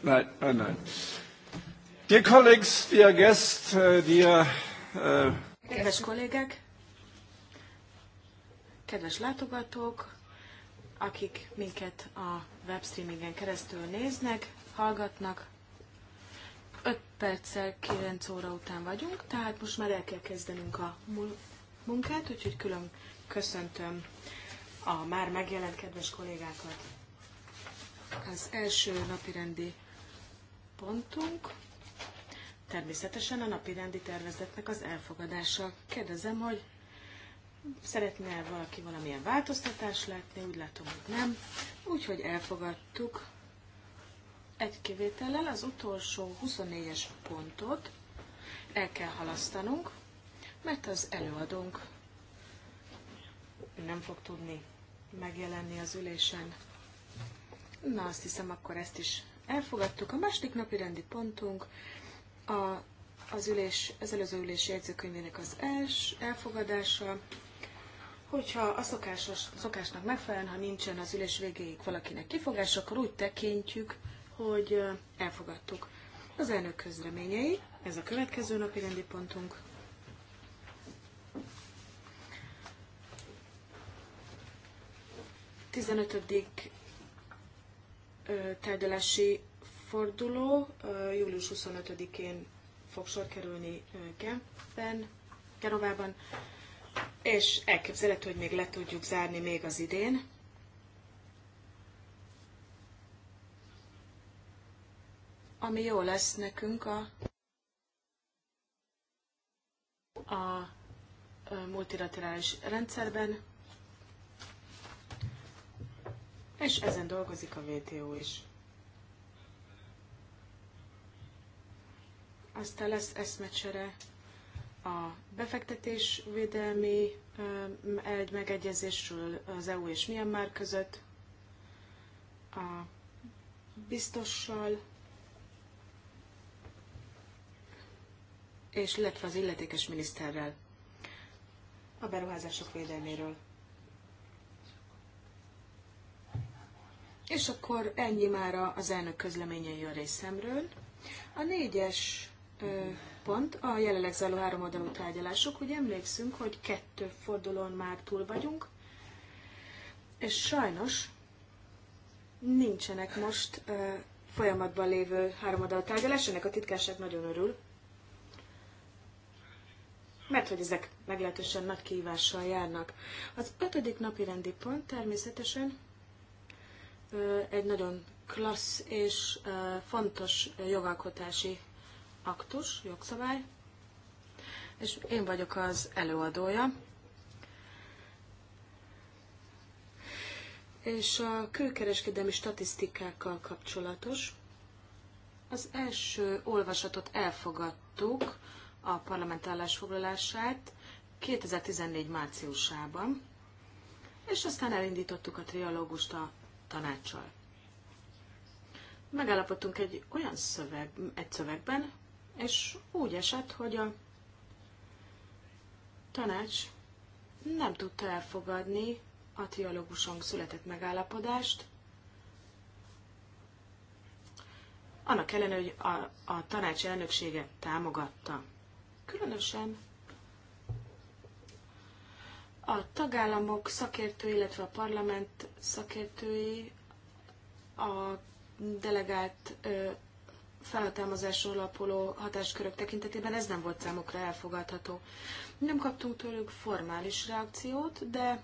Nein, nein, nein. Dear colleagues, dear guests, uh, dear... Uh... Kedves kollégák, kedves látogatók, akik minket a webstreamingen keresztül néznek, hallgatnak, 5 perccel 9 óra után vagyunk, tehát most már el kell kezdenünk a munkát, úgyhogy külön köszöntöm a már megjelent kedves kollégákat. Az első napi rendi pontunk természetesen a napi rendi tervezetnek az elfogadása. Kérdezem, hogy szeretne -e valaki valamilyen változtatást látni, úgy látom, hogy nem. Úgyhogy elfogadtuk egy kivétellel az utolsó 24-es pontot el kell halasztanunk, mert az előadónk nem fog tudni megjelenni az ülésen. Na, azt hiszem, akkor ezt is elfogadtuk. A második napi rendi pontunk a, az ülés, az előző ülés jegyzőkönyvének az els, elfogadása. Hogyha a szokásos, szokásnak megfelelően, ha nincsen az ülés végéig valakinek kifogás, akkor úgy tekintjük, hogy elfogadtuk. Az elnök közleményei, ez a következő napi rendi pontunk. Tizenötödik tárgyalási forduló július 25-én fog sor kerülni Genfben, Genovában, és elképzelhető, hogy még le tudjuk zárni még az idén. Ami jó lesz nekünk a, a multilaterális rendszerben, és ezen dolgozik a VTO is. Aztán lesz eszmecsere a befektetés védelmi egy megegyezésről az EU és Myanmar között, a biztossal, és illetve az illetékes miniszterrel a beruházások védelméről. És akkor ennyi már az elnök közleményei a részemről. A négyes pont a jelenleg zajló három oldalú tárgyalások. Ugye emlékszünk, hogy kettő fordulón már túl vagyunk, és sajnos nincsenek most ö, folyamatban lévő három oldalú tárgyalás, ennek a titkárság nagyon örül, mert hogy ezek meglehetősen nagy kihívással járnak. Az ötödik napi rendi pont természetesen egy nagyon klassz és fontos jogalkotási aktus, jogszabály, és én vagyok az előadója. És a külkereskedelmi statisztikákkal kapcsolatos. Az első olvasatot elfogadtuk a parlament állásfoglalását 2014 márciusában, és aztán elindítottuk a trialógust a tanácssal. Megállapodtunk egy olyan szöveg, egy szövegben, és úgy esett, hogy a tanács nem tudta elfogadni a trialóguson született megállapodást, annak ellenére, hogy a, a tanács elnöksége támogatta. Különösen a tagállamok szakértői, illetve a parlament szakértői a delegált felhatalmazáson alapuló hatáskörök tekintetében ez nem volt számukra elfogadható. Nem kaptunk tőlük formális reakciót, de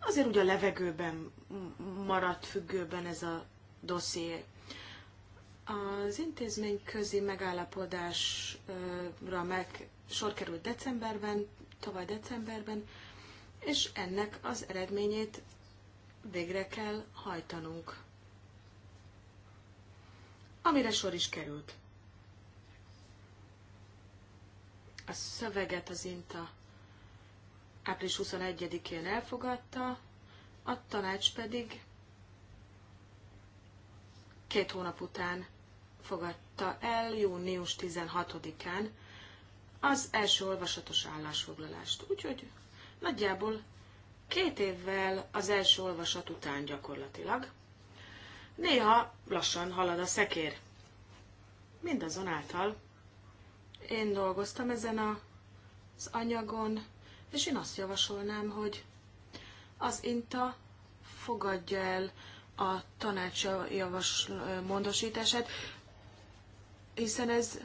azért úgy a levegőben maradt függőben ez a dosszié. Az intézmény közi megállapodásra meg sor került decemberben, tavaly decemberben, és ennek az eredményét végre kell hajtanunk. Amire sor is került. A szöveget az INTA április 21-én elfogadta, a tanács pedig két hónap után fogadta el június 16-án az első olvasatos állásfoglalást. Úgyhogy nagyjából két évvel az első olvasat után gyakorlatilag. Néha lassan halad a szekér. Mindazonáltal én dolgoztam ezen a, az anyagon, és én azt javasolnám, hogy az INTA fogadja el a tanács javas módosítását, hiszen ez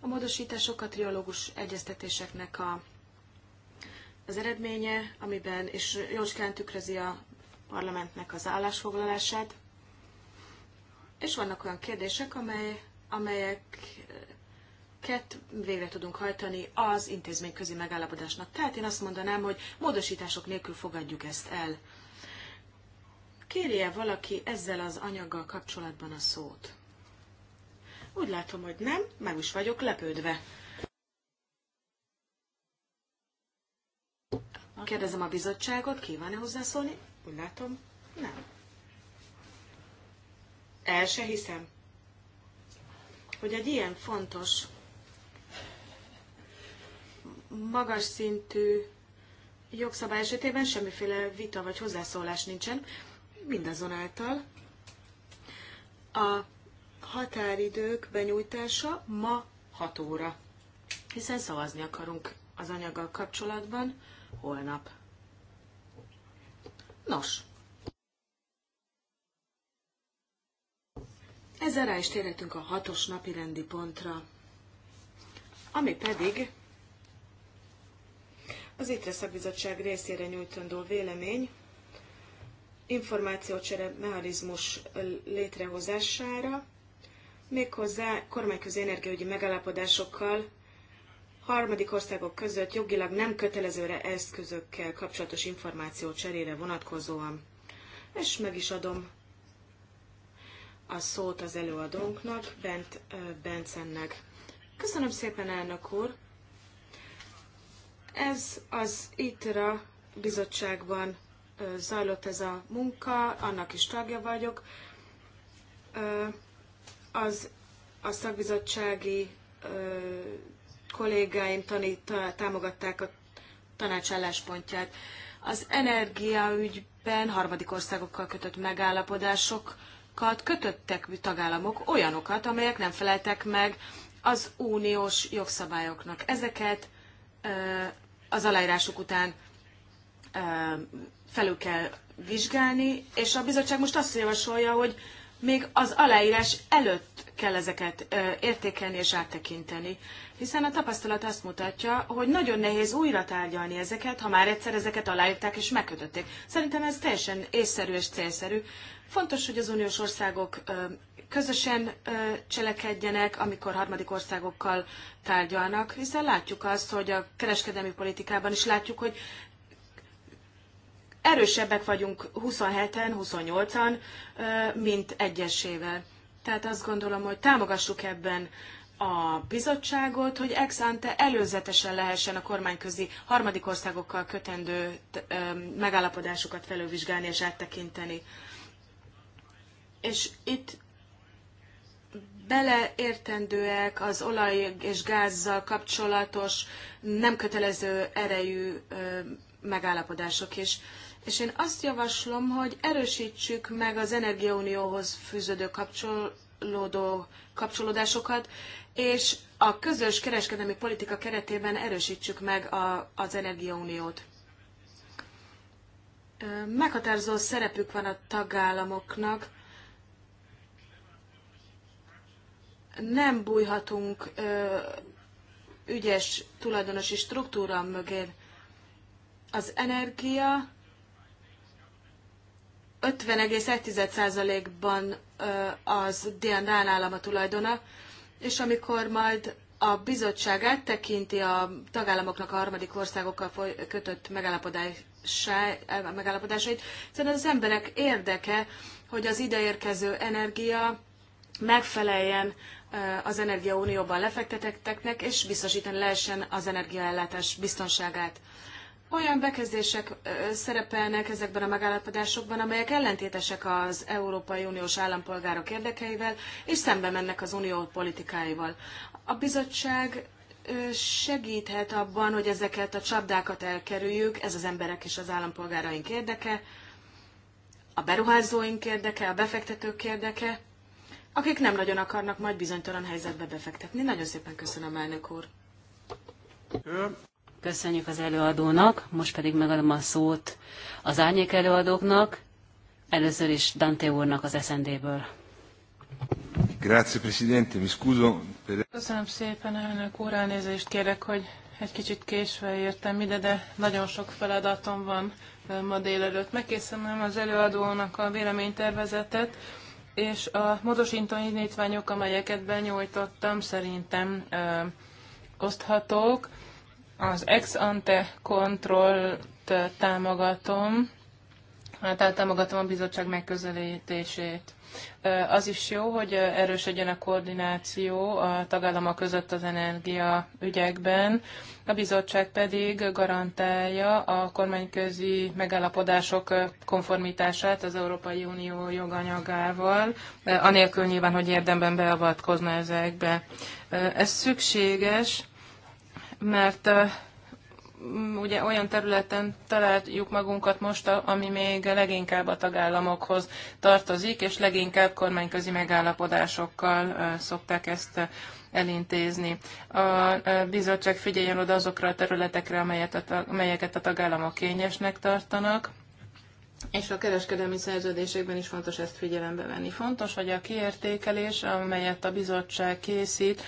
a módosítások a triológus egyeztetéseknek a az eredménye, amiben, és jócskán tükrözi a parlamentnek az állásfoglalását, és vannak olyan kérdések, amely, amelyeket végre tudunk hajtani az intézményközi megállapodásnak. Tehát én azt mondanám, hogy módosítások nélkül fogadjuk ezt el. Kérje valaki ezzel az anyaggal kapcsolatban a szót? Úgy látom, hogy nem, meg is vagyok lepődve. Kérdezem a bizottságot, kíván-e hozzászólni? Úgy látom, nem. El se hiszem, hogy egy ilyen fontos, magas szintű jogszabály esetében semmiféle vita vagy hozzászólás nincsen, mindazonáltal a határidők benyújtása ma 6 óra, hiszen szavazni akarunk az anyaggal kapcsolatban, holnap. Nos, ezzel rá is térhetünk a hatos napi rendi pontra, ami pedig az ITRE bizottság részére nyújtandó vélemény információcsere mechanizmus létrehozására, méghozzá kormányközi energiaügyi megállapodásokkal harmadik országok között jogilag nem kötelezőre eszközökkel kapcsolatos információ cserére vonatkozóan. És meg is adom a szót az előadónknak, Bent Bencennek. Köszönöm szépen, elnök úr! Ez az ITRA bizottságban zajlott ez a munka, annak is tagja vagyok. Az a szakbizottsági kollégáim tanít, támogatták a tanács álláspontját. Az energiaügyben harmadik országokkal kötött megállapodásokat kötöttek tagállamok olyanokat, amelyek nem feleltek meg az uniós jogszabályoknak. Ezeket az aláírások után felül kell vizsgálni, és a bizottság most azt javasolja, hogy még az aláírás előtt kell ezeket értékelni és áttekinteni. Hiszen a tapasztalat azt mutatja, hogy nagyon nehéz újra tárgyalni ezeket, ha már egyszer ezeket aláírták és megkötötték. Szerintem ez teljesen észszerű és célszerű. Fontos, hogy az uniós országok közösen cselekedjenek, amikor harmadik országokkal tárgyalnak, hiszen látjuk azt, hogy a kereskedelmi politikában is látjuk, hogy erősebbek vagyunk 27-en, 28-an, mint egyesével. Tehát azt gondolom, hogy támogassuk ebben a bizottságot, hogy ex ante előzetesen lehessen a kormányközi harmadik országokkal kötendő megállapodásokat felülvizsgálni és áttekinteni. És itt beleértendőek az olaj és gázzal kapcsolatos nem kötelező erejű megállapodások is. És én azt javaslom, hogy erősítsük meg az Energiaunióhoz fűződő kapcsolódó kapcsolódásokat, és a közös kereskedelmi politika keretében erősítsük meg a, az Energiauniót. Meghatározó szerepük van a tagállamoknak. Nem bújhatunk ö, ügyes tulajdonosi struktúra mögé. Az energia 50,1%-ban az Dán a tulajdona, és amikor majd a bizottság áttekinti a tagállamoknak a harmadik országokkal kötött megállapodásait, szerintem az emberek érdeke, hogy az ideérkező energia megfeleljen az Energiaunióban lefektetetteknek, és biztosítani lehessen az energiaellátás biztonságát olyan bekezdések szerepelnek ezekben a megállapodásokban, amelyek ellentétesek az Európai Uniós állampolgárok érdekeivel, és szembe mennek az unió politikáival. A bizottság segíthet abban, hogy ezeket a csapdákat elkerüljük, ez az emberek és az állampolgáraink érdeke, a beruházóink érdeke, a befektetők érdeke, akik nem nagyon akarnak majd bizonytalan helyzetbe befektetni. Nagyon szépen köszönöm, elnök úr! Köszönjük az előadónak, most pedig megadom a szót az árnyék előadóknak, először is Dante úrnak az eszendéből. Grazie, Presidente, mi scuso. Per... Köszönöm szépen, elnök úr, elnézést kérek, hogy egy kicsit késve értem ide, de nagyon sok feladatom van ma délelőtt. Megkészítem az előadónak a véleménytervezetet, és a módosító indítványok, amelyeket benyújtottam, szerintem ö, oszthatók. Az ex ante kontrollt támogatom, hát, tehát támogatom a bizottság megközelítését. Az is jó, hogy erősödjön a koordináció a tagállamok között az energia ügyekben, a bizottság pedig garantálja a kormányközi megállapodások konformitását az Európai Unió joganyagával, anélkül nyilván, hogy érdemben beavatkozna ezekbe. Ez szükséges, mert ugye olyan területen találjuk magunkat most, ami még leginkább a tagállamokhoz tartozik, és leginkább kormányközi megállapodásokkal szokták ezt elintézni. A bizottság figyeljen oda azokra a területekre, amelyet a tag, amelyeket a tagállamok kényesnek tartanak, és a kereskedelmi szerződésekben is fontos ezt figyelembe venni. Fontos, hogy a kiértékelés, amelyet a bizottság készít,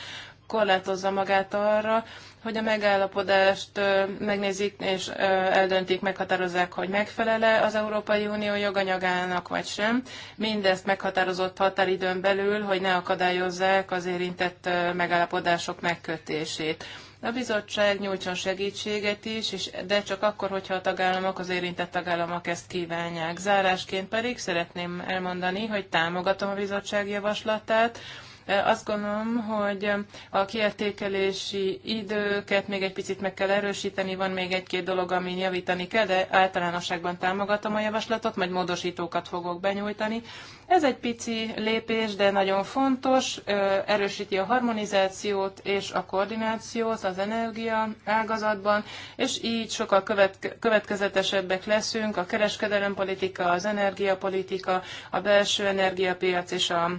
korlátozza magát arra, hogy a megállapodást megnézik és eldöntik, meghatározzák, hogy megfelele az Európai Unió joganyagának vagy sem. Mindezt meghatározott határidőn belül, hogy ne akadályozzák az érintett megállapodások megkötését. A bizottság nyújtson segítséget is, és de csak akkor, hogyha a tagállamok, az érintett tagállamok ezt kívánják. Zárásként pedig szeretném elmondani, hogy támogatom a bizottság javaslatát, azt gondolom, hogy a kiértékelési időket még egy picit meg kell erősíteni, van még egy-két dolog, ami javítani kell, de általánosságban támogatom a javaslatot, majd módosítókat fogok benyújtani. Ez egy pici lépés, de nagyon fontos, erősíti a harmonizációt és a koordinációt az energia ágazatban, és így sokkal követke, következetesebbek leszünk a kereskedelempolitika, az energiapolitika, a belső energiapiac és a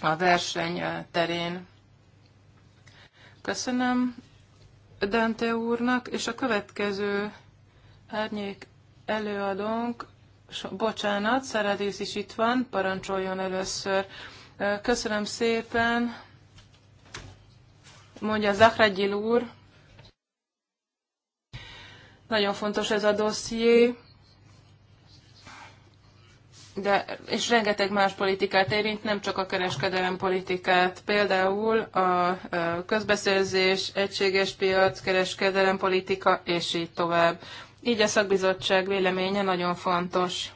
a verseny eh, terén. Köszönöm Dante úrnak, és a következő árnyék előadónk, bocsánat, Szeredész is itt van, parancsoljon először. Eh, köszönöm szépen, mondja Zahragyil úr. Nagyon fontos ez a dosszié de, és rengeteg más politikát érint, nem csak a kereskedelem politikát. Például a közbeszerzés, egységes piac, kereskedelem politika, és így tovább. Így a szakbizottság véleménye nagyon fontos.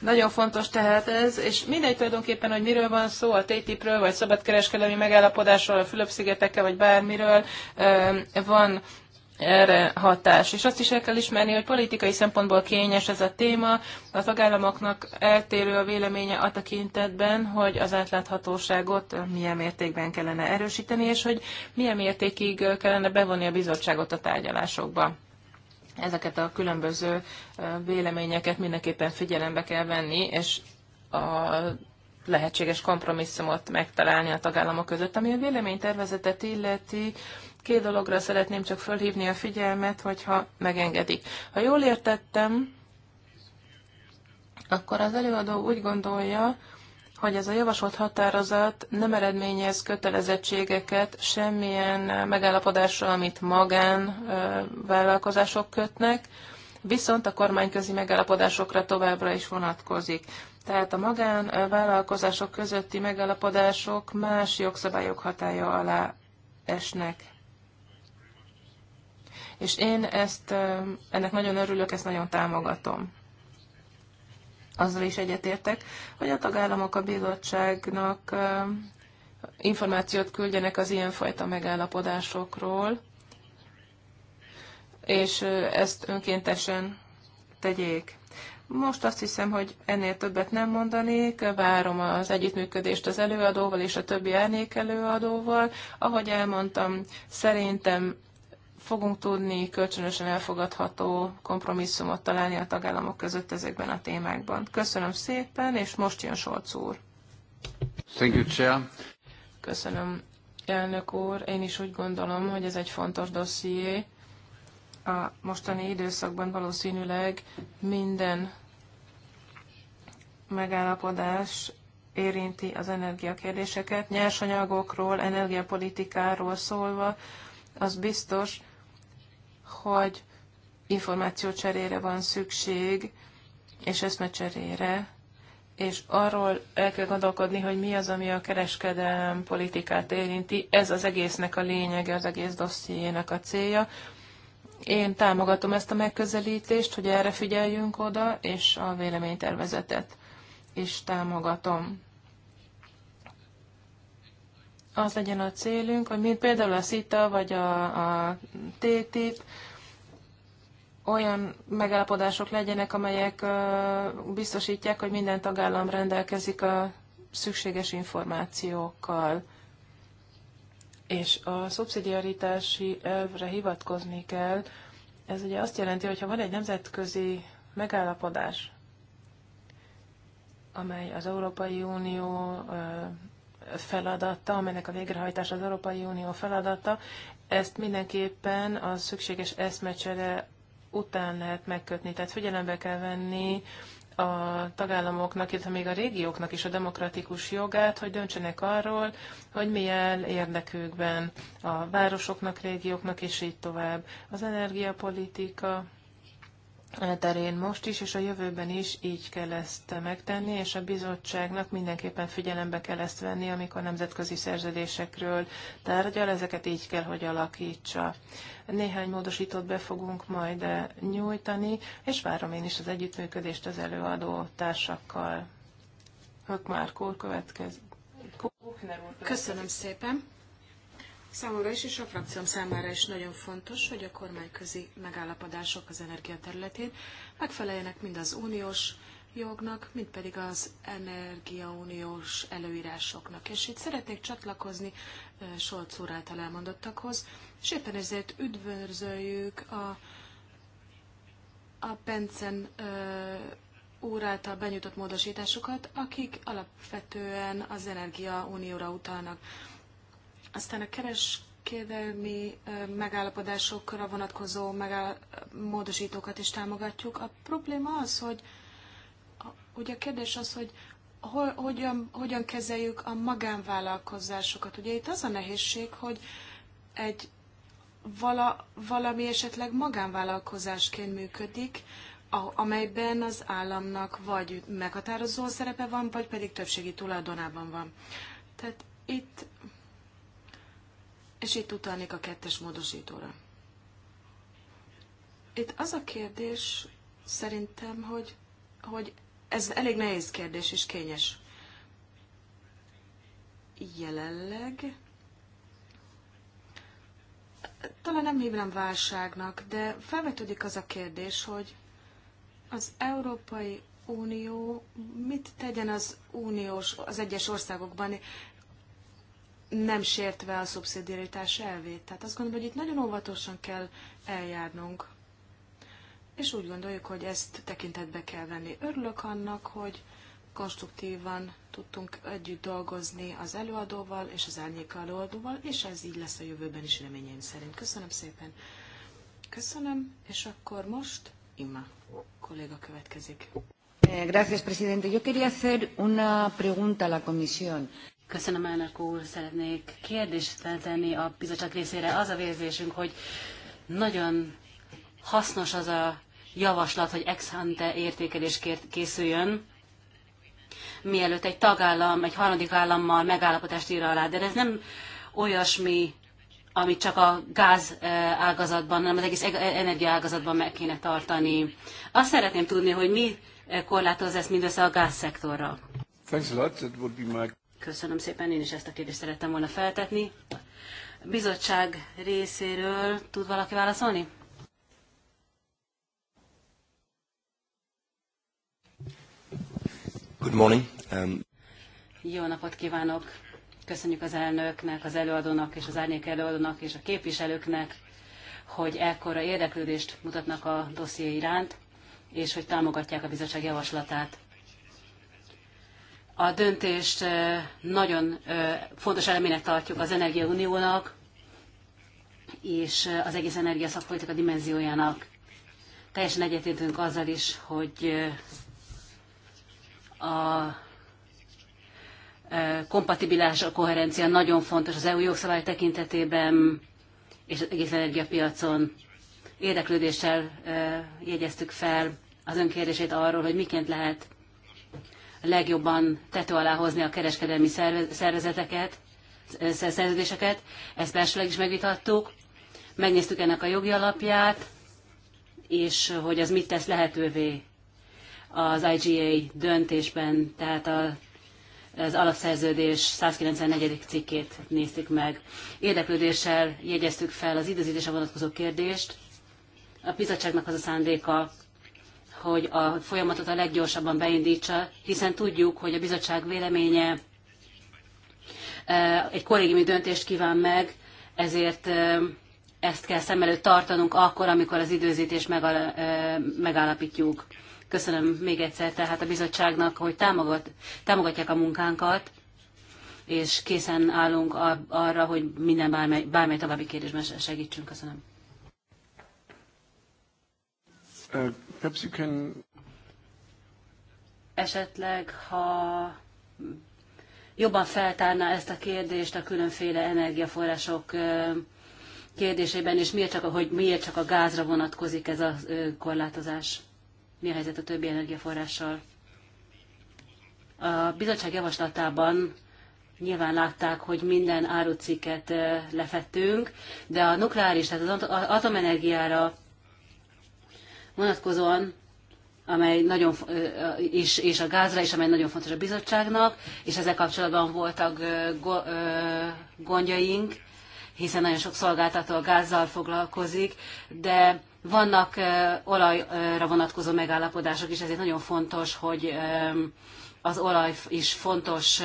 Nagyon fontos tehát ez, és mindegy tulajdonképpen, hogy miről van szó, a TTIP-ről, vagy szabadkereskedelmi megállapodásról, a Fülöp-szigetekkel, vagy bármiről van erre hatás. És azt is el kell ismerni, hogy politikai szempontból kényes ez a téma, a tagállamoknak eltérő a véleménye a tekintetben, hogy az átláthatóságot milyen mértékben kellene erősíteni, és hogy milyen mértékig kellene bevonni a bizottságot a tárgyalásokba ezeket a különböző véleményeket mindenképpen figyelembe kell venni, és a lehetséges kompromisszumot megtalálni a tagállamok között. Ami a véleménytervezetet illeti, két dologra szeretném csak fölhívni a figyelmet, hogyha megengedik. Ha jól értettem, akkor az előadó úgy gondolja, hogy ez a javasolt határozat nem eredményez kötelezettségeket semmilyen megállapodásra, amit magán vállalkozások kötnek, viszont a kormányközi megállapodásokra továbbra is vonatkozik. Tehát a magánvállalkozások közötti megállapodások más jogszabályok hatája alá esnek. És én ezt, ennek nagyon örülök, ezt nagyon támogatom azzal is egyetértek, hogy a tagállamok a bizottságnak információt küldjenek az ilyenfajta megállapodásokról, és ezt önkéntesen tegyék. Most azt hiszem, hogy ennél többet nem mondanék, várom az együttműködést az előadóval és a többi árnyék előadóval. Ahogy elmondtam, szerintem fogunk tudni kölcsönösen elfogadható kompromisszumot találni a tagállamok között ezekben a témákban. Köszönöm szépen, és most jön Solc úr. Thank you, Chair. Köszönöm, elnök úr. Én is úgy gondolom, hogy ez egy fontos dosszié. A mostani időszakban valószínűleg minden megállapodás érinti az energiakérdéseket. Nyersanyagokról, energiapolitikáról szólva, az biztos, hogy cserére van szükség, és eszmecserére, és arról el kell gondolkodni, hogy mi az, ami a kereskedelem politikát érinti. Ez az egésznek a lényege, az egész dossziének a célja. Én támogatom ezt a megközelítést, hogy erre figyeljünk oda, és a véleménytervezetet is támogatom az legyen a célunk, hogy mint például a SZITA vagy a, a TTIP, olyan megállapodások legyenek, amelyek biztosítják, hogy minden tagállam rendelkezik a szükséges információkkal. És a szubszidiaritási elvre hivatkozni kell. Ez ugye azt jelenti, hogy ha van egy nemzetközi megállapodás, amely az Európai Unió feladata, amelynek a végrehajtása az Európai Unió feladata. Ezt mindenképpen a szükséges eszmecsere után lehet megkötni. Tehát figyelembe kell venni a tagállamoknak, illetve még a régióknak is a demokratikus jogát, hogy döntsenek arról, hogy milyen érdekükben a városoknak, régióknak, és így tovább. Az energiapolitika, terén most is, és a jövőben is így kell ezt megtenni, és a bizottságnak mindenképpen figyelembe kell ezt venni, amikor nemzetközi szerződésekről tárgyal, ezeket így kell, hogy alakítsa. Néhány módosítót be fogunk majd nyújtani, és várom én is az együttműködést az előadó társakkal. Hökmár már következik. Köszönöm szépen. Számomra is, és a frakcióm számára is nagyon fontos, hogy a kormányközi megállapodások az energia területén megfeleljenek mind az uniós jognak, mind pedig az energiauniós előírásoknak. És itt szeretnék csatlakozni Solc úr által elmondottakhoz, és éppen ezért üdvözöljük a, a Pencen úr által benyújtott módosításokat, akik alapvetően az energiaunióra utalnak. Aztán a kereskedelmi megállapodásokra vonatkozó megáll- módosítókat is támogatjuk. A probléma az, hogy ugye a kérdés az, hogy hogyan, hogyan kezeljük a magánvállalkozásokat. Ugye itt az a nehézség, hogy egy vala, valami esetleg magánvállalkozásként működik, amelyben az államnak vagy meghatározó szerepe van, vagy pedig többségi tulajdonában van. Tehát itt és itt utalnék a kettes módosítóra. Itt az a kérdés szerintem, hogy, hogy ez elég nehéz kérdés és kényes. Jelenleg talán nem hívnám válságnak, de felvetődik az a kérdés, hogy az Európai Unió mit tegyen az uniós, az egyes országokban, nem sértve a szubszidiaritás elvét. Tehát azt gondolom, hogy itt nagyon óvatosan kell eljárnunk. És úgy gondoljuk, hogy ezt tekintetbe kell venni. Örülök annak, hogy konstruktívan tudtunk együtt dolgozni az előadóval és az árnyék előadóval, és ez így lesz a jövőben is reményeim szerint. Köszönöm szépen. Köszönöm, és akkor most Imma kolléga következik. Eh, gracias, presidente. Yo quería hacer una pregunta a la comisión. Köszönöm, elnök úr. Szeretnék kérdést feltenni a bizottság részére. Az a vérzésünk, hogy nagyon hasznos az a javaslat, hogy ex ante értékelés készüljön, mielőtt egy tagállam, egy harmadik állammal megállapodást ír alá. De ez nem olyasmi, amit csak a gáz eh, ágazatban, hanem az egész e-, energiaágazatban meg kéne tartani. Azt szeretném tudni, hogy mi eh, korlátoz ezt mindössze a gázszektorra. Thanks a lot. That would be my... Köszönöm szépen, én is ezt a kérdést szerettem volna feltetni. Bizottság részéről tud valaki válaszolni? Good morning. Um... Jó napot kívánok! Köszönjük az elnöknek, az előadónak és az árnyék előadónak és a képviselőknek, hogy ekkora érdeklődést mutatnak a dosszié iránt, és hogy támogatják a bizottság javaslatát. A döntést nagyon fontos elemének tartjuk az Energiauniónak és az egész energiaszakpolitika dimenziójának. Teljesen egyetértünk azzal is, hogy a kompatibilás, a koherencia nagyon fontos az EU jogszabály tekintetében és az egész energiapiacon. Érdeklődéssel jegyeztük fel az önkérdését arról, hogy miként lehet legjobban tető alá hozni a kereskedelmi szervezeteket, szerződéseket. Ezt belsőleg is megvitattuk. Megnéztük ennek a jogi alapját, és hogy az mit tesz lehetővé az IGA döntésben, tehát a, az alapszerződés 194. cikkét néztük meg. Érdeklődéssel jegyeztük fel az időzítésre vonatkozó kérdést. A bizottságnak az a szándéka, hogy a folyamatot a leggyorsabban beindítsa, hiszen tudjuk, hogy a bizottság véleménye e, egy kollégiumi döntést kíván meg, ezért e, ezt kell szem előtt tartanunk akkor, amikor az időzítés e, megállapítjuk. Köszönöm még egyszer tehát a bizottságnak, hogy támogat, támogatják a munkánkat, és készen állunk arra, hogy minden bármely, bármely további kérdésben segítsünk. Köszönöm. Perhaps you can... Esetleg, ha jobban feltárná ezt a kérdést a különféle energiaforrások kérdésében, és miért csak, hogy miért csak a gázra vonatkozik ez a korlátozás? Mi a helyzet a többi energiaforrással? A bizottság javaslatában nyilván látták, hogy minden árucikket lefettünk, de a nukleáris, tehát az atomenergiára vonatkozóan, amely nagyon, és, és a gázra is, amely nagyon fontos a bizottságnak, és ezzel kapcsolatban voltak gondjaink, hiszen nagyon sok szolgáltató a gázzal foglalkozik, de vannak olajra vonatkozó megállapodások is, ezért nagyon fontos, hogy az olaj is fontos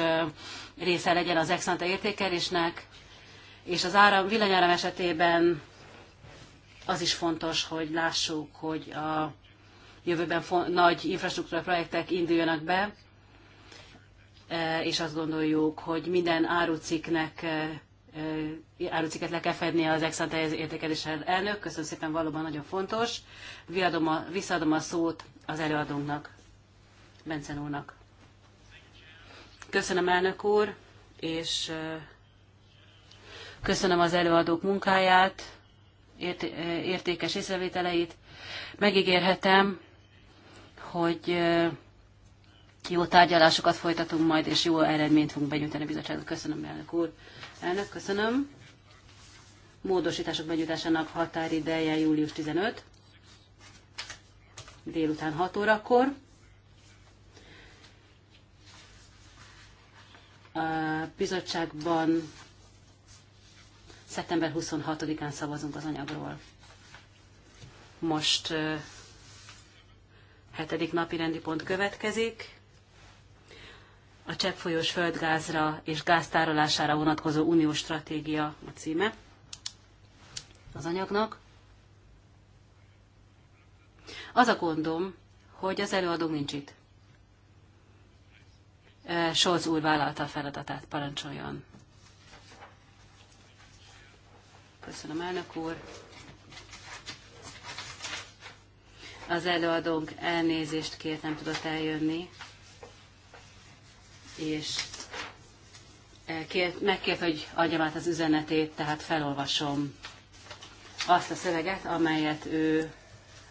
része legyen az exante értékelésnek, és az áram, villanyáram esetében az is fontos, hogy lássuk, hogy a jövőben nagy infrastruktúra projektek induljanak be, e, és azt gondoljuk, hogy minden árucikknek e, e, árucikket le kell fedni az exante értékeléssel elnök. Köszönöm szépen, valóban nagyon fontos. Viadom a, visszaadom a szót az előadónknak, Bencen úrnak. Köszönöm, elnök úr, és köszönöm az előadók munkáját értékes észrevételeit. Megígérhetem, hogy jó tárgyalásokat folytatunk majd, és jó eredményt fogunk benyújtani a bizottságot. Köszönöm, elnök úr. Elnök, köszönöm. Módosítások benyújtásának határideje július 15, délután 6 órakor. A bizottságban Szeptember 26-án szavazunk az anyagról. Most hetedik napi rendi pont következik. A cseppfolyós földgázra és gáztárolására vonatkozó uniós stratégia a címe az anyagnak. Az a gondom, hogy az előadó nincs itt. Solz úr vállalta a feladatát, parancsoljon. Köszönöm, elnök úr. Az előadónk elnézést kért, nem tudott eljönni, és eh, kért, megkért, hogy adjam át az üzenetét, tehát felolvasom azt a szöveget, amelyet ő,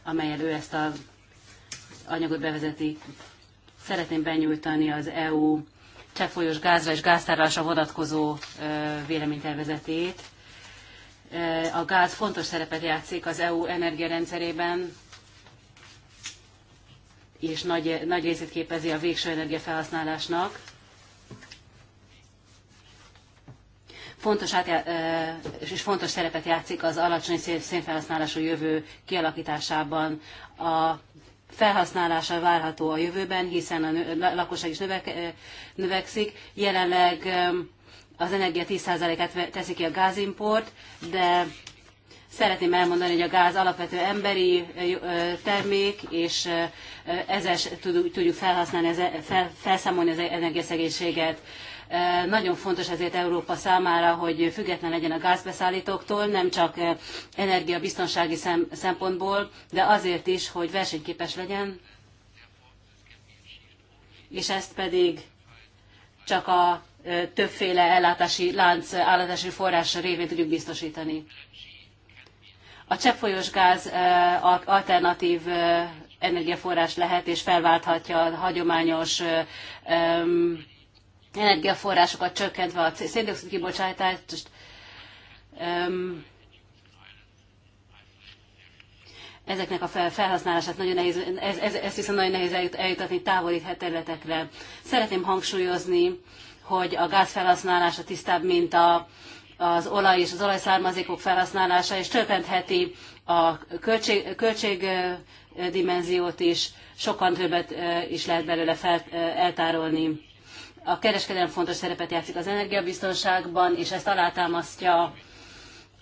amelyel ő ezt a anyagot bevezeti. Szeretném benyújtani az EU cseppfolyós gázra és gáztárlásra vonatkozó eh, véleménytervezetét a gáz fontos szerepet játszik az EU energiarendszerében, és nagy, nagy részét képezi a végső energiafelhasználásnak. Fontos át, e, és fontos szerepet játszik az alacsony szénfelhasználású jövő kialakításában. A felhasználása várható a jövőben, hiszen a lakosság is növek, e, növekszik. Jelenleg az energia 10%-át teszi ki a gázimport, de szeretném elmondani, hogy a gáz alapvető emberi eh, eh, termék, és eh, ezzel tudjuk felhasználni, e- felszámolni az e- energiaszegénységet. Nagyon fontos ezért Európa számára, hogy független legyen a gázbeszállítóktól, nem csak energiabiztonsági szempontból, de azért is, hogy versenyképes legyen, és ezt pedig csak a többféle ellátási lánc, állátási forrás révén tudjuk biztosítani. A cseppfolyós gáz alternatív energiaforrás lehet, és felválthatja a hagyományos energiaforrásokat csökkentve a széndiokszid kibocsátást. Ezeknek a felhasználását nagyon nehéz, ez, ez, ez viszont nagyon nehéz eljutatni távoli területekre. Szeretném hangsúlyozni, hogy a gáz felhasználása tisztább, mint a, az olaj és az olajszármazékok felhasználása, és csökkentheti a költség, költségdimenziót is, sokan többet is lehet belőle fel, eltárolni. A kereskedelem fontos szerepet játszik az energiabiztonságban, és ezt alátámasztja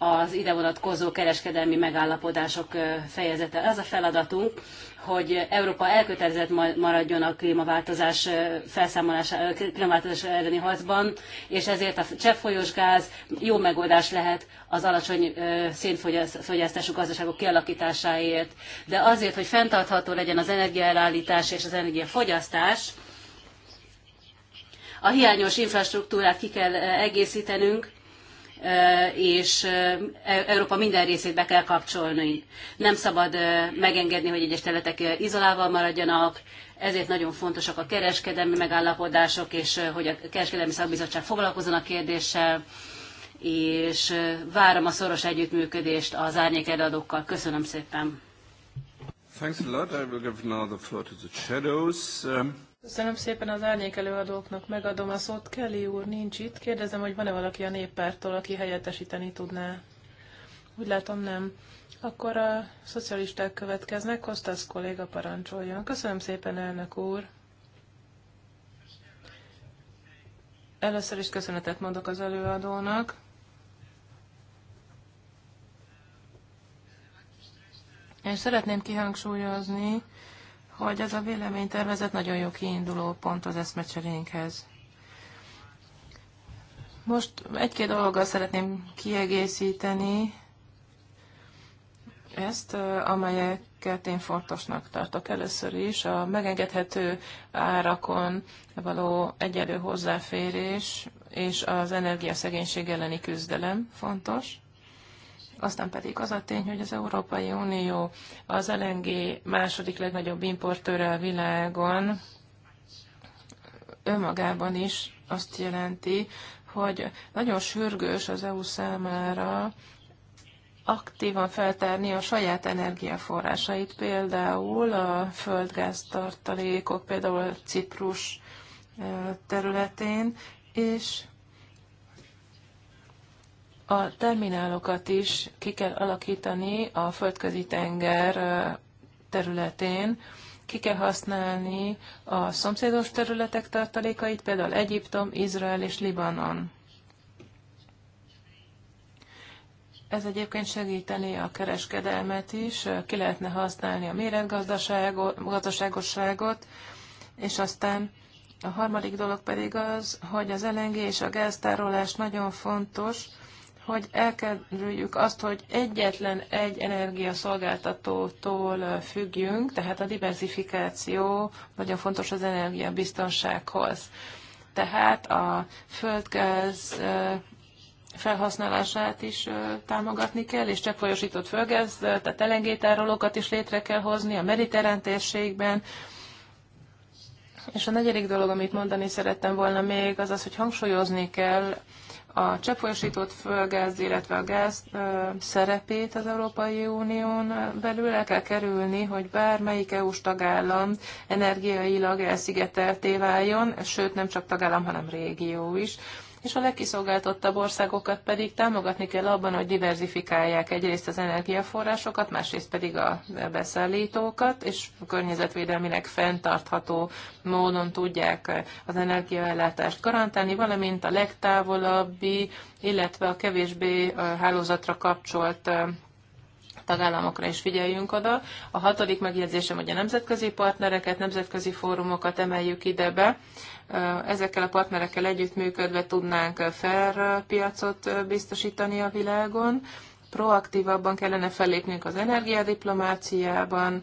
az ide vonatkozó kereskedelmi megállapodások fejezete. Az a feladatunk, hogy Európa elkötelezett maradjon a klímaváltozás felszámolása, klímaváltozás elleni harcban, és ezért a cseppfolyós gáz jó megoldás lehet az alacsony szénfogyasztású gazdaságok kialakításáért. De azért, hogy fenntartható legyen az energiaelállítás és az energiafogyasztás, a hiányos infrastruktúrát ki kell egészítenünk, és e-, Európa minden részét be kell kapcsolni. Nem szabad megengedni, hogy egyes területek izolálva maradjanak, ezért nagyon fontosak a kereskedelmi megállapodások, és hogy a kereskedelmi szakbizottság foglalkozon a kérdéssel, és várom a szoros együttműködést az árnyék Köszönöm szépen! Thanks a lot. I will give now the floor to the shadows. Um... Köszönöm szépen az árnyék előadóknak, megadom a szót. Kelly úr nincs itt. Kérdezem, hogy van-e valaki a néppártól, aki helyettesíteni tudná. Úgy látom, nem. Akkor a szocialisták következnek. Kostasz kolléga parancsoljon. Köszönöm szépen, elnök úr. Először is köszönetet mondok az előadónak. És szeretném kihangsúlyozni, hogy ez a véleménytervezet nagyon jó kiinduló pont az eszmecserénkhez. Most egy-két dologgal szeretném kiegészíteni ezt, amelyeket én fontosnak tartok először is. A megengedhető árakon való egyelő hozzáférés és az energiaszegénység elleni küzdelem fontos. Aztán pedig az a tény, hogy az Európai Unió az LNG második legnagyobb importőre a világon, önmagában is azt jelenti, hogy nagyon sürgős az EU számára aktívan feltárni a saját energiaforrásait, például a földgáz tartalékok, például Ciprus eh, területén, és a terminálokat is ki kell alakítani a földközi tenger területén, ki kell használni a szomszédos területek tartalékait, például Egyiptom, Izrael és Libanon. Ez egyébként segíteni a kereskedelmet is, ki lehetne használni a méretgazdaságosságot, és aztán a harmadik dolog pedig az, hogy az LNG és a gáztárolás nagyon fontos, hogy elkerüljük azt, hogy egyetlen egy energiaszolgáltatótól függjünk, tehát a diversifikáció nagyon fontos az energiabiztonsághoz. Tehát a földgáz felhasználását is támogatni kell, és csak folyosított földgáz, tehát elengétárolókat is létre kell hozni a mediterrán térségben, és a negyedik dolog, amit mondani szerettem volna még, az az, hogy hangsúlyozni kell a cseppfolyósított földgáz, illetve a gáz szerepét az Európai Unión belül el kell kerülni, hogy bármelyik EU-s tagállam energiailag elszigetelté váljon, sőt nem csak tagállam, hanem régió is és a legkiszolgáltottabb országokat pedig támogatni kell abban, hogy diverzifikálják egyrészt az energiaforrásokat, másrészt pedig a beszállítókat, és környezetvédelmileg fenntartható módon tudják az energiaellátást garantálni, valamint a legtávolabbi, illetve a kevésbé hálózatra kapcsolt tagállamokra is figyeljünk oda. A hatodik megjegyzésem, hogy a nemzetközi partnereket, nemzetközi fórumokat emeljük ide be. Ezekkel a partnerekkel együttműködve tudnánk fair piacot biztosítani a világon. Proaktívabban kellene fellépnünk az energiadiplomáciában,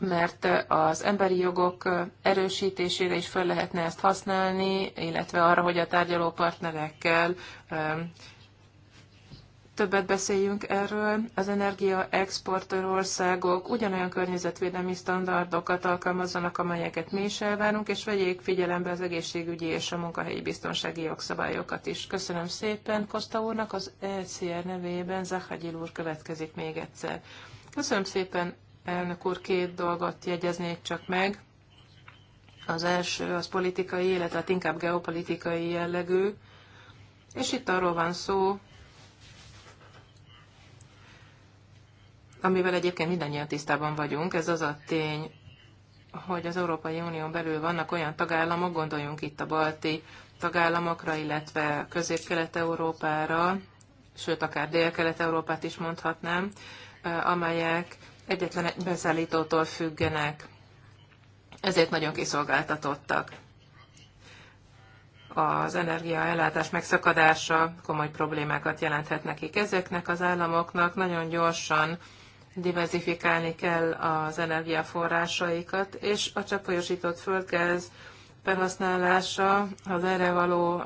mert az emberi jogok erősítésére is fel lehetne ezt használni, illetve arra, hogy a tárgyaló partnerekkel többet beszéljünk erről, az energia országok ugyanolyan környezetvédelmi standardokat alkalmazzanak, amelyeket mi is elvárunk, és vegyék figyelembe az egészségügyi és a munkahelyi biztonsági jogszabályokat is. Köszönöm szépen Kosta úrnak, az ECR nevében Zahagyil úr következik még egyszer. Köszönöm szépen, elnök úr, két dolgot jegyeznék csak meg. Az első az politikai, illetve hát inkább geopolitikai jellegű, és itt arról van szó, amivel egyébként mindannyian tisztában vagyunk, ez az a tény, hogy az Európai Unión belül vannak olyan tagállamok, gondoljunk itt a balti tagállamokra, illetve közép-kelet-európára, sőt, akár dél-kelet-európát is mondhatnám, amelyek egyetlen egy beszállítótól függenek, ezért nagyon kiszolgáltatottak. Az energiaellátás megszakadása komoly problémákat jelenthet nekik. Ezeknek az államoknak nagyon gyorsan diversifikálni kell az energiaforrásaikat, és a csapolyosított földgáz felhasználása, az erre való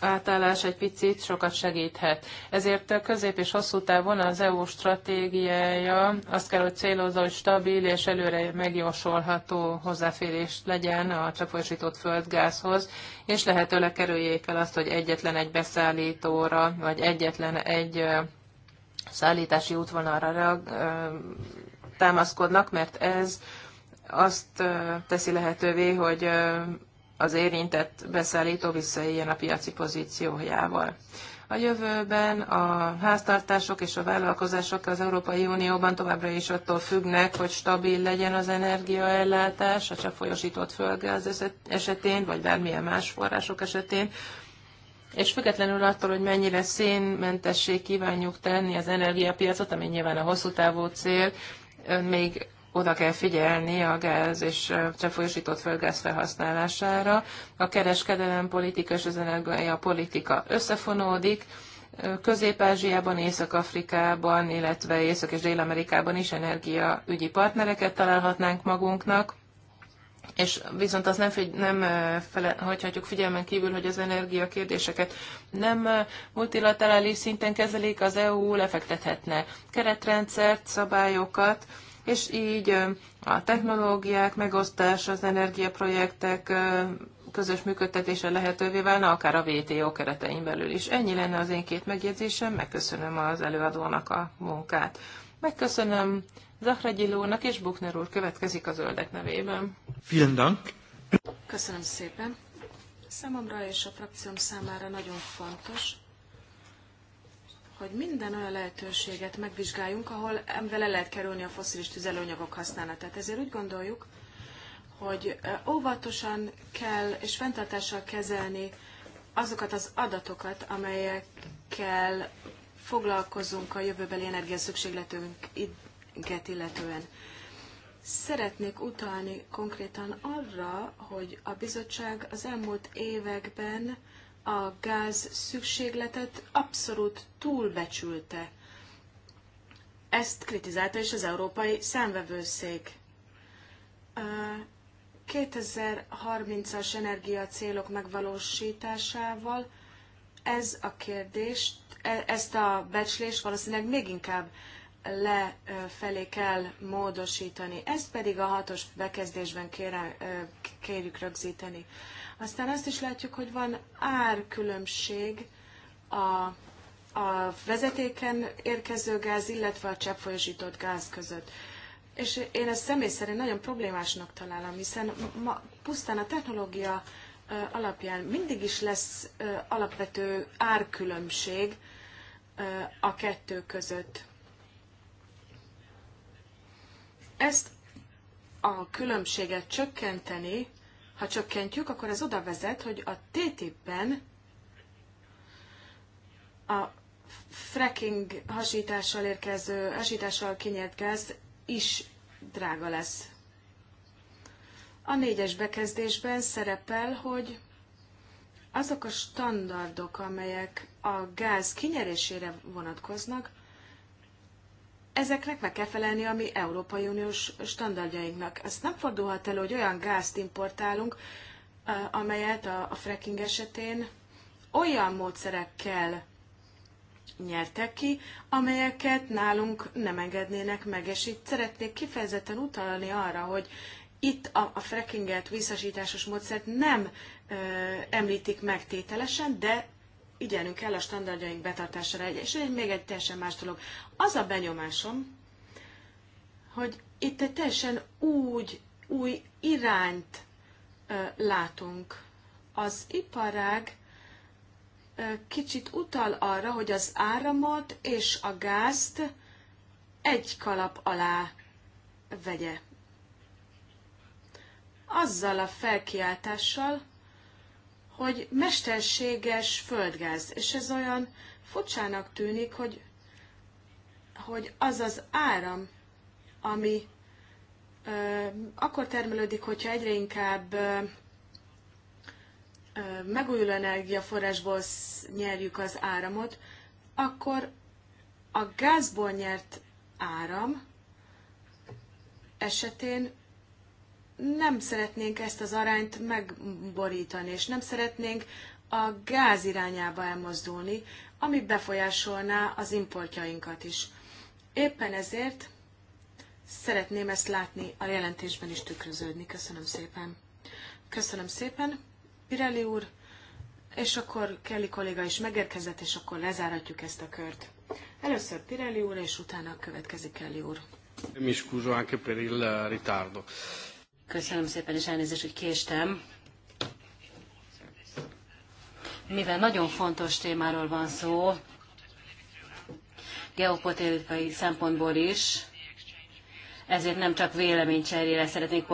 átállás egy picit sokat segíthet. Ezért a közép és hosszú távon az EU stratégiája azt kell, hogy célozza, hogy stabil és előre megjósolható hozzáférés legyen a csapolyosított földgázhoz, és lehetőleg kerüljék el azt, hogy egyetlen egy beszállítóra, vagy egyetlen egy szállítási útvonalra támaszkodnak, mert ez azt teszi lehetővé, hogy az érintett beszállító visszaéljen a piaci pozíciójával. A jövőben a háztartások és a vállalkozások az Európai Unióban továbbra is attól függnek, hogy stabil legyen az energiaellátás, a csak folyosított földgáz esetén, vagy bármilyen más források esetén, és függetlenül attól, hogy mennyire szénmentessé kívánjuk tenni az energiapiacot, ami nyilván a hosszú távú cél, még oda kell figyelni a gáz és cseppfolyósított földgáz felhasználására. A kereskedelem politika és az energia politika összefonódik. Közép-Ázsiában, Észak-Afrikában, illetve Észak- és Dél-Amerikában is energiaügyi partnereket találhatnánk magunknak és viszont az nem, figy- nem fele- hagyhatjuk figyelmen kívül, hogy az energia kérdéseket nem multilaterális szinten kezelik, az EU lefektethetne keretrendszert, szabályokat, és így a technológiák megosztás, az energiaprojektek közös működtetése lehetővé válna, akár a WTO keretein belül is. Ennyi lenne az én két megjegyzésem, megköszönöm az előadónak a munkát. Megköszönöm Zahragyilónak és Buchner úr következik a zöldek nevében. Vielen Dank. Köszönöm szépen. Számomra és a frakcióm számára nagyon fontos, hogy minden olyan lehetőséget megvizsgáljunk, ahol vele lehet kerülni a foszilis tüzelőanyagok használatát. Ezért úgy gondoljuk, hogy óvatosan kell és fenntartással kezelni azokat az adatokat, amelyekkel foglalkozunk a jövőbeli energiaszükségletünk ügyeket illetően. Szeretnék utalni konkrétan arra, hogy a bizottság az elmúlt években a gáz szükségletet abszolút túlbecsülte. Ezt kritizálta is az Európai Számvevőszék. 2030-as energiacélok megvalósításával ez a kérdést, e, ezt a becslés valószínűleg még inkább lefelé kell módosítani. Ezt pedig a hatos bekezdésben kére, kérjük rögzíteni. Aztán azt is látjuk, hogy van árkülönbség a, a vezetéken érkező gáz, illetve a cseppfolyosított gáz között. És én ezt személy szerint nagyon problémásnak találom, hiszen ma pusztán a technológia alapján mindig is lesz alapvető árkülönbség a kettő között ezt a különbséget csökkenteni, ha csökkentjük, akkor ez oda vezet, hogy a TTIP-ben a fracking hasítással érkező, hasítással kinyert gáz is drága lesz. A négyes bekezdésben szerepel, hogy azok a standardok, amelyek a gáz kinyerésére vonatkoznak, ezeknek meg kell felelni a mi Európai Uniós standardjainknak. Ezt nem fordulhat elő, hogy olyan gázt importálunk, amelyet a, a fracking esetén olyan módszerekkel nyertek ki, amelyeket nálunk nem engednének meg, és itt szeretnék kifejezetten utalni arra, hogy itt a, a frackinget, visszasításos módszert nem ö, említik meg tételesen, de ügyelnünk kell a standardjaink betartására. És még egy teljesen más dolog. Az a benyomásom, hogy itt egy teljesen úgy, új irányt ö, látunk. Az iparág ö, kicsit utal arra, hogy az áramot és a gázt egy kalap alá vegye. Azzal a felkiáltással, hogy mesterséges földgáz, és ez olyan furcsának tűnik, hogy, hogy az az áram, ami ö, akkor termelődik, hogyha egyre inkább ö, ö, megújuló energiaforrásból nyerjük az áramot, akkor a gázból nyert áram esetén nem szeretnénk ezt az arányt megborítani, és nem szeretnénk a gáz irányába elmozdulni, ami befolyásolná az importjainkat is. Éppen ezért szeretném ezt látni a jelentésben is tükröződni. Köszönöm szépen. Köszönöm szépen, Pirelli úr, és akkor Kelly kolléga is megérkezett, és akkor lezáratjuk ezt a kört. Először Pirelli úr, és utána következik Kelly úr. Mi scuso anche per il ritardo. Köszönöm szépen, és elnézést, hogy késtem. Mivel nagyon fontos témáról van szó, geopolitikai szempontból is, ezért nem csak véleménycserére szeretnék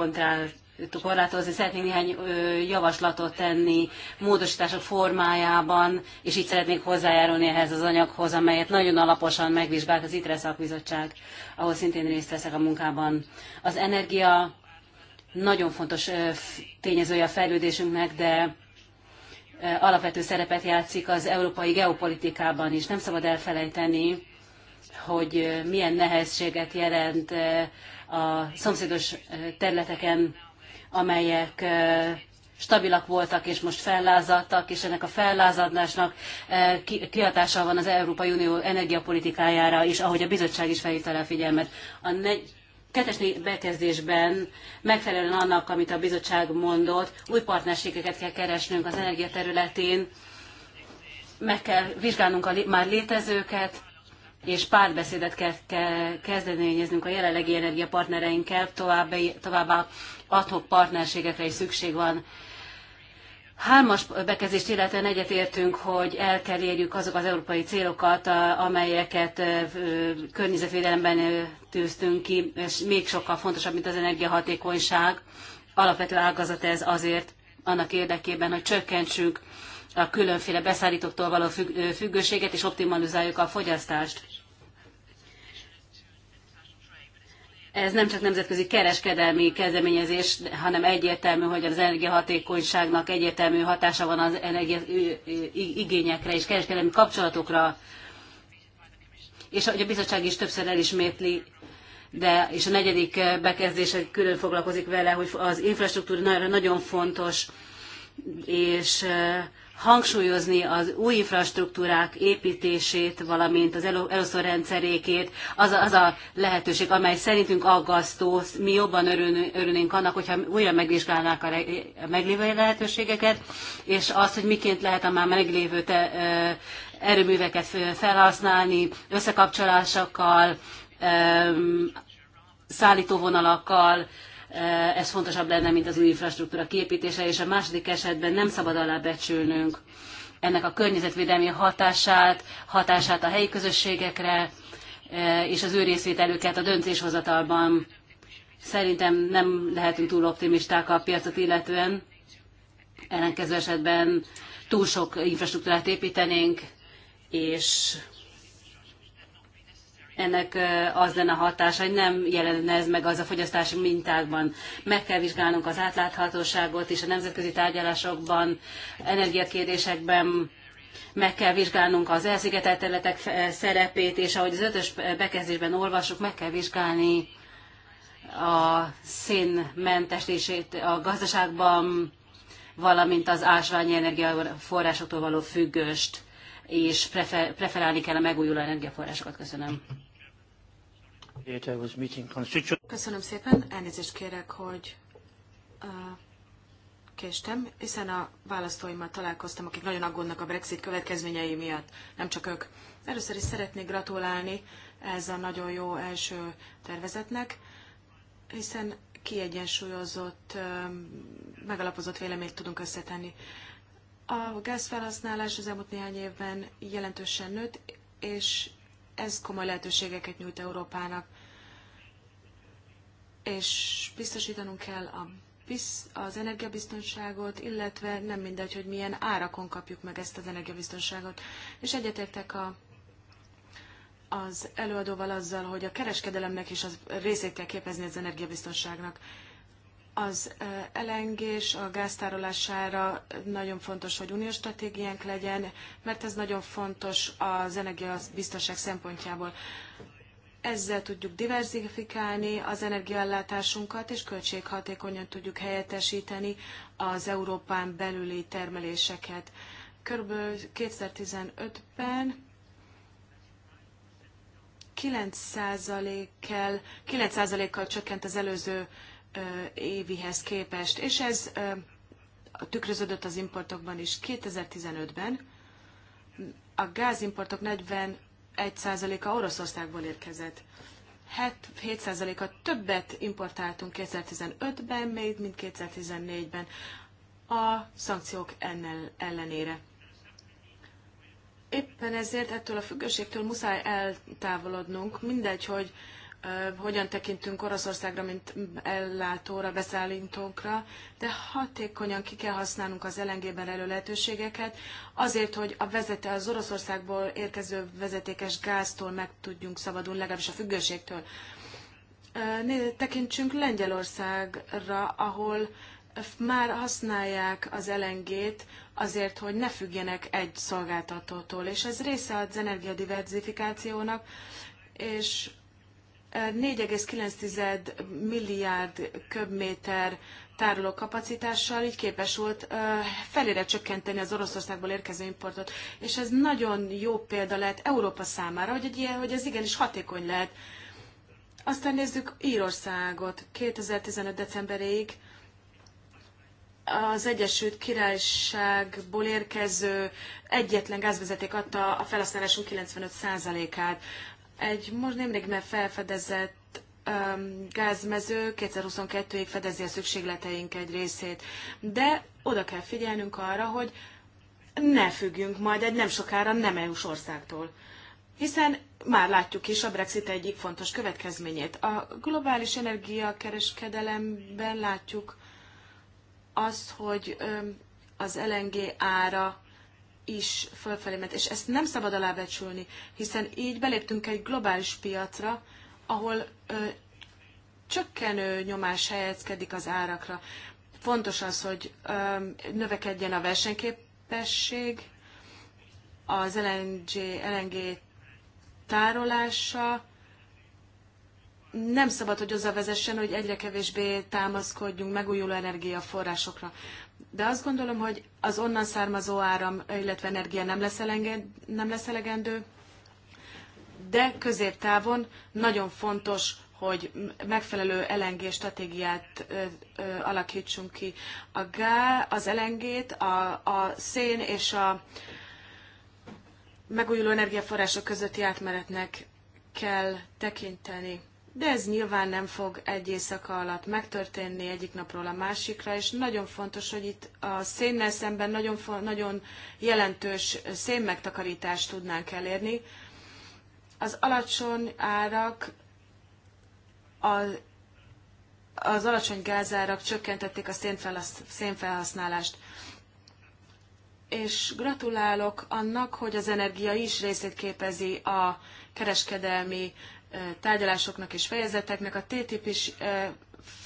korlátozni, szeretnék néhány javaslatot tenni módosítások formájában, és így szeretnék hozzájárulni ehhez az anyaghoz, amelyet nagyon alaposan megvizsgált az ITRE szakbizottság, ahol szintén részt veszek a munkában. Az energia nagyon fontos tényezője a fejlődésünknek, de alapvető szerepet játszik az európai geopolitikában is. Nem szabad elfelejteni, hogy milyen nehézséget jelent a szomszédos területeken, amelyek stabilak voltak, és most fellázadtak, és ennek a fellázadásnak kihatása van az Európai Unió energiapolitikájára is, ahogy a bizottság is felhívta a figyelmet. A negy, kettes bekezdésben megfelelően annak, amit a bizottság mondott, új partnerségeket kell keresnünk az energia területén, meg kell vizsgálnunk a már létezőket, és párbeszédet kell, kell kezdeményeznünk a jelenlegi energiapartnereinkkel, továbbá, továbbá adhok partnerségekre is szükség van hármas bekezdést illetően egyetértünk, hogy el kell érjük azok az európai célokat, amelyeket környezetvédelemben tűztünk ki, és még sokkal fontosabb, mint az energiahatékonyság. Alapvető ágazat ez azért annak érdekében, hogy csökkentsünk a különféle beszállítóktól való függőséget, és optimalizáljuk a fogyasztást. ez nem csak nemzetközi kereskedelmi kezdeményezés, hanem egyértelmű, hogy az energiahatékonyságnak egyértelmű hatása van az energiaigényekre és kereskedelmi kapcsolatokra. És ahogy a bizottság is többször elismétli, de és a negyedik bekezdése külön foglalkozik vele, hogy az infrastruktúra nagyon fontos, és hangsúlyozni az új infrastruktúrák építését, valamint az eloszló rendszerékét, az a, az a lehetőség, amely szerintünk aggasztó. Mi jobban örülnénk annak, hogyha újra megvizsgálnák a meglévő lehetőségeket, és azt, hogy miként lehet a már meglévő te, erőműveket felhasználni, összekapcsolásokkal, szállítóvonalakkal, Eh, ez fontosabb lenne, mint az új infrastruktúra képítése és a második esetben nem szabad alábecsülnünk ennek a környezetvédelmi hatását, hatását a helyi közösségekre, eh, és az ő részvételüket a döntéshozatalban. Szerintem nem lehetünk túl optimisták a piacot illetően, ellenkező esetben túl sok infrastruktúrát építenénk, és ennek az lenne a hatása, hogy nem jelenne ez meg az a fogyasztási mintákban. Meg kell vizsgálnunk az átláthatóságot és a nemzetközi tárgyalásokban, energiakérdésekben, meg kell vizsgálnunk az elszigetelt területek szerepét, és ahogy az ötös bekezdésben olvasok, meg kell vizsgálni a szénmentesítését a gazdaságban, valamint az ásványi energiaforrásoktól való függőst, és prefer- preferálni kell a megújuló energiaforrásokat. Köszönöm. Köszönöm szépen, elnézést kérek, hogy uh, késtem, hiszen a választóimmal találkoztam, akik nagyon aggódnak a Brexit következményei miatt, nem csak ők. Először is szeretnék gratulálni ez a nagyon jó első tervezetnek, hiszen kiegyensúlyozott, uh, megalapozott véleményt tudunk összetenni. A gázfelhasználás az elmúlt néhány évben jelentősen nőtt, és ez komoly lehetőségeket nyújt Európának, és biztosítanunk kell a az energiabiztonságot, illetve nem mindegy, hogy milyen árakon kapjuk meg ezt az energiabiztonságot. És egyetértek a, az előadóval azzal, hogy a kereskedelemnek is az részét kell képezni az energiabiztonságnak az elengés a gáztárolására nagyon fontos, hogy uniós stratégiánk legyen, mert ez nagyon fontos az energiabiztonság szempontjából. Ezzel tudjuk diversifikálni az energiaellátásunkat, és költséghatékonyan tudjuk helyettesíteni az Európán belüli termeléseket. Körülbelül 2015-ben 9%-kal 9%-kal csökkent az előző évihez képest, és ez tükröződött az importokban is 2015-ben. A gázimportok 41%-a Oroszországból érkezett. 7%-a többet importáltunk 2015-ben, még mint 2014-ben a szankciók ennel ellenére. Éppen ezért ettől a függőségtől muszáj eltávolodnunk, mindegy, hogy hogyan tekintünk Oroszországra, mint ellátóra, beszállítókra, de hatékonyan ki kell használnunk az LNG-ben elő lehetőségeket, azért, hogy a vezete, az Oroszországból érkező vezetékes gáztól meg tudjunk szabadulni, legalábbis a függőségtől. Tekintsünk Lengyelországra, ahol már használják az LNG-t azért, hogy ne függjenek egy szolgáltatótól, és ez része az energiadiverzifikációnak, és 4,9 milliárd köbméter tárolókapacitással így képes volt felére csökkenteni az Oroszországból érkező importot. És ez nagyon jó példa lehet Európa számára, hogy, egy ilyen, hogy ez igenis hatékony lehet. Aztán nézzük Írországot. 2015. decemberéig az Egyesült Királyságból érkező egyetlen gázvezeték adta a felhasználásunk 95%-át. Egy most nemrég ne felfedezett um, gázmező 2022-ig fedezi a szükségleteink egy részét, de oda kell figyelnünk arra, hogy ne függjünk majd egy nem sokára nem eu országtól. Hiszen már látjuk is a Brexit egyik fontos következményét. A globális energiakereskedelemben látjuk azt, hogy um, az LNG ára is fölfelé ment, és ezt nem szabad alábecsülni, hiszen így beléptünk egy globális piacra, ahol ö, csökkenő nyomás helyezkedik az árakra. Fontos az, hogy ö, növekedjen a versenyképesség, az LNG, LNG tárolása, nem szabad, hogy a vezessen, hogy egyre kevésbé támaszkodjunk megújuló energiaforrásokra de azt gondolom, hogy az onnan származó áram, illetve energia nem lesz, elenged, nem lesz elegendő, de középtávon nagyon fontos, hogy megfelelő LNG stratégiát ö, ö, alakítsunk ki. A gá, az lng a, a szén és a megújuló energiaforrások közötti átmenetnek kell tekinteni de ez nyilván nem fog egy éjszaka alatt megtörténni egyik napról a másikra, és nagyon fontos, hogy itt a szénnel szemben nagyon, nagyon jelentős szénmegtakarítást tudnánk elérni. Az alacsony árak a az alacsony gázárak csökkentették a szénfelhasználást. És gratulálok annak, hogy az energia is részét képezi a kereskedelmi tárgyalásoknak és fejezeteknek. A TTIP is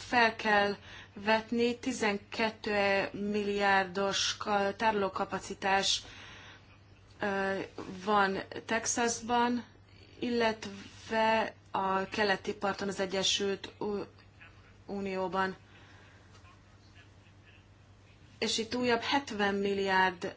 fel kell vetni 12 milliárdos tárolókapacitás van Texasban, illetve a keleti parton az Egyesült Unióban. És itt újabb 70 milliárd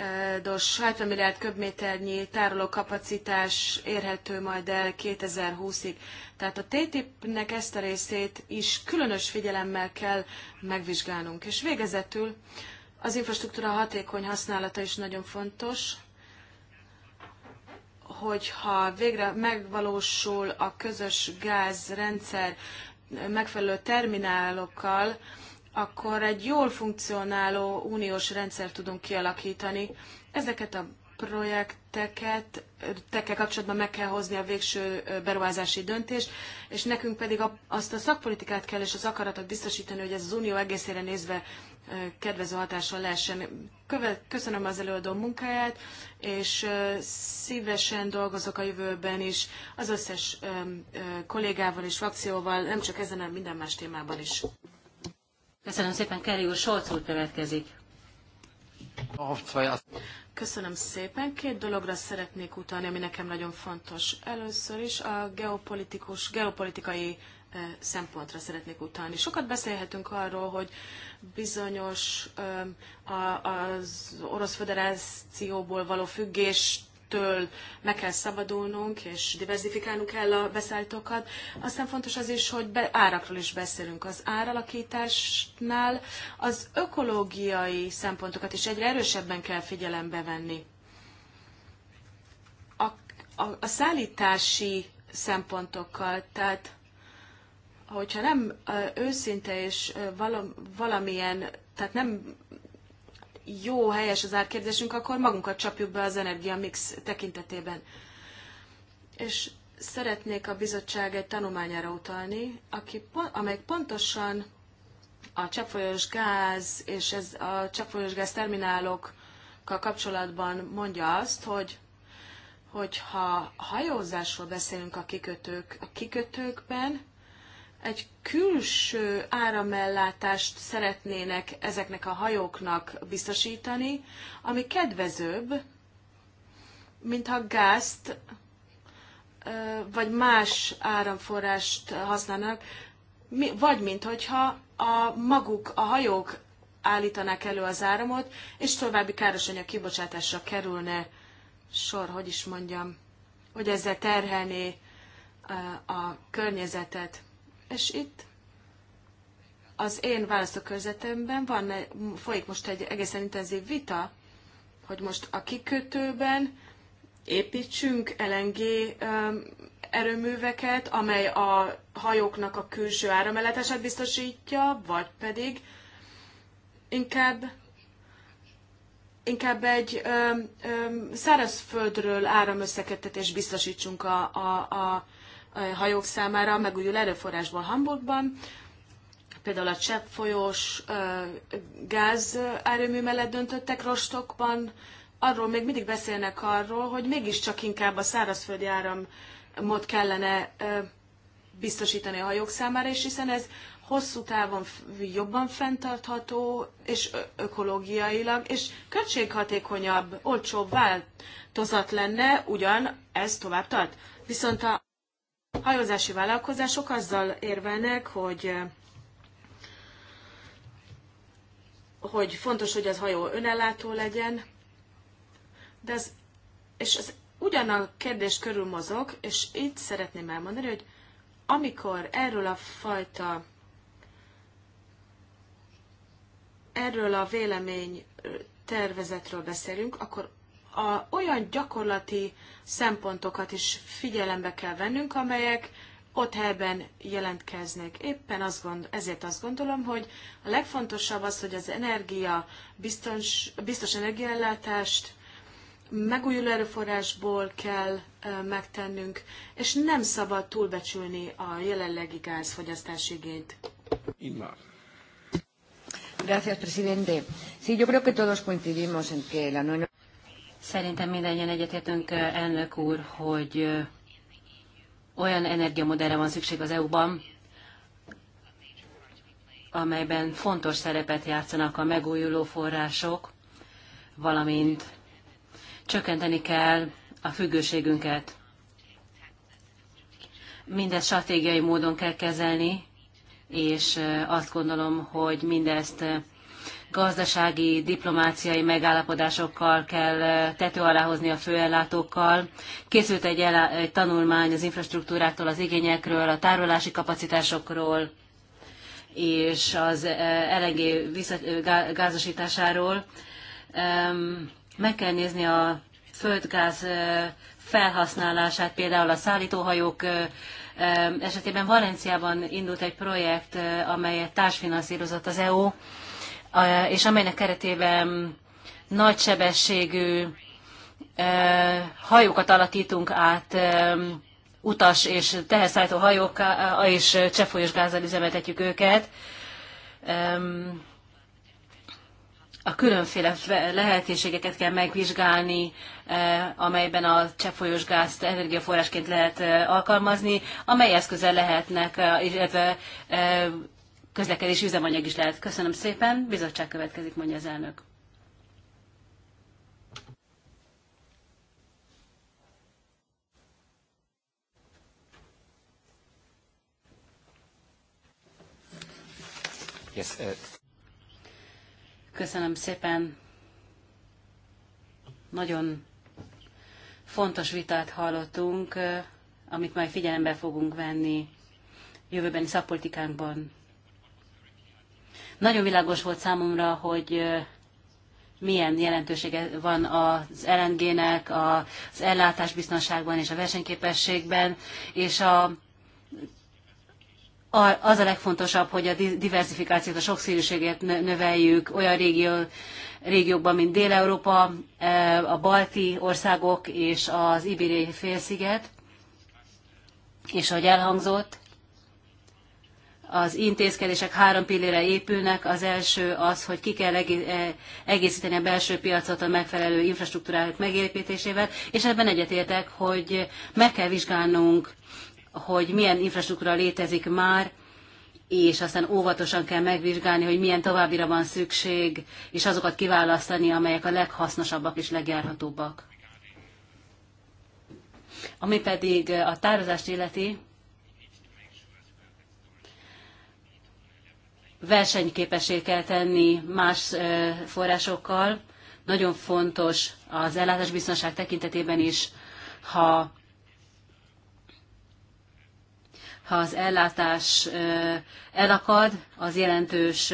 Hát milliárd, hát 70 milliárd köbméternyi tárolókapacitás érhető majd el 2020-ig. Tehát a TTIP-nek ezt a részét is különös figyelemmel kell megvizsgálnunk. És végezetül az infrastruktúra hatékony használata is nagyon fontos, hogyha végre megvalósul a közös gázrendszer megfelelő terminálokkal, akkor egy jól funkcionáló uniós rendszer tudunk kialakítani. Ezeket a projekteket, tekkel kapcsolatban meg kell hozni a végső beruházási döntés, és nekünk pedig azt a szakpolitikát kell és az akaratot biztosítani, hogy ez az unió egészére nézve kedvező hatással lehessen. Köszönöm az előadó munkáját, és szívesen dolgozok a jövőben is az összes kollégával és frakcióval, nem csak ezen, hanem minden más témában is. Köszönöm szépen, Kelly úr, Solc úr következik. Köszönöm szépen. Két dologra szeretnék utalni, ami nekem nagyon fontos. Először is a geopolitikus, geopolitikai eh, szempontra szeretnék utalni. Sokat beszélhetünk arról, hogy bizonyos eh, az Orosz Föderációból való függés től meg kell szabadulnunk, és diversifikálnunk kell a beszállítókat. Aztán fontos az is, hogy be, árakról is beszélünk. Az áralakításnál az ökológiai szempontokat is egyre erősebben kell figyelembe venni. A, a, a szállítási szempontokkal, tehát hogyha nem őszinte és valamilyen, tehát nem jó, helyes az árkérdésünk, akkor magunkat csapjuk be az energiamix tekintetében. És szeretnék a bizottság egy tanulmányára utalni, aki, amely pontosan a cseppfolyós gáz és ez a cseppfolyós gáz terminálokkal kapcsolatban mondja azt, hogy hogyha hajózásról beszélünk a kikötők, a kikötőkben egy külső áramellátást szeretnének ezeknek a hajóknak biztosítani, ami kedvezőbb, mint ha gázt vagy más áramforrást használnak, vagy mint hogyha a maguk, a hajók állítanák elő az áramot, és további károsanyag kibocsátásra kerülne sor, hogy is mondjam, hogy ezzel terhelné a környezetet. És itt az én választókörzetemben van, folyik most egy egészen intenzív vita, hogy most a kikötőben építsünk LNG erőműveket, amely a hajóknak a külső áramellátását biztosítja, vagy pedig inkább inkább egy öm, öm, szárazföldről áramösszekettetés biztosítsunk a, a, a hajók számára megújul erőforrásból Hamburgban, például a csepp folyós gáz erőmű mellett döntöttek Rostokban, arról még mindig beszélnek arról, hogy mégiscsak inkább a szárazföldi áramot kellene biztosítani a hajók számára, és hiszen ez hosszú távon jobban fenntartható, és ökológiailag, és költséghatékonyabb, olcsóbb változat lenne, ugyan ez tovább tart. Viszont a hajózási vállalkozások azzal érvelnek, hogy hogy fontos, hogy az hajó önellátó legyen, de ez, és ez ugyan a kérdés körül mozog, és itt szeretném elmondani, hogy amikor erről a fajta erről a vélemény tervezetről beszélünk, akkor a, olyan gyakorlati szempontokat is figyelembe kell vennünk, amelyek ott helyben jelentkeznek. Éppen azt gond, ezért azt gondolom, hogy a legfontosabb az, hogy az energia, biztons, biztos energiállátást megújuló erőforrásból kell megtennünk, és nem szabad túlbecsülni a jelenlegi gázfogyasztási igényt. Gracias, presidente. Sí, yo creo que todos coincidimos en que la nueva Szerintem mindannyian egyetértünk, elnök úr, hogy olyan energiamodellre van szükség az EU-ban, amelyben fontos szerepet játszanak a megújuló források, valamint csökkenteni kell a függőségünket. Mindezt stratégiai módon kell kezelni, és azt gondolom, hogy mindezt gazdasági, diplomáciai megállapodásokkal kell tető alá hozni a főellátókkal. Készült egy, elá, egy tanulmány az infrastruktúráktól, az igényekről, a tárolási kapacitásokról és az LNG gázosításáról. Meg kell nézni a földgáz felhasználását, például a szállítóhajók esetében Valenciában indult egy projekt, amelyet társfinanszírozott az EU, és amelynek keretében nagy sebességű e, hajókat alakítunk át, e, utas és teherszállító hajók e, és cseppfolyós gázzal üzemeltetjük őket. A különféle lehetőségeket kell megvizsgálni, amelyben a cseppfolyós gázt energiaforrásként lehet alkalmazni, amely eszközzel lehetnek, illetve közlekedési üzemanyag is lehet. Köszönöm szépen, bizottság következik, mondja az elnök. Yes, uh... Köszönöm szépen. Nagyon fontos vitát hallottunk, uh, amit majd figyelembe fogunk venni jövőbeni szakpolitikánkban. Nagyon világos volt számomra, hogy milyen jelentősége van az LNG-nek az ellátásbiztonságban és a versenyképességben, és a az a legfontosabb, hogy a diversifikációt, a sokszínűséget növeljük olyan régió, régiókban, mint Dél-Európa, a balti országok és az Ibéri félsziget. És ahogy elhangzott, az intézkedések három pillére épülnek. Az első az, hogy ki kell e- egészíteni a belső piacot a megfelelő infrastruktúrák megépítésével, és ebben egyetértek, hogy meg kell vizsgálnunk, hogy milyen infrastruktúra létezik már, és aztán óvatosan kell megvizsgálni, hogy milyen továbbira van szükség, és azokat kiválasztani, amelyek a leghasznosabbak és legjárhatóbbak. Ami pedig a tározást illeti, versenyképessé kell tenni más forrásokkal. Nagyon fontos az ellátásbiztonság tekintetében is, ha, ha az ellátás elakad, az jelentős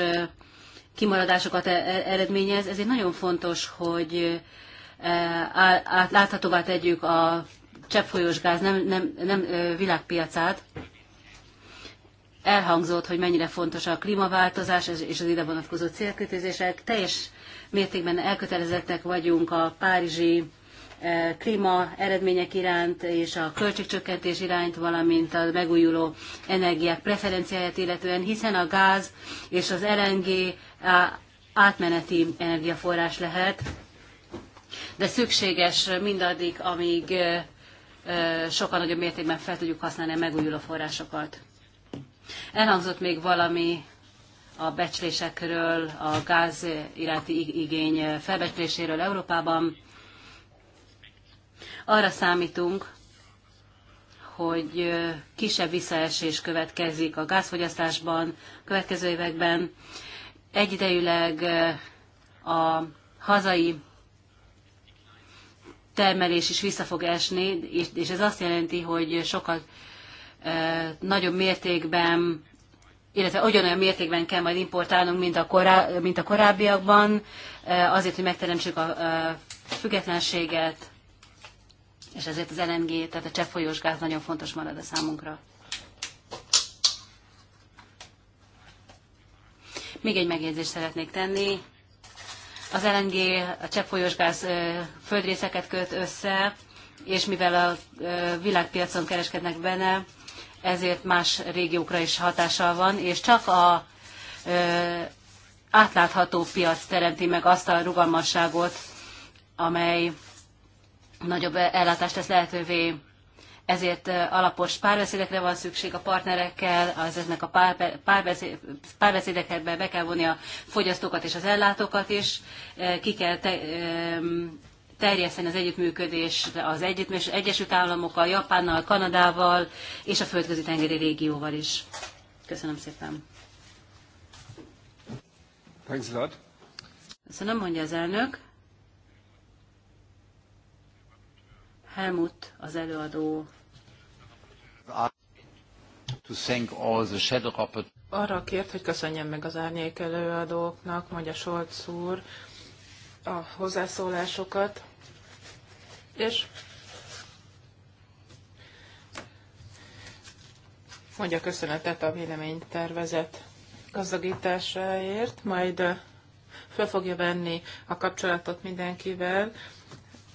kimaradásokat e, e, eredményez. Ezért nagyon fontos, hogy átláthatóvá tegyük a cseppfolyós gáz nem, nem, nem világpiacát, elhangzott, hogy mennyire fontos a klímaváltozás és az ide vonatkozó célkötőzések. Teljes mértékben elkötelezettek vagyunk a párizsi e, klíma eredmények iránt és a költségcsökkentés irányt, valamint a megújuló energiák preferenciáját illetően, hiszen a gáz és az LNG átmeneti energiaforrás lehet, de szükséges mindaddig, amíg e, e, sokkal nagyobb mértékben fel tudjuk használni a megújuló forrásokat. Elhangzott még valami a becslésekről, a gáz iránti igény felbecsléséről Európában. Arra számítunk, hogy kisebb visszaesés következik a gázfogyasztásban következő években. Egyidejűleg a hazai termelés is vissza fog esni, és ez azt jelenti, hogy sokkal nagyobb mértékben, illetve ugyanolyan mértékben kell majd importálnunk, mint a, korá, mint a korábbiakban, azért, hogy megteremtsük a függetlenséget, és ezért az LNG, tehát a folyós gáz nagyon fontos marad a számunkra. Még egy megjegyzést szeretnék tenni. Az LNG, a folyós gáz földrészeket köt össze, és mivel a világpiacon kereskednek benne, ezért más régiókra is hatással van, és csak a ö, átlátható piac teremti meg azt a rugalmasságot, amely nagyobb ellátást tesz lehetővé. Ezért alapos párbeszédekre van szükség a partnerekkel, az ezeknek a párbeszédekbe be kell vonni a fogyasztókat és az ellátókat is, ki kell te, terjeszteni az együttműködés az együttműködés Egyesült Államokkal, Japánnal, Kanadával és a földközi tengeri régióval is. Köszönöm szépen. Thanks a lot. Köszönöm, mondja az elnök. Helmut, az előadó. To thank all the shadow arra kért, hogy köszönjem meg az árnyék előadóknak, mondja Solc úr, a hozzászólásokat, és mondja köszönetet a véleménytervezet gazdagításáért, majd fel fogja venni a kapcsolatot mindenkivel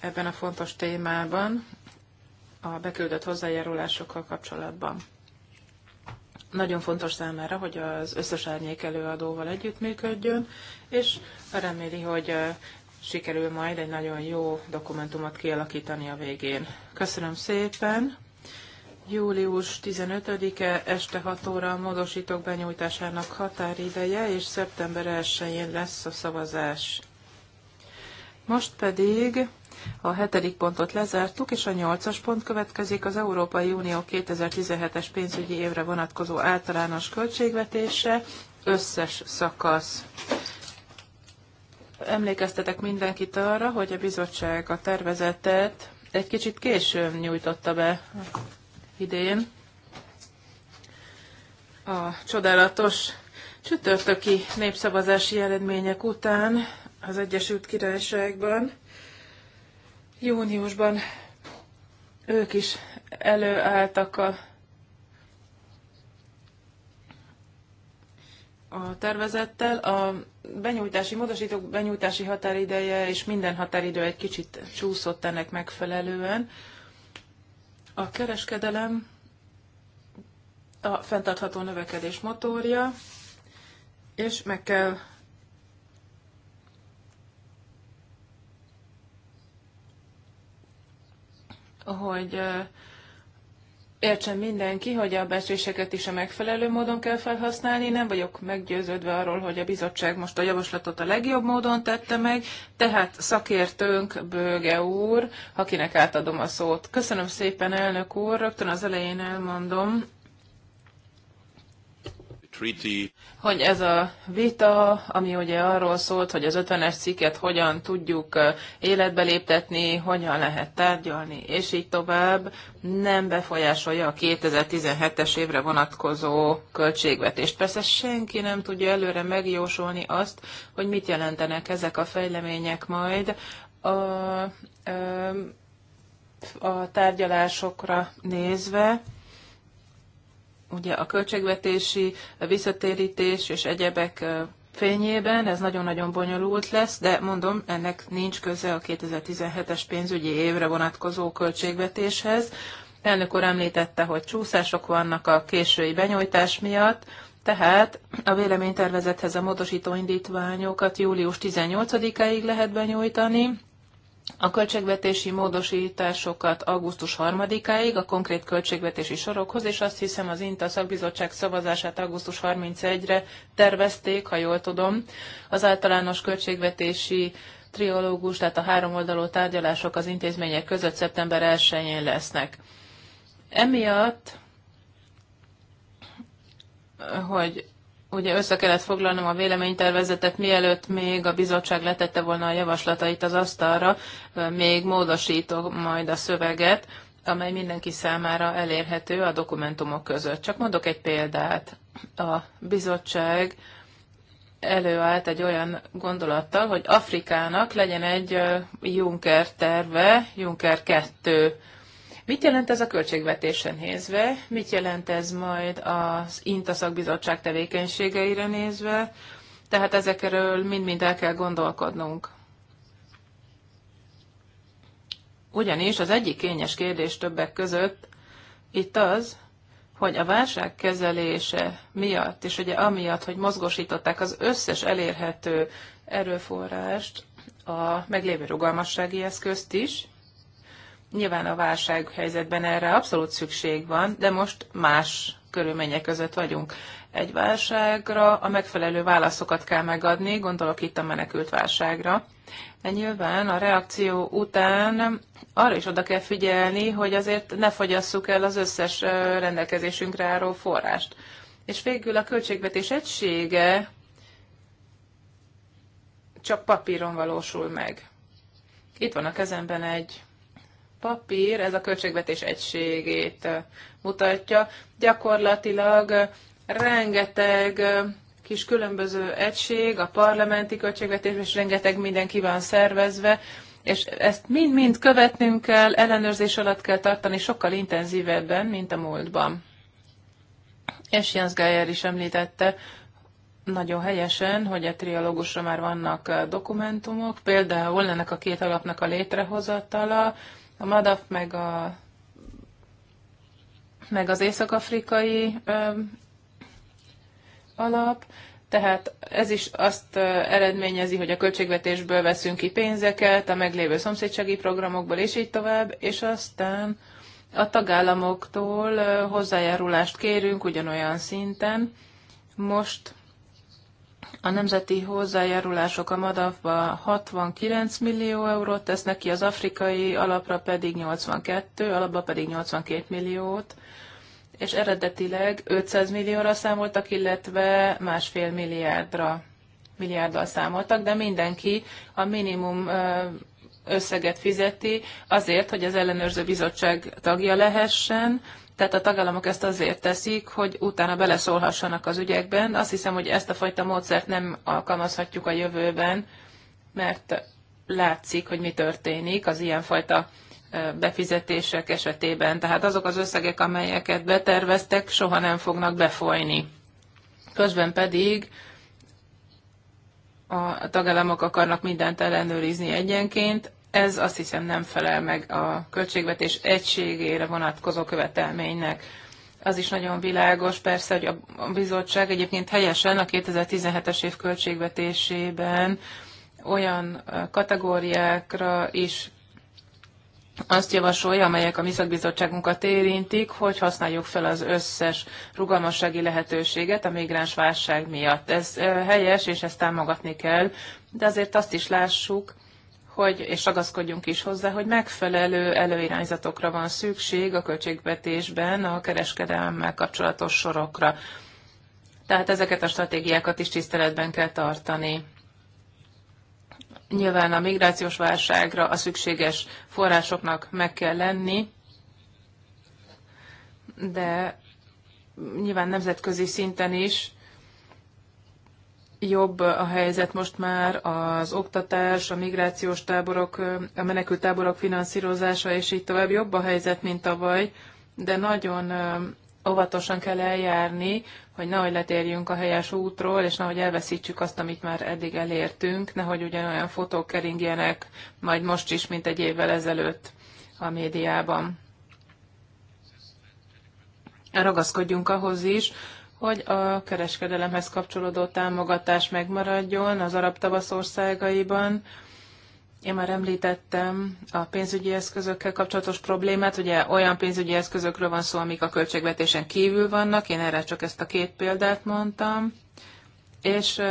ebben a fontos témában, a beküldött hozzájárulásokkal kapcsolatban. Nagyon fontos számára, hogy az összes árnyék előadóval együttműködjön, és reméli, hogy sikerül majd egy nagyon jó dokumentumot kialakítani a végén. Köszönöm szépen! Július 15-e este 6 óra a módosítók benyújtásának határideje, és szeptember 1-én lesz a szavazás. Most pedig a hetedik pontot lezártuk, és a nyolcas pont következik az Európai Unió 2017-es pénzügyi évre vonatkozó általános költségvetése, összes szakasz. Emlékeztetek mindenkit arra, hogy a bizottság a tervezetet egy kicsit későn nyújtotta be idén. A csodálatos csütörtöki népszavazási eredmények után az Egyesült Királyságban júniusban ők is előálltak a a tervezettel. A benyújtási, módosítók benyújtási határideje és minden határidő egy kicsit csúszott ennek megfelelően. A kereskedelem a fenntartható növekedés motorja, és meg kell hogy értsen mindenki, hogy a becsléseket is a megfelelő módon kell felhasználni. Nem vagyok meggyőződve arról, hogy a bizottság most a javaslatot a legjobb módon tette meg, tehát szakértőnk, Bőge úr, akinek átadom a szót. Köszönöm szépen, elnök úr, rögtön az elején elmondom, treaty. Hogy ez a vita, ami ugye arról szólt, hogy az 50-es cikket hogyan tudjuk életbe léptetni, hogyan lehet tárgyalni, és így tovább, nem befolyásolja a 2017-es évre vonatkozó költségvetést. Persze senki nem tudja előre megjósolni azt, hogy mit jelentenek ezek a fejlemények majd. A, a, a tárgyalásokra nézve, ugye a költségvetési visszatérítés és egyebek fényében, ez nagyon-nagyon bonyolult lesz, de mondom, ennek nincs köze a 2017-es pénzügyi évre vonatkozó költségvetéshez. Elnök úr említette, hogy csúszások vannak a késői benyújtás miatt, tehát a véleménytervezethez a módosító indítványokat július 18-áig lehet benyújtani, a költségvetési módosításokat augusztus 3-áig a konkrét költségvetési sorokhoz, és azt hiszem az INTA szakbizottság szavazását augusztus 31-re tervezték, ha jól tudom. Az általános költségvetési triológus, tehát a háromoldalú tárgyalások az intézmények között szeptember 1-én lesznek. Emiatt, hogy ugye össze kellett foglalnom a véleménytervezetet, mielőtt még a bizottság letette volna a javaslatait az asztalra, még módosítok majd a szöveget, amely mindenki számára elérhető a dokumentumok között. Csak mondok egy példát. A bizottság előállt egy olyan gondolattal, hogy Afrikának legyen egy Juncker terve, Juncker 2 Mit jelent ez a költségvetésen nézve? Mit jelent ez majd az INTA szakbizottság tevékenységeire nézve? Tehát ezekről mind-mind el kell gondolkodnunk. Ugyanis az egyik kényes kérdés többek között itt az, hogy a válság kezelése miatt, és ugye amiatt, hogy mozgosították az összes elérhető erőforrást, a meglévő rugalmassági eszközt is, Nyilván a válsághelyzetben erre abszolút szükség van, de most más körülmények között vagyunk. Egy válságra a megfelelő válaszokat kell megadni, gondolok itt a menekült válságra. De nyilván a reakció után arra is oda kell figyelni, hogy azért ne fogyasszuk el az összes rendelkezésünkre álló forrást. És végül a költségvetés egysége csak papíron valósul meg. Itt van a kezemben egy papír, ez a költségvetés egységét mutatja. Gyakorlatilag rengeteg kis különböző egység, a parlamenti költségvetés, és rengeteg minden ki van szervezve, és ezt mind-mind követnünk kell, ellenőrzés alatt kell tartani sokkal intenzívebben, mint a múltban. És Jens Geyer is említette, nagyon helyesen, hogy a trialógusra már vannak dokumentumok, például ennek a két alapnak a létrehozatala, a MADAF meg, a, meg az észak-afrikai alap, tehát ez is azt eredményezi, hogy a költségvetésből veszünk ki pénzeket, a meglévő szomszédsági programokból, és így tovább, és aztán a tagállamoktól hozzájárulást kérünk ugyanolyan szinten. Most a nemzeti hozzájárulások a MADAF-ba 69 millió eurót tesznek ki, az afrikai alapra pedig 82, alapba pedig 82 milliót, és eredetileg 500 millióra számoltak, illetve másfél milliárdra, milliárddal számoltak, de mindenki a minimum összeget fizeti azért, hogy az ellenőrző bizottság tagja lehessen, tehát a tagállamok ezt azért teszik, hogy utána beleszólhassanak az ügyekben. Azt hiszem, hogy ezt a fajta módszert nem alkalmazhatjuk a jövőben, mert látszik, hogy mi történik az ilyenfajta befizetések esetében. Tehát azok az összegek, amelyeket beterveztek, soha nem fognak befolyni. Közben pedig a tagállamok akarnak mindent ellenőrizni egyenként, ez azt hiszem nem felel meg a költségvetés egységére vonatkozó követelménynek. Az is nagyon világos, persze, hogy a bizottság egyébként helyesen a 2017-es év költségvetésében olyan kategóriákra is azt javasolja, amelyek a mi szakbizottságunkat érintik, hogy használjuk fel az összes rugalmassági lehetőséget a migráns válság miatt. Ez helyes, és ezt támogatni kell, de azért azt is lássuk, hogy, és ragaszkodjunk is hozzá, hogy megfelelő előirányzatokra van szükség a költségvetésben a kereskedelemmel kapcsolatos sorokra. Tehát ezeket a stratégiákat is tiszteletben kell tartani. Nyilván a migrációs válságra a szükséges forrásoknak meg kell lenni, de nyilván nemzetközi szinten is jobb a helyzet most már az oktatás, a migrációs táborok, a menekült táborok finanszírozása, és így tovább jobb a helyzet, mint tavaly, de nagyon óvatosan kell eljárni, hogy nehogy letérjünk a helyes útról, és nehogy elveszítsük azt, amit már eddig elértünk, nehogy ugyanolyan fotók keringjenek majd most is, mint egy évvel ezelőtt a médiában. Ragaszkodjunk ahhoz is, hogy a kereskedelemhez kapcsolódó támogatás megmaradjon az arab tavasz országaiban. Én már említettem a pénzügyi eszközökkel kapcsolatos problémát. Ugye olyan pénzügyi eszközökről van szó, amik a költségvetésen kívül vannak. Én erre csak ezt a két példát mondtam. És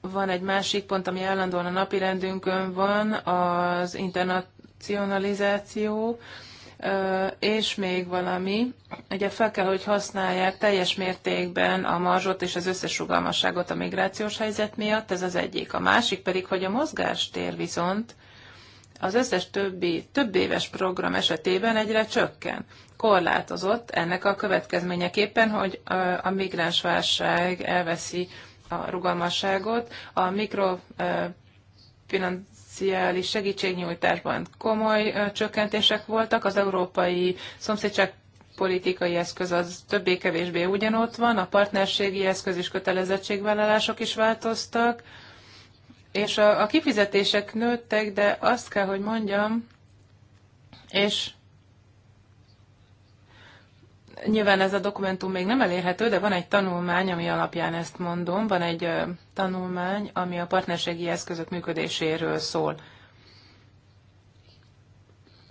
van egy másik pont, ami állandóan a napi rendünkön van, az internacionalizáció és még valami, ugye fel kell, hogy használják teljes mértékben a marzsot és az összes rugalmasságot a migrációs helyzet miatt, ez az egyik. A másik pedig, hogy a mozgástér viszont az összes többi, több éves program esetében egyre csökken. Korlátozott ennek a következményeképpen, hogy a migránsválság elveszi a rugalmasságot, a mikro szociális segítségnyújtásban komoly csökkentések voltak, az európai szomszédság politikai eszköz az többé-kevésbé ugyanott van, a partnerségi eszköz és kötelezettségvállalások is változtak, és a, a kifizetések nőttek, de azt kell, hogy mondjam, és Nyilván ez a dokumentum még nem elérhető, de van egy tanulmány, ami alapján ezt mondom. Van egy tanulmány, ami a partnerségi eszközök működéséről szól.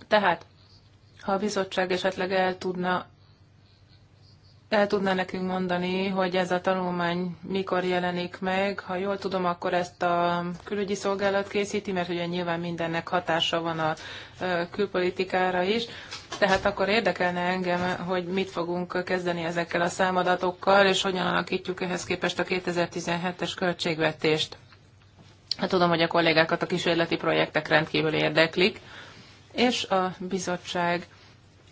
Tehát, ha a bizottság esetleg el tudna el tudná nekünk mondani, hogy ez a tanulmány mikor jelenik meg. Ha jól tudom, akkor ezt a külügyi szolgálat készíti, mert ugye nyilván mindennek hatása van a külpolitikára is. Tehát akkor érdekelne engem, hogy mit fogunk kezdeni ezekkel a számadatokkal, és hogyan alakítjuk ehhez képest a 2017-es költségvetést. Hát tudom, hogy a kollégákat a kísérleti projektek rendkívül érdeklik, és a bizottság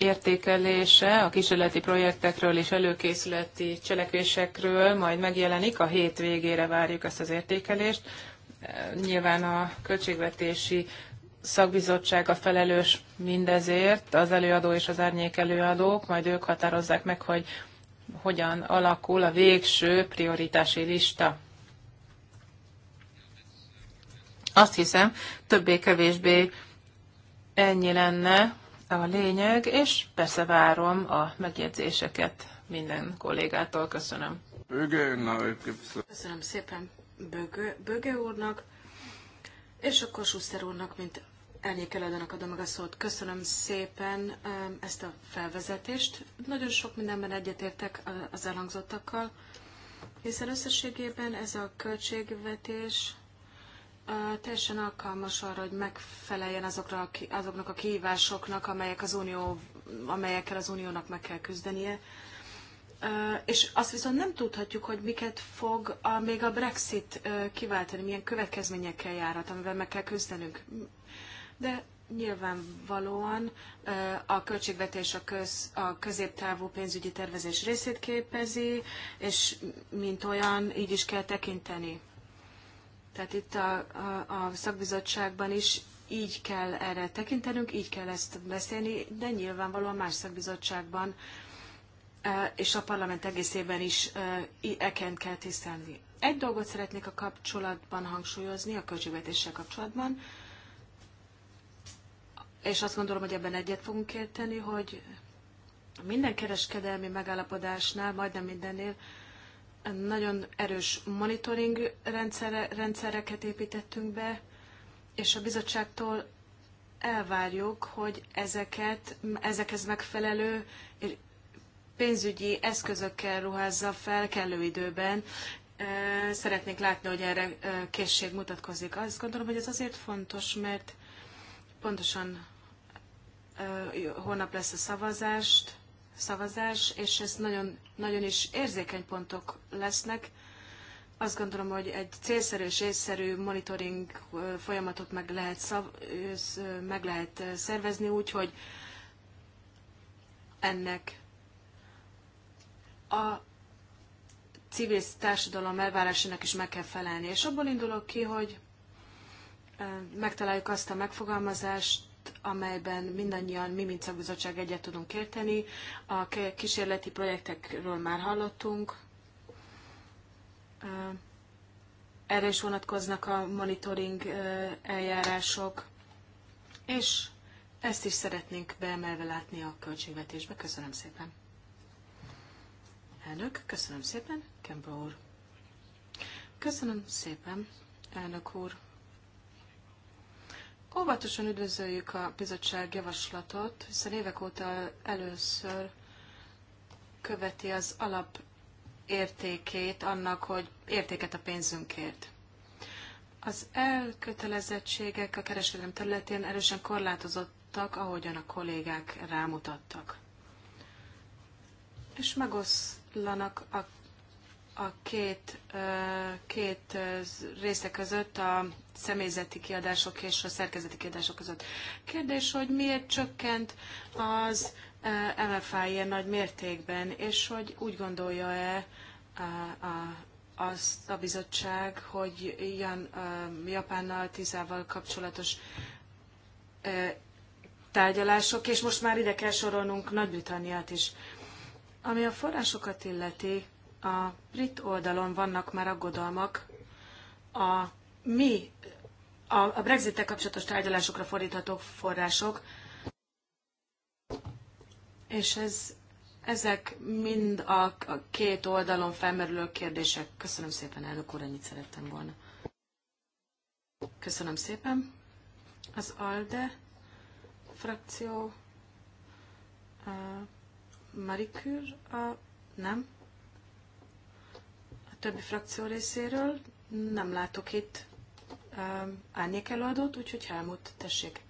értékelése a kísérleti projektekről és előkészületi cselekvésekről majd megjelenik. A hét végére várjuk ezt az értékelést. Nyilván a költségvetési szakbizottság a felelős mindezért, az előadó és az árnyék előadók, majd ők határozzák meg, hogy hogyan alakul a végső prioritási lista. Azt hiszem, többé-kevésbé ennyi lenne a lényeg, és persze várom a megjegyzéseket minden kollégától. Köszönöm. Köszönöm szépen Böge, Böge úrnak, és akkor Schuster úrnak, mint elnyékelődőnek adom meg a szót. Köszönöm szépen um, ezt a felvezetést. Nagyon sok mindenben egyetértek az elhangzottakkal, hiszen összességében ez a költségvetés teljesen alkalmas arra, hogy megfeleljen azokra, azoknak a kihívásoknak, amelyek az unió, amelyekkel az uniónak meg kell küzdenie. És azt viszont nem tudhatjuk, hogy miket fog a, még a Brexit kiváltani, milyen következményekkel járhat, amivel meg kell küzdenünk. De nyilvánvalóan a költségvetés a, köz, a középtávú pénzügyi tervezés részét képezi, és mint olyan így is kell tekinteni tehát itt a, a, a szakbizottságban is így kell erre tekintenünk, így kell ezt beszélni, de nyilvánvalóan más szakbizottságban e, és a parlament egészében is eken e kell tisztelni. Egy dolgot szeretnék a kapcsolatban hangsúlyozni, a költségvetéssel kapcsolatban, és azt gondolom, hogy ebben egyet fogunk érteni, hogy minden kereskedelmi megállapodásnál, majdnem mindennél, nagyon erős monitoring rendszere, rendszereket építettünk be, és a bizottságtól elvárjuk, hogy ezeket, ezekhez megfelelő pénzügyi eszközökkel ruházza fel kellő időben. Szeretnék látni, hogy erre készség mutatkozik. Azt gondolom, hogy ez azért fontos, mert pontosan holnap lesz a szavazást, szavazás, és ez nagyon, nagyon is érzékeny pontok lesznek. Azt gondolom, hogy egy célszerű és észszerű monitoring folyamatot meg lehet, szav, meg lehet szervezni úgy, hogy ennek a civil társadalom elvárásának is meg kell felelni. És abból indulok ki, hogy megtaláljuk azt a megfogalmazást, amelyben mindannyian mi, mint szakbizottság egyet tudunk érteni. A kísérleti projektekről már hallottunk. Erre is vonatkoznak a monitoring eljárások, és ezt is szeretnénk beemelve látni a költségvetésbe. Köszönöm szépen. Elnök, köszönöm szépen. Kembro úr. Köszönöm szépen, elnök úr. Óvatosan üdvözöljük a bizottság javaslatot, hiszen évek óta először követi az alap értékét annak, hogy értéket a pénzünkért. Az elkötelezettségek a kereskedelem területén erősen korlátozottak, ahogyan a kollégák rámutattak. És megoszlanak a a két, két része között, a személyzeti kiadások és a szerkezeti kiadások között. Kérdés, hogy miért csökkent az MFA ilyen nagy mértékben, és hogy úgy gondolja-e a, a, azt a bizottság, hogy ilyen Japánnal, Tizával kapcsolatos tárgyalások, és most már ide kell sorolnunk Nagy-Britanniát is. Ami a forrásokat illeti, a brit oldalon vannak már aggodalmak a mi, a, a brexit kapcsolatos tárgyalásokra fordítható források, és ez, ezek mind a, a két oldalon felmerülő kérdések. Köszönöm szépen, elnök úr, ennyit szerettem volna. Köszönöm szépen. Az ALDE frakció a uh, Marikür, a, uh, nem? többi frakció részéről. Nem látok itt um, árnyék előadót, úgyhogy Helmut, tessék.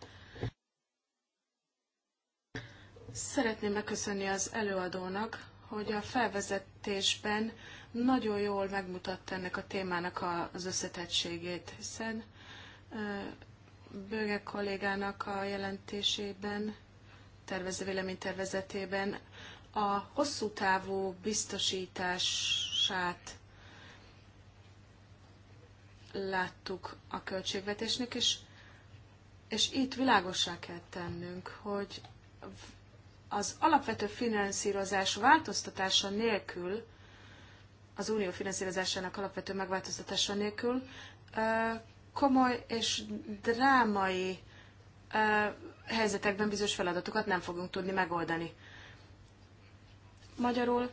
Szeretném megköszönni az előadónak, hogy a felvezetésben nagyon jól megmutatta ennek a témának az összetettségét, hiszen uh, Bőge kollégának a jelentésében, tervező tervezetében a hosszú távú biztosítását láttuk a költségvetésnek, és, és itt világosá kell tennünk, hogy az alapvető finanszírozás változtatása nélkül, az unió finanszírozásának alapvető megváltoztatása nélkül komoly és drámai helyzetekben bizonyos feladatokat nem fogunk tudni megoldani. Magyarul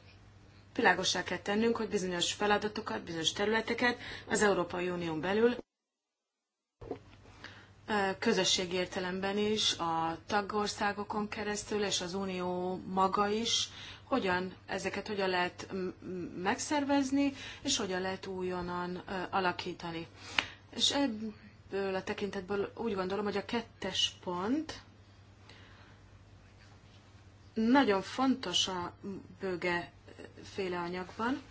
világosá kell tennünk, hogy bizonyos feladatokat, bizonyos területeket az Európai Unión belül közösségi értelemben is, a tagországokon keresztül és az Unió maga is, hogyan ezeket hogyan lehet megszervezni, és hogyan lehet újonnan alakítani. És ebből a tekintetből úgy gondolom, hogy a kettes pont nagyon fontos a bőge féle anyagban,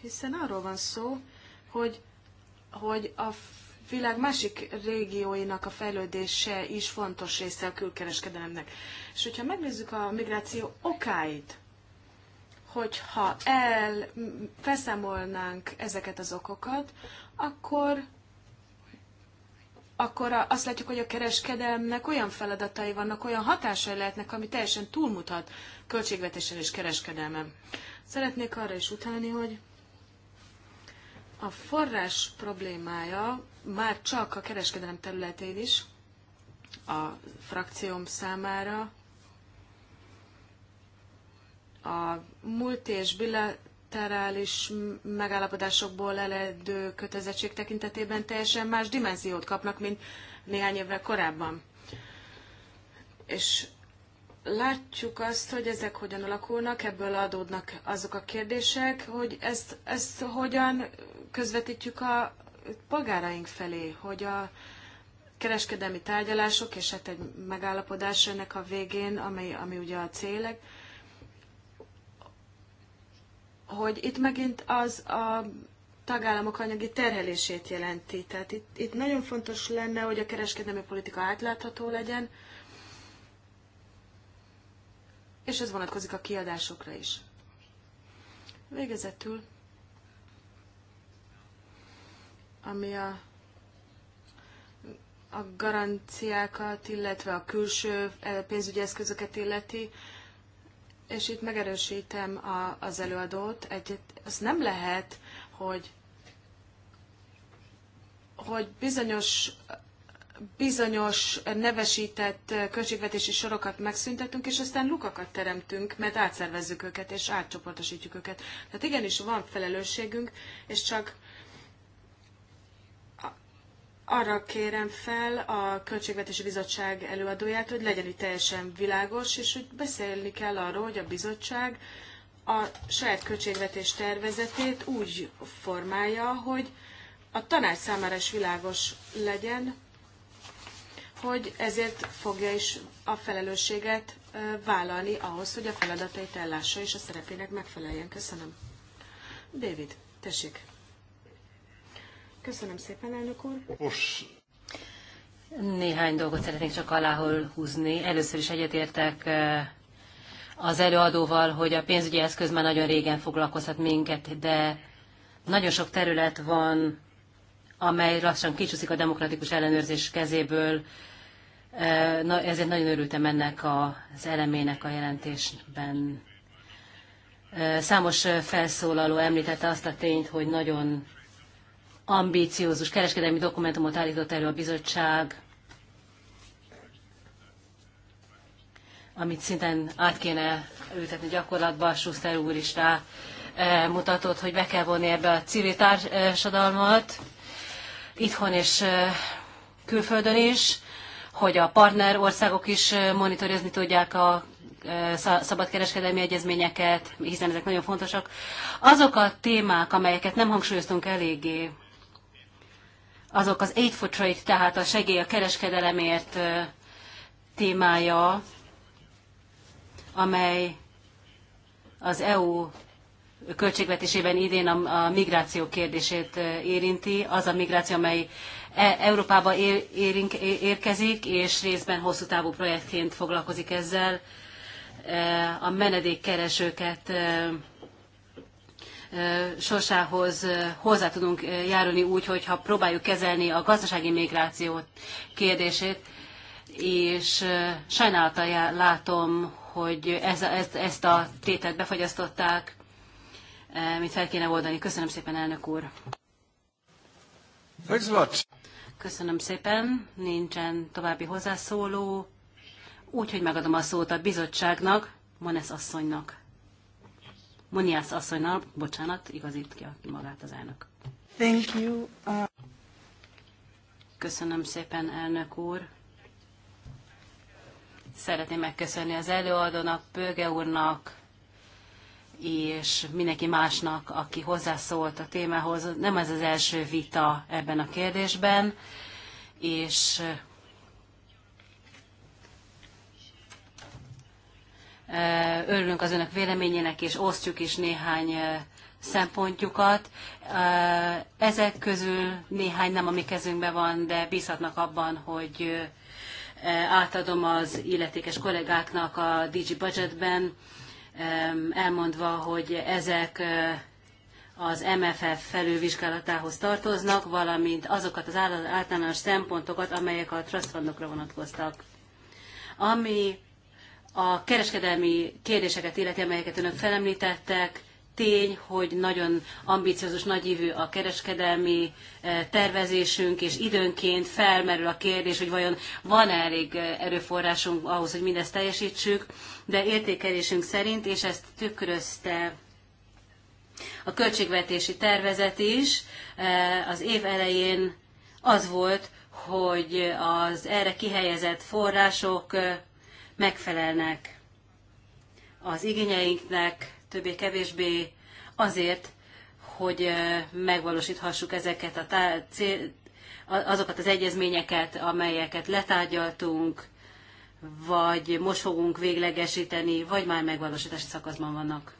hiszen arról van szó, hogy, hogy a világ másik régióinak a fejlődése is fontos része a külkereskedelemnek. És hogyha megnézzük a migráció okáit, hogyha el felszámolnánk ezeket az okokat, akkor akkor azt látjuk, hogy a kereskedelemnek olyan feladatai vannak, olyan hatásai lehetnek, ami teljesen túlmutat költségvetésen és kereskedelmen. Szeretnék arra is utalni, hogy a forrás problémája már csak a kereskedelem területén is a frakcióm számára a multi és bilaterális megállapodásokból eledő kötelezettség tekintetében teljesen más dimenziót kapnak, mint néhány évvel korábban. És látjuk azt, hogy ezek hogyan alakulnak, ebből adódnak azok a kérdések, hogy ezt, ezt hogyan közvetítjük a polgáraink felé, hogy a kereskedelmi tárgyalások és hát egy megállapodás ennek a végén, ami, ami ugye a célek, hogy itt megint az a tagállamok anyagi terhelését jelenti. Tehát itt, itt nagyon fontos lenne, hogy a kereskedelmi politika átlátható legyen, és ez vonatkozik a kiadásokra is. Végezetül, ami a, a garanciákat, illetve a külső eh, pénzügyi eszközöket illeti, és itt megerősítem a, az előadót, egy, az nem lehet, hogy hogy bizonyos bizonyos nevesített költségvetési sorokat megszüntetünk, és aztán lukakat teremtünk, mert átszervezzük őket, és átcsoportosítjuk őket. Tehát igenis van felelősségünk, és csak arra kérem fel a Költségvetési Bizottság előadóját, hogy legyen itt teljesen világos, és hogy beszélni kell arról, hogy a bizottság a saját költségvetés tervezetét úgy formálja, hogy a tanács számára is világos legyen, hogy ezért fogja is a felelősséget vállalni ahhoz, hogy a feladatait ellássa és a szerepének megfeleljen. Köszönöm. David, tessék. Köszönöm szépen, elnök úr. Most. Néhány dolgot szeretnék csak aláhol húzni. Először is egyetértek az előadóval, hogy a pénzügyi eszköz már nagyon régen foglalkozhat minket, de nagyon sok terület van, amely lassan kicsúszik a demokratikus ellenőrzés kezéből, Na, ezért nagyon örültem ennek az elemének a jelentésben. Számos felszólaló említette azt a tényt, hogy nagyon ambíciózus kereskedelmi dokumentumot állított elő a bizottság, amit szinten át kéne ültetni gyakorlatba, Schuster úr is rá mutatott, hogy be kell vonni ebbe a civil társadalmat, itthon és külföldön is hogy a partner országok is monitorozni tudják a szabadkereskedelmi egyezményeket, hiszen ezek nagyon fontosak. Azok a témák, amelyeket nem hangsúlyoztunk eléggé, azok az Aid for Trade, tehát a segély a kereskedelemért témája, amely az EU költségvetésében idén a, migráció kérdését érinti. Az a migráció, amely E, Európába ér, érkezik, és részben hosszú távú projektként foglalkozik ezzel. E, a menedékkeresőket e, sorsához hozzá tudunk járulni úgy, hogyha próbáljuk kezelni a gazdasági migráció kérdését, és sajnálattal látom, hogy ez, ez, ezt a tétet befagyasztották, mit fel kéne oldani. Köszönöm szépen, elnök úr! Köszönöm szépen, nincsen további hozzászóló, úgyhogy megadom a szót a bizottságnak, Monesz asszonynak. Moniász asszonynak, bocsánat, igazít ki magát az elnök. Thank you. Uh... Köszönöm szépen, elnök úr. Szeretném megköszönni az előadónak, Bőge úrnak és mindenki másnak, aki hozzászólt a témához. Nem ez az első vita ebben a kérdésben, és e, örülünk az önök véleményének, és osztjuk is néhány e, szempontjukat. E, ezek közül néhány nem a mi kezünkben van, de bízhatnak abban, hogy átadom az illetékes kollégáknak a DG Budgetben, elmondva, hogy ezek az MFF felülvizsgálatához tartoznak, valamint azokat az általános szempontokat, amelyek a trust fundokra vonatkoztak. Ami a kereskedelmi kérdéseket illeti, amelyeket önök felemlítettek, tény, hogy nagyon ambiciózus, nagyívű a kereskedelmi eh, tervezésünk, és időnként felmerül a kérdés, hogy vajon van -e elég eh, erőforrásunk ahhoz, hogy mindezt teljesítsük, de értékelésünk szerint, és ezt tükrözte a költségvetési tervezet is, eh, az év elején az volt, hogy az erre kihelyezett források megfelelnek az igényeinknek, többé-kevésbé azért, hogy megvalósíthassuk ezeket a azokat az egyezményeket, amelyeket letárgyaltunk, vagy most fogunk véglegesíteni, vagy már megvalósítási szakaszban vannak.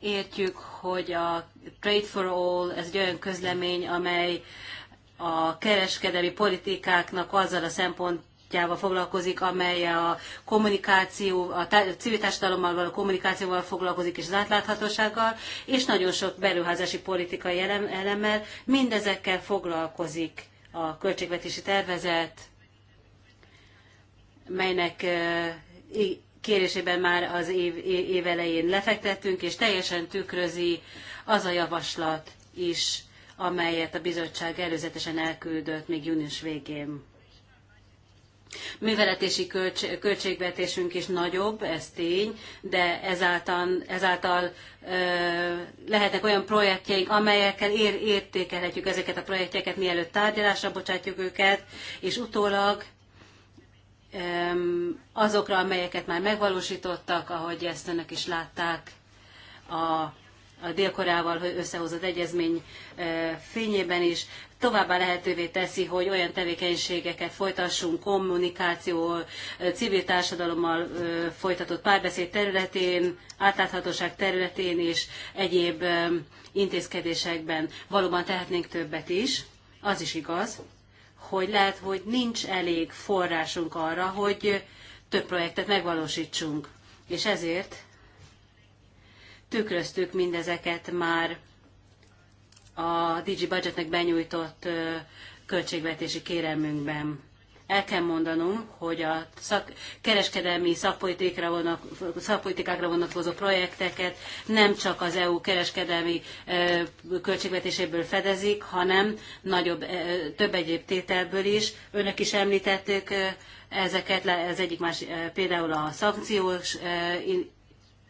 Értjük, hogy a Trade for All, ez egy olyan közlemény, amely a kereskedelmi politikáknak azzal a szempont pontjával foglalkozik, amely a kommunikáció, a civil társadalommal való kommunikációval foglalkozik, és az átláthatósággal, és nagyon sok beruházási politikai elemmel, mindezekkel foglalkozik a költségvetési tervezet, melynek kérésében már az év, év elején lefektettünk, és teljesen tükrözi az a javaslat is, amelyet a bizottság előzetesen elküldött még június végén. Műveletési költs- költségvetésünk is nagyobb, ez tény, de ezáltal, ezáltal ö, lehetnek olyan projektjeink, amelyekkel ér- értékelhetjük ezeket a projektjeket, mielőtt tárgyalásra bocsátjuk őket, és utólag ö, azokra, amelyeket már megvalósítottak, ahogy ezt önök is látták, a a délkorával összehozott egyezmény e, fényében is. Továbbá lehetővé teszi, hogy olyan tevékenységeket folytassunk kommunikáció, e, civil társadalommal e, folytatott párbeszéd területén, átláthatóság területén és egyéb intézkedésekben. Valóban tehetnénk többet is. Az is igaz, hogy lehet, hogy nincs elég forrásunk arra, hogy több projektet megvalósítsunk. És ezért tükröztük mindezeket már a Digi Budgetnek benyújtott költségvetési kérelmünkben. El kell mondanom, hogy a szak, kereskedelmi szakpolitikákra, szakpolitikákra vonatkozó projekteket nem csak az EU kereskedelmi ö, költségvetéséből fedezik, hanem nagyobb, ö, több egyéb tételből is. Önök is említették ö, ezeket, ez egyik más, ö, például a szankciós ö,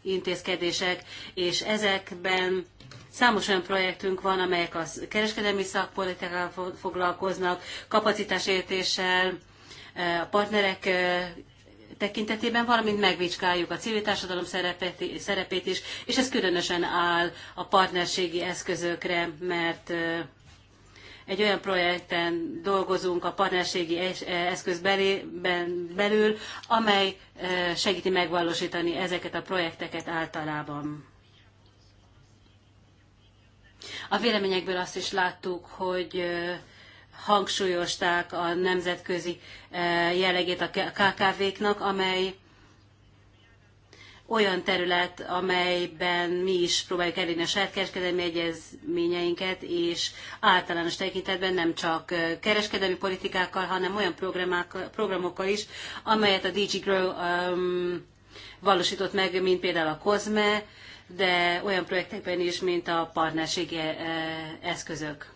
intézkedések, és ezekben Számos olyan projektünk van, amelyek a kereskedelmi szakpolitikával foglalkoznak, kapacitásértéssel, e, a partnerek e, tekintetében, valamint megvizsgáljuk a civil társadalom szerepét is, és ez különösen áll a partnerségi eszközökre, mert e, egy olyan projekten dolgozunk a partnerségi e, eszköz belül, amely e, segíti megvalósítani ezeket a projekteket általában. A véleményekből azt is láttuk, hogy e, hangsúlyozták a nemzetközi jellegét a KKV-knak, amely olyan terület, amelyben mi is próbáljuk elérni a saját kereskedelmi egyezményeinket, és általános tekintetben nem csak kereskedelmi politikákkal, hanem olyan programokkal is, amelyet a DG Grow um, valósított meg, mint például a COSME, de olyan projektekben is, mint a partnerségi eszközök.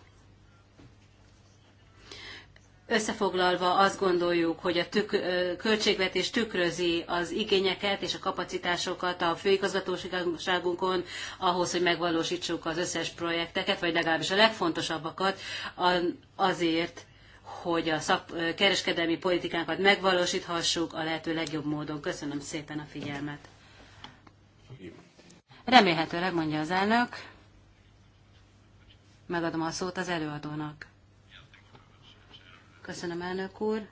Összefoglalva azt gondoljuk, hogy a tük, költségvetés tükrözi az igényeket és a kapacitásokat a főigazgatóságunkon ahhoz, hogy megvalósítsuk az összes projekteket, vagy legalábbis a legfontosabbakat azért, hogy a szak, kereskedelmi politikánkat megvalósíthassuk a lehető legjobb módon. Köszönöm szépen a figyelmet. Remélhetőleg, mondja az elnök. Megadom a szót az előadónak. Köszönöm, elnök úr.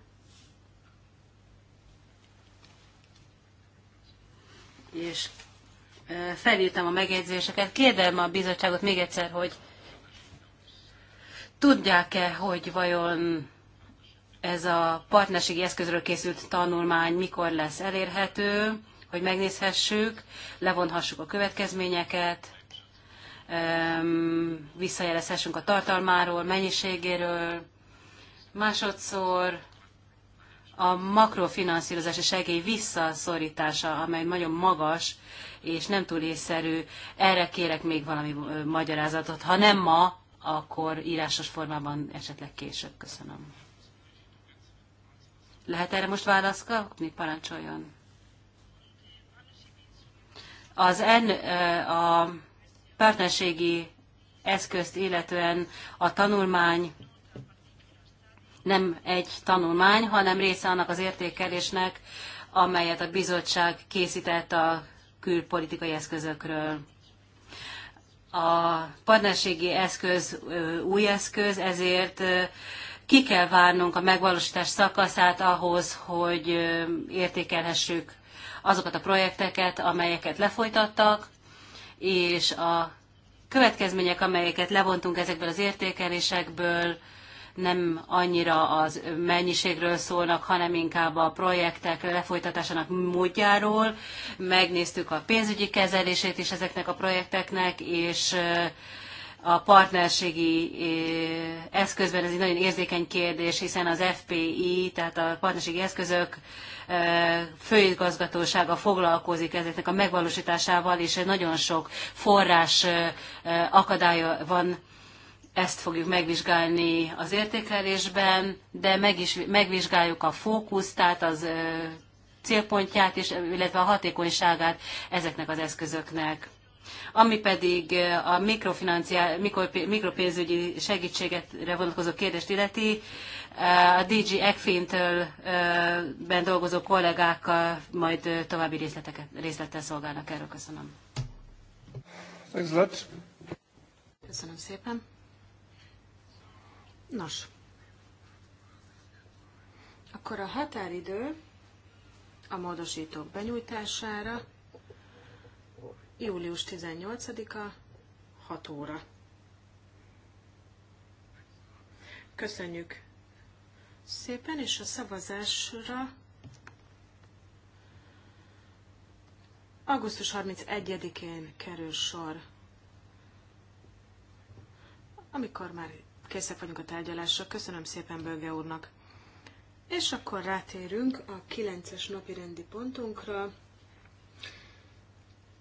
És felírtam a megjegyzéseket. Kérdem a bizottságot még egyszer, hogy tudják-e, hogy vajon ez a partnerségi eszközről készült tanulmány mikor lesz elérhető, hogy megnézhessük, levonhassuk a következményeket, visszajelezhessünk a tartalmáról, mennyiségéről, Másodszor a makrofinanszírozási segély visszaszorítása, amely nagyon magas és nem túl észszerű. Erre kérek még valami magyarázatot. Ha nem ma, akkor írásos formában esetleg később. Köszönöm. Lehet erre most választ kapni? Parancsoljon. Az en, a partnerségi eszközt illetően a tanulmány nem egy tanulmány, hanem része annak az értékelésnek, amelyet a bizottság készített a külpolitikai eszközökről. A partnerségi eszköz új eszköz, ezért ki kell várnunk a megvalósítás szakaszát ahhoz, hogy értékelhessük azokat a projekteket, amelyeket lefolytattak, és a következmények, amelyeket levontunk ezekből az értékelésekből, nem annyira az mennyiségről szólnak, hanem inkább a projektek lefolytatásának módjáról. Megnéztük a pénzügyi kezelését is ezeknek a projekteknek, és eh, a partnerségi eh, eszközben ez egy nagyon érzékeny kérdés, hiszen az FPI, tehát a partnerségi eszközök eh, főigazgatósága foglalkozik ezeknek a megvalósításával, és nagyon sok forrás akadálya van ezt fogjuk megvizsgálni az értékelésben, de meg is, megvizsgáljuk a fókusz, tehát az célpontját, és, illetve a hatékonyságát ezeknek az eszközöknek. Ami pedig a mikropénzügyi segítségetre vonatkozó kérdést illeti, a DG Ekfintől től ben dolgozó kollégák majd további részleteket, részlettel szolgálnak erről. Köszönöm. Köszönöm szépen. Nos, akkor a határidő a módosítók benyújtására július 18-a 6 óra. Köszönjük szépen, és a szavazásra augusztus 31-én kerül sor, amikor már készek vagyunk a tárgyalásra. Köszönöm szépen Bölge úrnak. És akkor rátérünk a 9-es napi rendi pontunkra,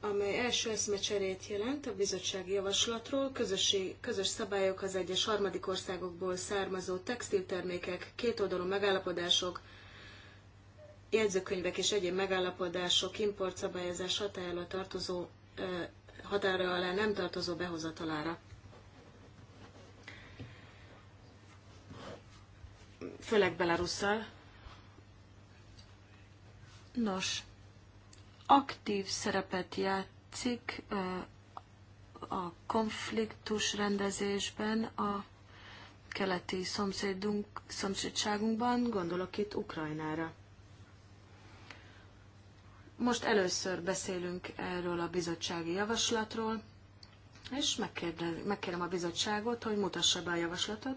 amely első eszmecserét jelent a bizottsági javaslatról, közösi, közös szabályok az egyes harmadik országokból származó textiltermékek, kétoldalú megállapodások, jegyzőkönyvek és egyéb megállapodások importszabályozás hatájára tartozó határa alá nem tartozó behozatalára. főleg Belarusszal. Nos, aktív szerepet játszik a konfliktus rendezésben a keleti szomszédunk, szomszédságunkban, gondolok itt Ukrajnára. Most először beszélünk erről a bizottsági javaslatról, és megkérdez, megkérem a bizottságot, hogy mutassa be a javaslatot,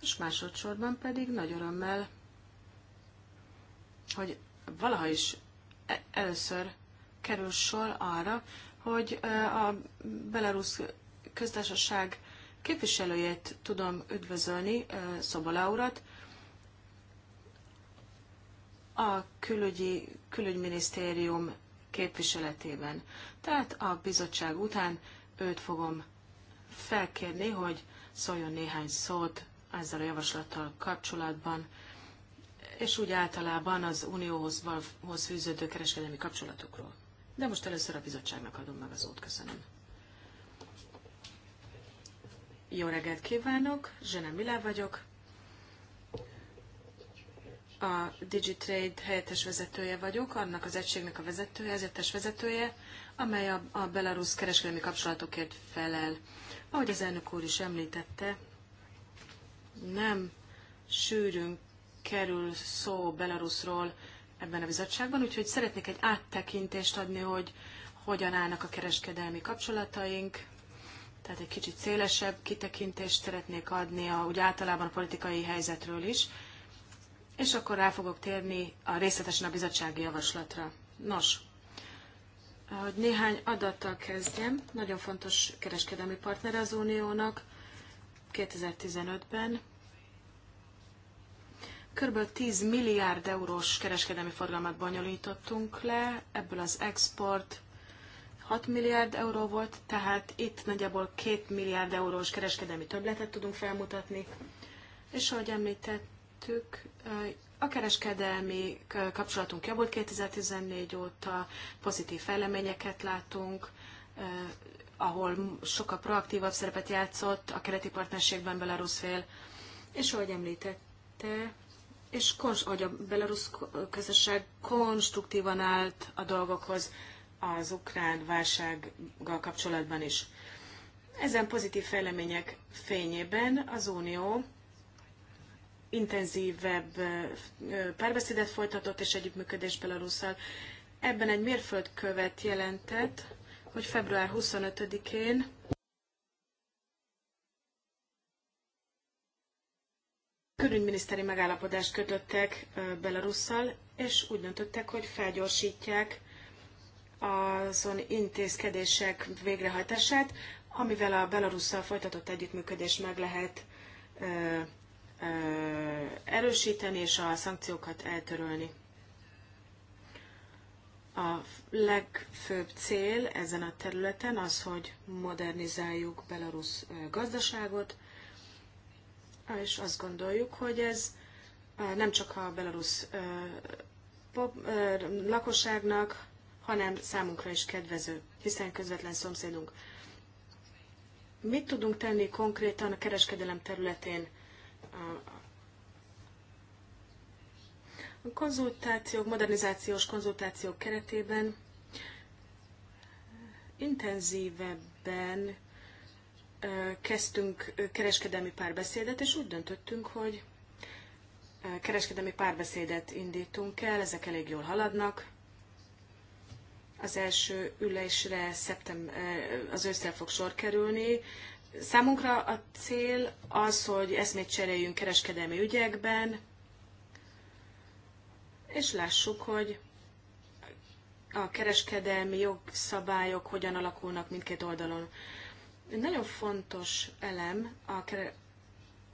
és másodszorban pedig nagy örömmel, hogy valaha is e- először kerül sor arra, hogy a belarusz köztársaság képviselőjét tudom üdvözölni, Szobola urat, a külügyi, külügyminisztérium képviseletében. Tehát a bizottság után őt fogom felkérni, hogy szóljon néhány szót ezzel a javaslattal kapcsolatban, és úgy általában az unióhoz fűződő kereskedelmi kapcsolatokról. De most először a bizottságnak adom meg az szót. Köszönöm. Jó reggelt kívánok, Zsene Milá vagyok, a Digitrade helyettes vezetője vagyok, annak az egységnek a vezetője, az helyettes vezetője, amely a, a belarusz kereskedelmi kapcsolatokért felel. Ahogy az elnök úr is említette, nem sűrűn kerül szó Belarusról ebben a bizottságban, úgyhogy szeretnék egy áttekintést adni, hogy hogyan állnak a kereskedelmi kapcsolataink, tehát egy kicsit szélesebb kitekintést szeretnék adni, a, úgy általában a politikai helyzetről is, és akkor rá fogok térni a részletesen a bizottsági javaslatra. Nos, hogy néhány adattal kezdjem, nagyon fontos kereskedelmi partner az Uniónak, 2015-ben kb. 10 milliárd eurós kereskedelmi forgalmat bonyolítottunk le, ebből az export 6 milliárd euró volt, tehát itt nagyjából 2 milliárd eurós kereskedelmi többletet tudunk felmutatni. És ahogy említettük, a kereskedelmi kapcsolatunk javult 2014 óta, pozitív fejleményeket látunk, ahol sokkal proaktívabb szerepet játszott a keleti partnerségben Belarus fél, és ahogy említette, és hogy a belarusz közösség konstruktívan állt a dolgokhoz az ukrán válsággal kapcsolatban is. Ezen pozitív fejlemények fényében az Unió intenzívebb párbeszédet folytatott és együttműködés Belarusszal. Ebben egy mérföldkövet jelentett hogy február 25-én külügyminiszteri megállapodást kötöttek Belarusszal, és úgy döntöttek, hogy felgyorsítják azon intézkedések végrehajtását, amivel a Belarusszal folytatott együttműködés meg lehet erősíteni és a szankciókat eltörölni. A legfőbb cél ezen a területen az, hogy modernizáljuk Belarus gazdaságot, és azt gondoljuk, hogy ez nem csak a belarusz lakosságnak, hanem számunkra is kedvező, hiszen közvetlen szomszédunk. Mit tudunk tenni konkrétan a kereskedelem területén a konzultációk, modernizációs konzultációk keretében intenzívebben kezdtünk kereskedelmi párbeszédet, és úgy döntöttünk, hogy kereskedelmi párbeszédet indítunk el, ezek elég jól haladnak. Az első ülésre szeptem, az ősszel fog sor kerülni. Számunkra a cél az, hogy eszmét cseréljünk kereskedelmi ügyekben, és lássuk, hogy a kereskedelmi jogszabályok hogyan alakulnak mindkét oldalon. Nagyon fontos elem a,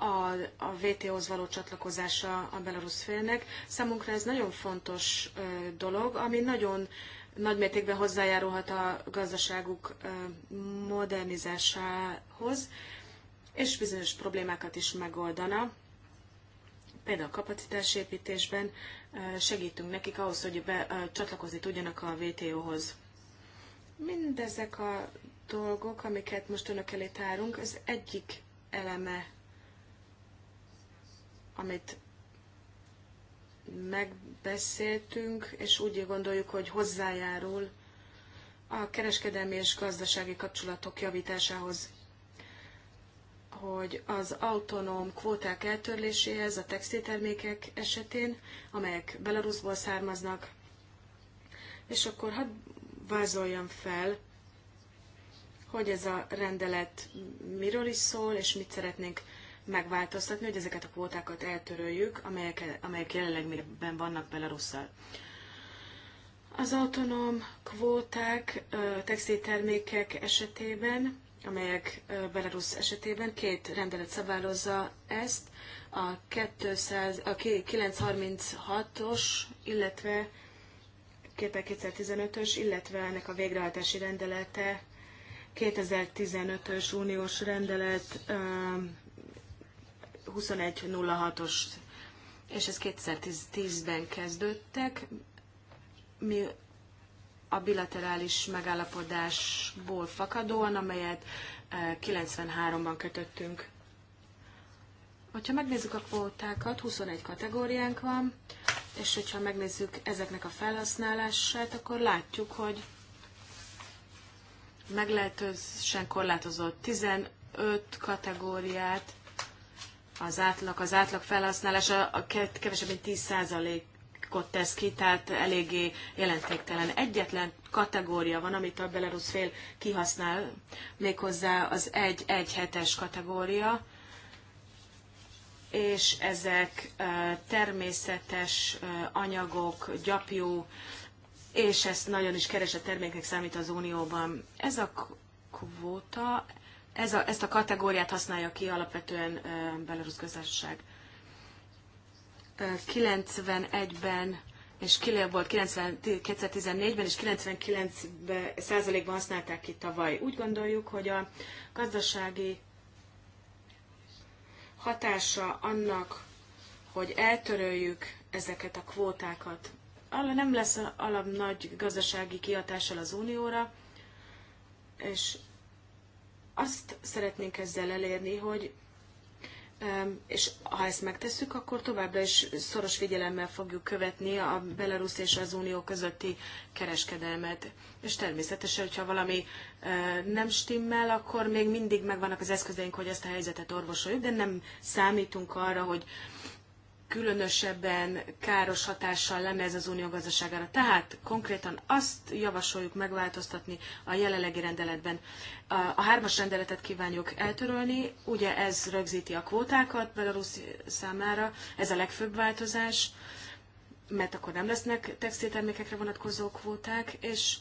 a, a VTO-hoz való csatlakozása a belarusz félnek. Számunkra ez nagyon fontos ö, dolog, ami nagyon nagymértékben hozzájárulhat a gazdaságuk ö, modernizásához, és bizonyos problémákat is megoldana Például a kapacitásépítésben segítünk nekik ahhoz, hogy be, csatlakozni tudjanak a WTO-hoz. Mindezek a dolgok, amiket most önök elé tárunk, az egyik eleme, amit megbeszéltünk, és úgy gondoljuk, hogy hozzájárul a kereskedelmi és gazdasági kapcsolatok javításához hogy az autonóm kvóták eltörléséhez a textiltermékek esetén, amelyek Belarusból származnak, és akkor hadd vázoljam fel, hogy ez a rendelet miről is szól, és mit szeretnénk megváltoztatni, hogy ezeket a kvótákat eltöröljük, amelyek, amelyek jelenleg miben vannak Belarusszal. Az autonóm kvóták textiltermékek esetében amelyek Belarus esetében két rendelet szabályozza ezt, a, 200, a 936-os, illetve 2015-ös, illetve ennek a végrehajtási rendelete 2015-ös uniós rendelet 2106-os, és ez 2010-ben kezdődtek, mi a bilaterális megállapodásból fakadóan, amelyet 93-ban eh, kötöttünk. Hogyha megnézzük a kvótákat, 21 kategóriánk van, és hogyha megnézzük ezeknek a felhasználását, akkor látjuk, hogy meglehetősen korlátozott 15 kategóriát, az átlag, az átlag felhasználása a kevesebb mint árkot tesz ki, tehát eléggé jelentéktelen. Egyetlen kategória van, amit a Belarus fél kihasznál, méghozzá az 1-1-7-es kategória, és ezek természetes anyagok, gyapjú, és ezt nagyon is keresett terméknek számít az Unióban. Ez a kvóta, ez a, ezt a kategóriát használja ki alapvetően Belarus köztársaság. 91-ben és volt 2014-ben és 99 százalékban használták ki tavaly. Úgy gondoljuk, hogy a gazdasági hatása annak, hogy eltöröljük ezeket a kvótákat, nem lesz alap nagy gazdasági kihatással az unióra, és azt szeretnénk ezzel elérni, hogy és ha ezt megtesszük, akkor továbbra is szoros figyelemmel fogjuk követni a Belarus és az Unió közötti kereskedelmet. És természetesen, hogyha valami e, nem stimmel, akkor még mindig megvannak az eszközeink, hogy ezt a helyzetet orvosoljuk, de nem számítunk arra, hogy különösebben káros hatással lenne ez az unió gazdaságára. Tehát konkrétan azt javasoljuk megváltoztatni a jelenlegi rendeletben. A hármas rendeletet kívánjuk eltörölni, ugye ez rögzíti a kvótákat Belarus számára, ez a legfőbb változás, mert akkor nem lesznek textiltermékekre vonatkozó kvóták, és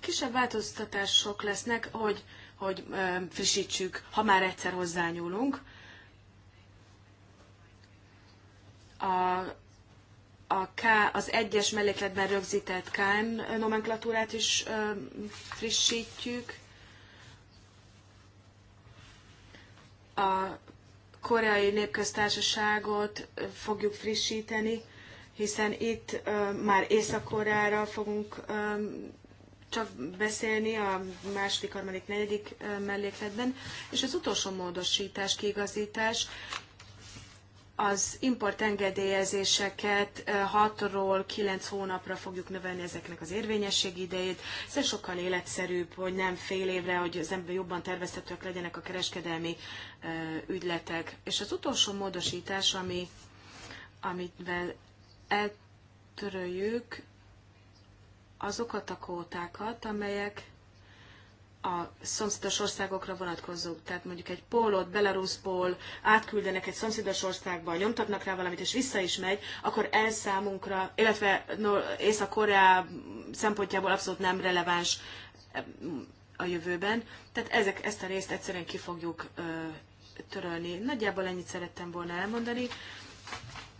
kisebb változtatások lesznek, hogy, hogy frissítsük, ha már egyszer hozzányúlunk, a, a K, az egyes mellékletben rögzített KN nomenklatúrát is ö, frissítjük. A koreai népköztársaságot fogjuk frissíteni, hiszen itt ö, már Észak-Koreára fogunk ö, csak beszélni a második, harmadik, negyedik mellékletben, és az utolsó módosítás, kiigazítás az importengedélyezéseket 6-ról eh, 9 hónapra fogjuk növelni ezeknek az érvényességi idejét. Ez sokkal életszerűbb, hogy nem fél évre, hogy az ember jobban tervezhetőek legyenek a kereskedelmi eh, ügyletek. És az utolsó módosítás, ami, amivel eltöröljük azokat a kótákat, amelyek a szomszédos országokra vonatkozó, Tehát mondjuk egy pólót Belarusból átküldenek egy szomszédos országba, nyomtatnak rá valamit, és vissza is megy, akkor ez számunkra, illetve no, Észak-Korea szempontjából abszolút nem releváns a jövőben. Tehát ezek, ezt a részt egyszerűen ki fogjuk ö, törölni. Nagyjából ennyit szerettem volna elmondani,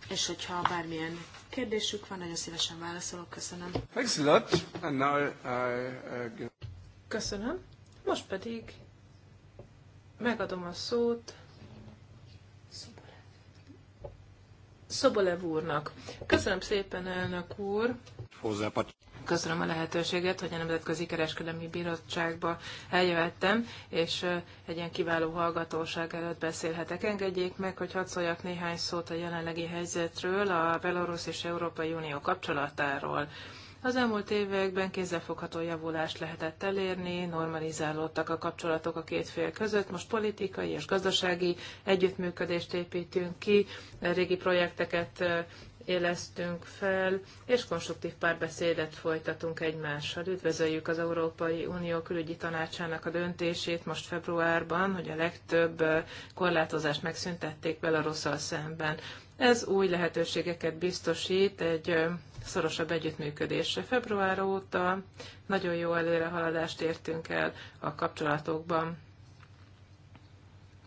és hogyha bármilyen kérdésük van, nagyon szívesen válaszolok. Köszönöm. Uh, uh, Köszönöm. Most pedig megadom a szót Szobolev úrnak. Köszönöm szépen, elnök úr! Köszönöm a lehetőséget, hogy a Nemzetközi Kereskedelmi Bizottságba eljöhettem, és egy ilyen kiváló hallgatóság előtt beszélhetek. Engedjék meg, hogy hadd szóljak néhány szót a jelenlegi helyzetről, a Belarus és Európai Unió kapcsolatáról. Az elmúlt években kézzelfogható javulást lehetett elérni, normalizálódtak a kapcsolatok a két fél között, most politikai és gazdasági együttműködést építünk ki, régi projekteket élesztünk fel, és konstruktív párbeszédet folytatunk egymással. Üdvözöljük az Európai Unió külügyi tanácsának a döntését most februárban, hogy a legtöbb korlátozást megszüntették Belarusszal szemben. Ez új lehetőségeket biztosít egy szorosabb együttműködésre. Február óta nagyon jó előrehaladást értünk el a kapcsolatokban.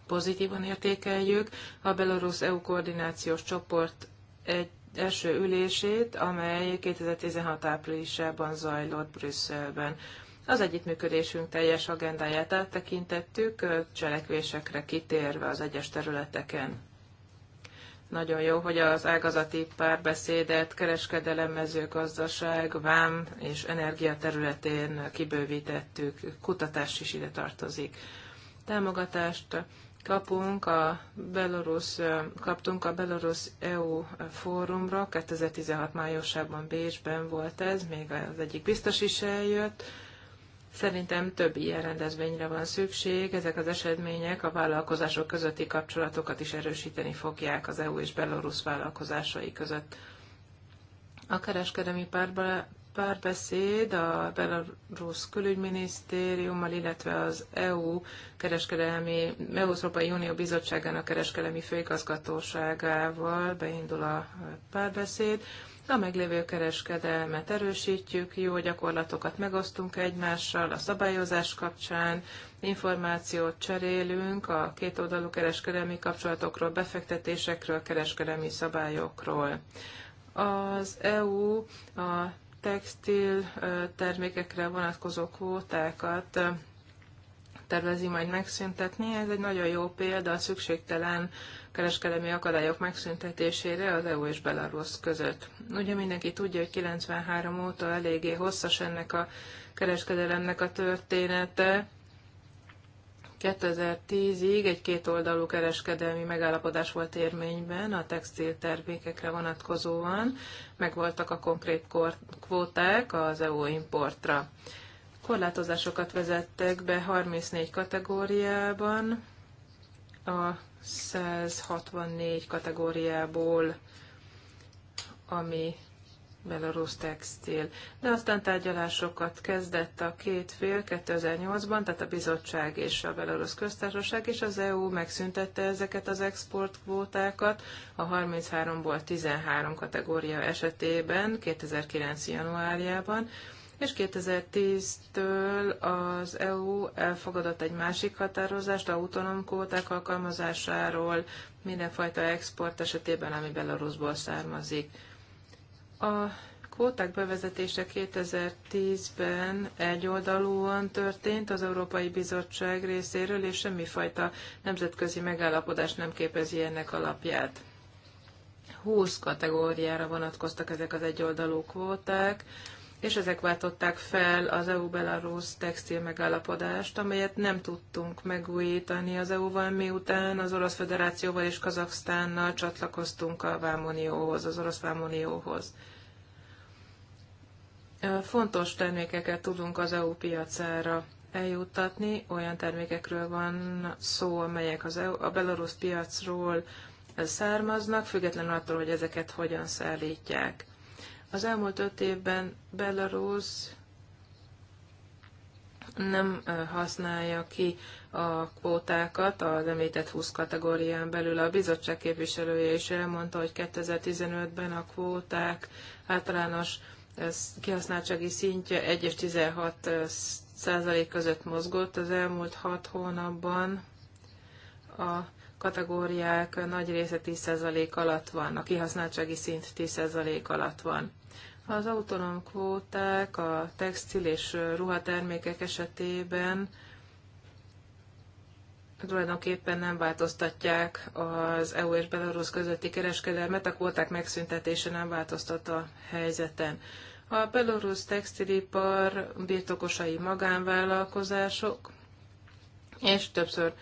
Pozitívan értékeljük a Belarus-EU koordinációs csoport egy első ülését, amely 2016 áprilisában zajlott Brüsszelben. Az együttműködésünk teljes agendáját áttekintettük, cselekvésekre kitérve az egyes területeken. Nagyon jó, hogy az ágazati párbeszédet kereskedelem, mezőgazdaság, vám és energia területén kibővítettük, kutatás is ide tartozik. Támogatást kapunk a Belarus, kaptunk a Belarus EU fórumra, 2016 májusában Bécsben volt ez, még az egyik biztos is eljött, Szerintem több ilyen rendezvényre van szükség, ezek az események a vállalkozások közötti kapcsolatokat is erősíteni fogják az EU és Belarus vállalkozásai között. A kereskedelmi párba párbeszéd a Belarus külügyminisztériummal, illetve az EU kereskedelmi, Európai Unió Bizottságának kereskedelmi főigazgatóságával beindul a párbeszéd a meglévő kereskedelmet erősítjük, jó gyakorlatokat megosztunk egymással a szabályozás kapcsán, információt cserélünk a kétoldalú kereskedelmi kapcsolatokról, befektetésekről, kereskedelmi szabályokról. Az EU a textil termékekre vonatkozó kvótákat tervezi majd megszüntetni. Ez egy nagyon jó példa a szükségtelen kereskedelmi akadályok megszüntetésére az EU és Belarus között. Ugye mindenki tudja, hogy 93 óta eléggé hosszas ennek a kereskedelemnek a története. 2010-ig egy kétoldalú kereskedelmi megállapodás volt érményben a textil termékekre vonatkozóan, megvoltak a konkrét kvóták az EU importra. Korlátozásokat vezettek be 34 kategóriában, a 164 kategóriából, ami belarusz textil. De aztán tárgyalásokat kezdett a két fél 2008-ban, tehát a bizottság és a belarusz köztársaság, és az EU megszüntette ezeket az exportkvótákat a 33-ból 13 kategória esetében 2009. januárjában, és 2010-től az EU elfogadott egy másik határozást autonóm kvóták alkalmazásáról mindenfajta export esetében, ami Belarusból származik. A kvóták bevezetése 2010-ben egyoldalúan történt az Európai Bizottság részéről, és semmifajta nemzetközi megállapodás nem képezi ennek alapját. 20 kategóriára vonatkoztak ezek az egyoldalú kvóták, és ezek váltották fel az EU-Belarus textil megállapodást, amelyet nem tudtunk megújítani az EU-val, miután az Orosz Federációval és Kazaksztánnal csatlakoztunk a Vámunióhoz, az Orosz Vámunióhoz. Fontos termékeket tudunk az EU piacára eljuttatni, olyan termékekről van szó, amelyek az EU, a belarusz piacról származnak, függetlenül attól, hogy ezeket hogyan szállítják. Az elmúlt öt évben Belarus nem használja ki a kvótákat az említett 20 kategórián belül. A bizottság képviselője is elmondta, hogy 2015-ben a kvóták általános kihasználtsági szintje 1 és 16 százalék között mozgott. Az elmúlt 6 hónapban a kategóriák nagy része 10% alatt van, a kihasználtsági szint 10% alatt van. Az autonóm kvóták a textil és ruhatermékek esetében tulajdonképpen nem változtatják az EU és Belarus közötti kereskedelmet, a kvóták megszüntetése nem változtat a helyzeten. A belorusz textilipar birtokosai magánvállalkozások, és többször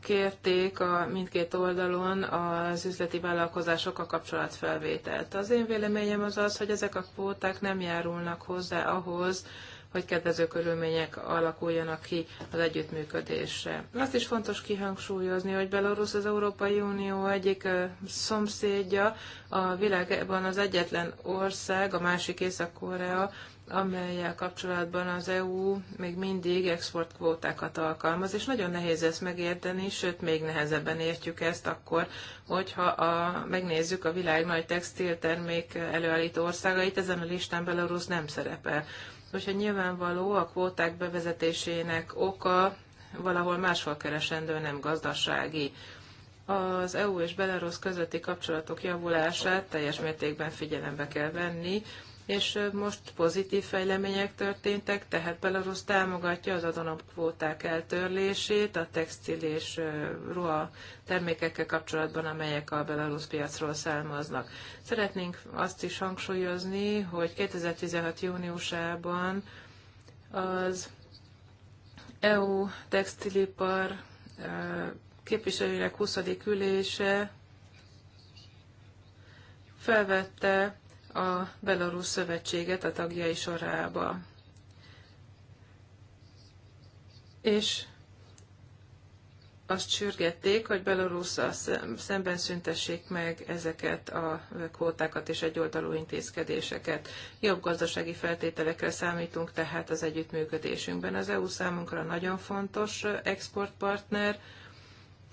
kérték a mindkét oldalon az üzleti a kapcsolatfelvételt. Az én véleményem az az, hogy ezek a kvóták nem járulnak hozzá ahhoz, hogy kedvező körülmények alakuljanak ki az együttműködésre. Azt is fontos kihangsúlyozni, hogy Belarus az Európai Unió egyik szomszédja, a világban az egyetlen ország, a másik Észak-Korea, amelyel kapcsolatban az EU még mindig exportkvótákat alkalmaz, és nagyon nehéz ezt megérteni, sőt, még nehezebben értjük ezt akkor, hogyha a, megnézzük a világ nagy textiltermék előállító országait, ezen a listán Belarus nem szerepel. Úgyhogy nyilvánvaló a kvóták bevezetésének oka valahol máshol keresendő, nem gazdasági az EU és Belarus közötti kapcsolatok javulását teljes mértékben figyelembe kell venni, és most pozitív fejlemények történtek, tehát Belarus támogatja az adonok kvóták eltörlését a textil és ruha termékekkel kapcsolatban, amelyek a Belarus piacról származnak. Szeretnénk azt is hangsúlyozni, hogy 2016. júniusában az EU textilipar képviselőinek 20. ülése felvette a Belarus Szövetséget a tagjai sorába. És azt sürgették, hogy Belarusszal szemben szüntessék meg ezeket a kvótákat és egyoldalú intézkedéseket. Jobb gazdasági feltételekre számítunk tehát az együttműködésünkben. Az EU számunkra nagyon fontos eh, exportpartner,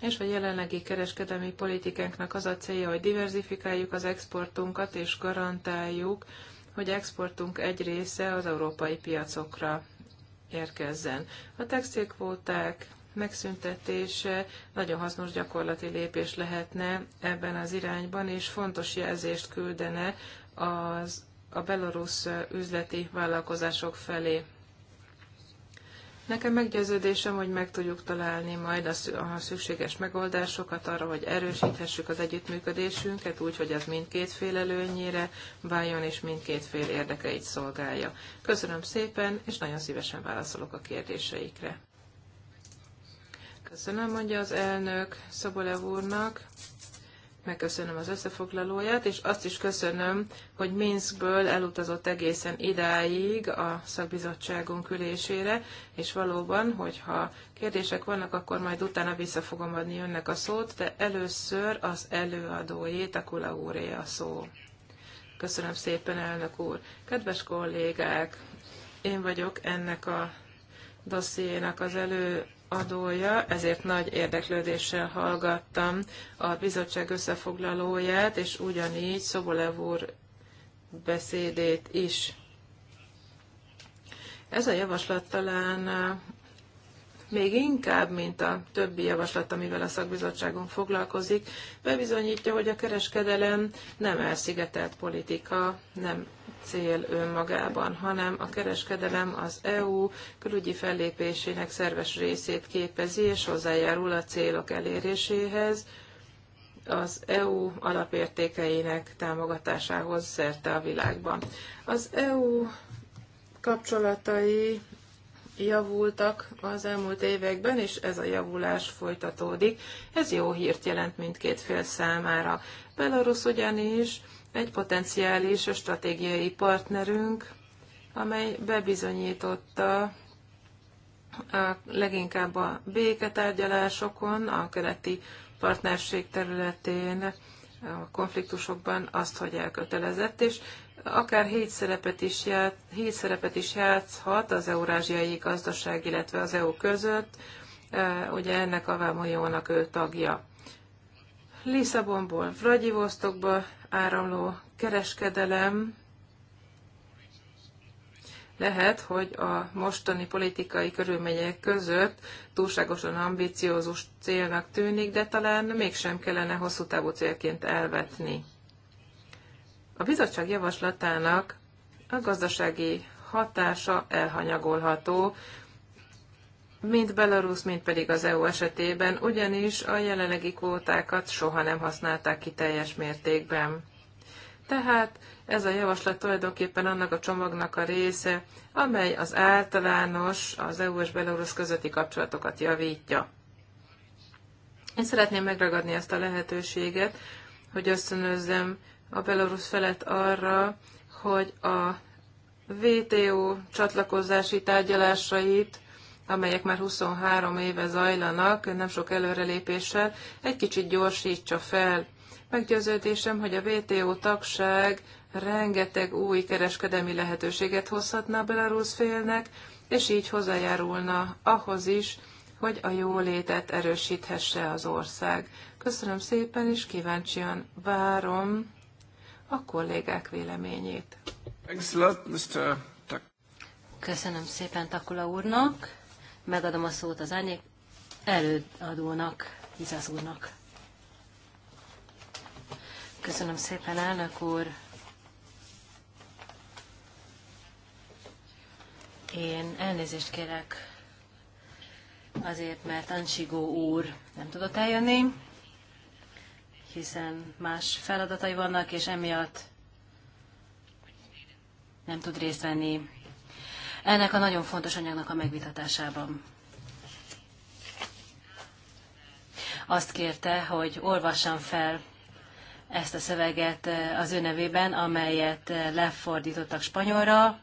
és a jelenlegi kereskedelmi politikánknak az a célja, hogy diversifikáljuk az exportunkat, és garantáljuk, hogy exportunk egy része az európai piacokra érkezzen. A textilkvóták megszüntetése nagyon hasznos gyakorlati lépés lehetne ebben az irányban, és fontos jelzést küldene az, a belorusz üzleti vállalkozások felé Nekem meggyőződésem, hogy meg tudjuk találni majd a szükséges megoldásokat arra, hogy erősíthessük az együttműködésünket úgy, hogy az mindkét fél előnyére váljon és mindkét fél érdekeit szolgálja. Köszönöm szépen, és nagyon szívesen válaszolok a kérdéseikre. Köszönöm, mondja az elnök Szobolev úrnak megköszönöm az összefoglalóját, és azt is köszönöm, hogy Minskből elutazott egészen idáig a szakbizottságunk ülésére, és valóban, hogyha kérdések vannak, akkor majd utána vissza fogom adni önnek a szót, de először az előadójét, a Kula úré a szó. Köszönöm szépen, elnök úr. Kedves kollégák, én vagyok ennek a dossziénak az elő adója, ezért nagy érdeklődéssel hallgattam a bizottság összefoglalóját, és ugyanígy Szobolev úr beszédét is. Ez a javaslat talán még inkább, mint a többi javaslat, amivel a szakbizottságon foglalkozik, bebizonyítja, hogy a kereskedelem nem elszigetelt politika, nem cél önmagában, hanem a kereskedelem az EU külügyi fellépésének szerves részét képezi és hozzájárul a célok eléréséhez, az EU alapértékeinek támogatásához szerte a világban. Az EU kapcsolatai javultak az elmúlt években, és ez a javulás folytatódik. Ez jó hírt jelent mindkét fél számára. Belarus ugyanis egy potenciális stratégiai partnerünk, amely bebizonyította a, leginkább a béketárgyalásokon, a keleti partnerség területén, a konfliktusokban azt, hogy elkötelezett, és akár hét szerepet is, ját, hét szerepet is játszhat az eurázsiai gazdaság, illetve az EU között, ugye ennek a Vámoniónak ő tagja. Lisszabonból Vladivostokba áramló kereskedelem lehet, hogy a mostani politikai körülmények között túlságosan ambiciózus célnak tűnik, de talán mégsem kellene hosszú távú célként elvetni. A bizottság javaslatának a gazdasági hatása elhanyagolható, mint Belarus, mint pedig az EU esetében, ugyanis a jelenlegi kvótákat soha nem használták ki teljes mértékben. Tehát ez a javaslat tulajdonképpen annak a csomagnak a része, amely az általános az EU és Belarus közötti kapcsolatokat javítja. Én szeretném megragadni ezt a lehetőséget, hogy ösztönözzem a Belarus felett arra, hogy a VTO csatlakozási tárgyalásait amelyek már 23 éve zajlanak, nem sok előrelépéssel, egy kicsit gyorsítsa fel. Meggyőződésem, hogy a WTO tagság rengeteg új kereskedelmi lehetőséget hozhatna a Belarus félnek, és így hozzájárulna ahhoz is, hogy a jólétet erősíthesse az ország. Köszönöm szépen, és kíváncsian várom a kollégák véleményét. Köszönöm szépen Takula úrnak. Megadom a szót az árnyék előadónak, Izaz úrnak. Köszönöm szépen, elnök úr. Én elnézést kérek azért, mert Ancsigó úr nem tudott eljönni, hiszen más feladatai vannak, és emiatt nem tud részt venni ennek a nagyon fontos anyagnak a megvitatásában. Azt kérte, hogy olvassam fel ezt a szöveget eh, az ő nevében, amelyet eh, lefordítottak spanyolra.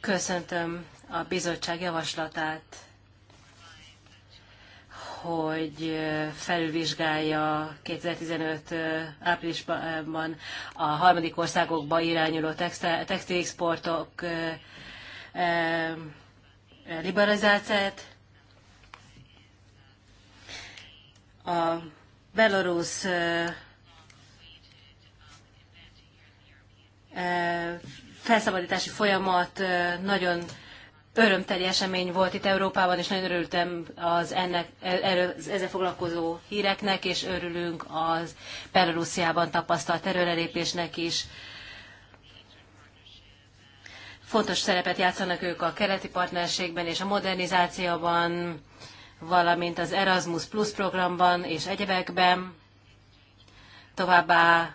Köszöntöm a bizottság javaslatát, hogy eh, felülvizsgálja 2015 áprilisban a harmadik országokba irányuló textilexportok Eh, liberalizáciát. A belorusz eh, eh, felszabadítási folyamat nagyon örömteli esemény volt itt Európában, és nagyon örültem az ennek, ezzel foglalkozó híreknek, és örülünk az Belarusiában tapasztalt erőrelépésnek is. Fontos szerepet játszanak ők a keleti partnerségben és a modernizációban, valamint az Erasmus Plus programban és egyebekben. Továbbá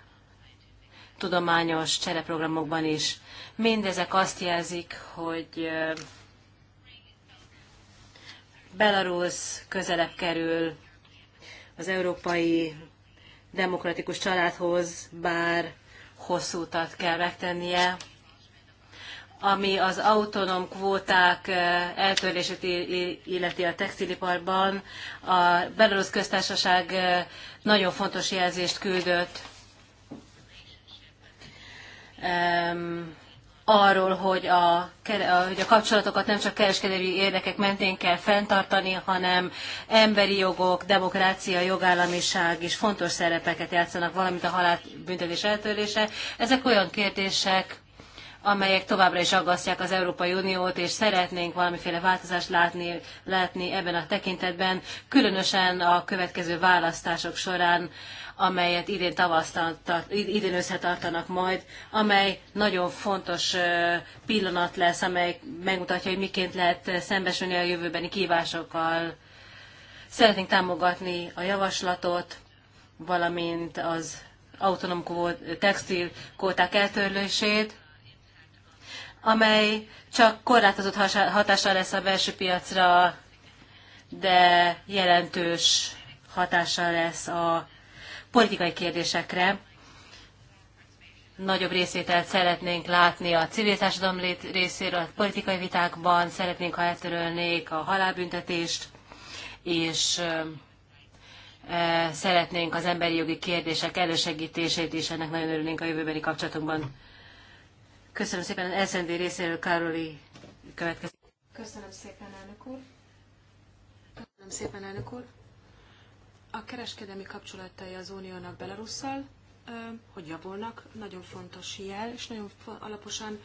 tudományos csereprogramokban is. Mindezek azt jelzik, hogy Belarus közelebb kerül az európai demokratikus családhoz, bár hosszú utat kell megtennie ami az autonóm kvóták eh, eltörlését illeti a textiliparban. A Belarus köztársaság eh, nagyon fontos jelzést küldött arról, hogy a, hogy a kapcsolatokat nem csak kereskedelmi érdekek mentén kell fenntartani, hanem emberi jogok, demokrácia, jogállamiság is fontos szerepeket játszanak, valamint a halálbüntetés eltörlése. Ezek olyan kérdések, amelyek továbbra is aggasztják az Európai Uniót, és szeretnénk valamiféle változást látni, látni ebben a tekintetben, különösen a következő választások során, amelyet idén, tavasztal, idén összetartanak majd, amely nagyon fontos pillanat lesz, amely megmutatja, hogy miként lehet szembesülni a jövőbeni kívásokkal. Szeretnénk támogatni a javaslatot, valamint az autonóm textil kóták eltörlését, amely csak korlátozott hatással lesz a belső piacra, de jelentős hatással lesz a politikai kérdésekre. Nagyobb részvételt szeretnénk látni a civil társadalom részéről, a politikai vitákban, szeretnénk, ha eltörölnék a halálbüntetést, és szeretnénk az emberi jogi kérdések elősegítését, és ennek nagyon örülnénk a jövőbeli kapcsolatunkban. Köszönöm szépen, SND részéről Károli következik. Köszönöm szépen, elnök úr. Köszönöm szépen, elnök úr. A kereskedelmi kapcsolatai az Uniónak Belarusszal, hogy javulnak, nagyon fontos jel, és nagyon alaposan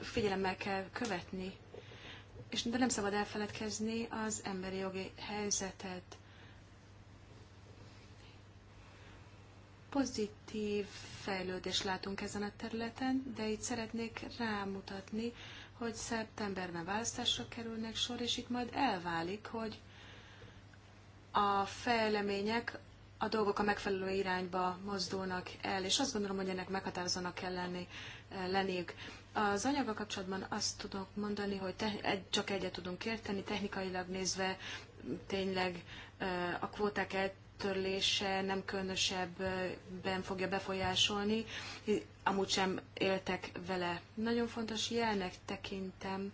figyelemmel kell követni. És de nem szabad elfeledkezni az emberi jogi helyzetet Pozitív fejlődést látunk ezen a területen, de itt szeretnék rámutatni, hogy szeptemberben választásra kerülnek sor, és itt majd elválik, hogy a fejlemények, a dolgok a megfelelő irányba mozdulnak el, és azt gondolom, hogy ennek meghatározónak kell lenni, eh, lenniük. Az anyaga kapcsolatban azt tudok mondani, hogy te, csak egyet tudunk érteni, technikailag nézve tényleg eh, a kvóták törlése nem különösebben fogja befolyásolni, amúgy sem éltek vele. Nagyon fontos jelnek tekintem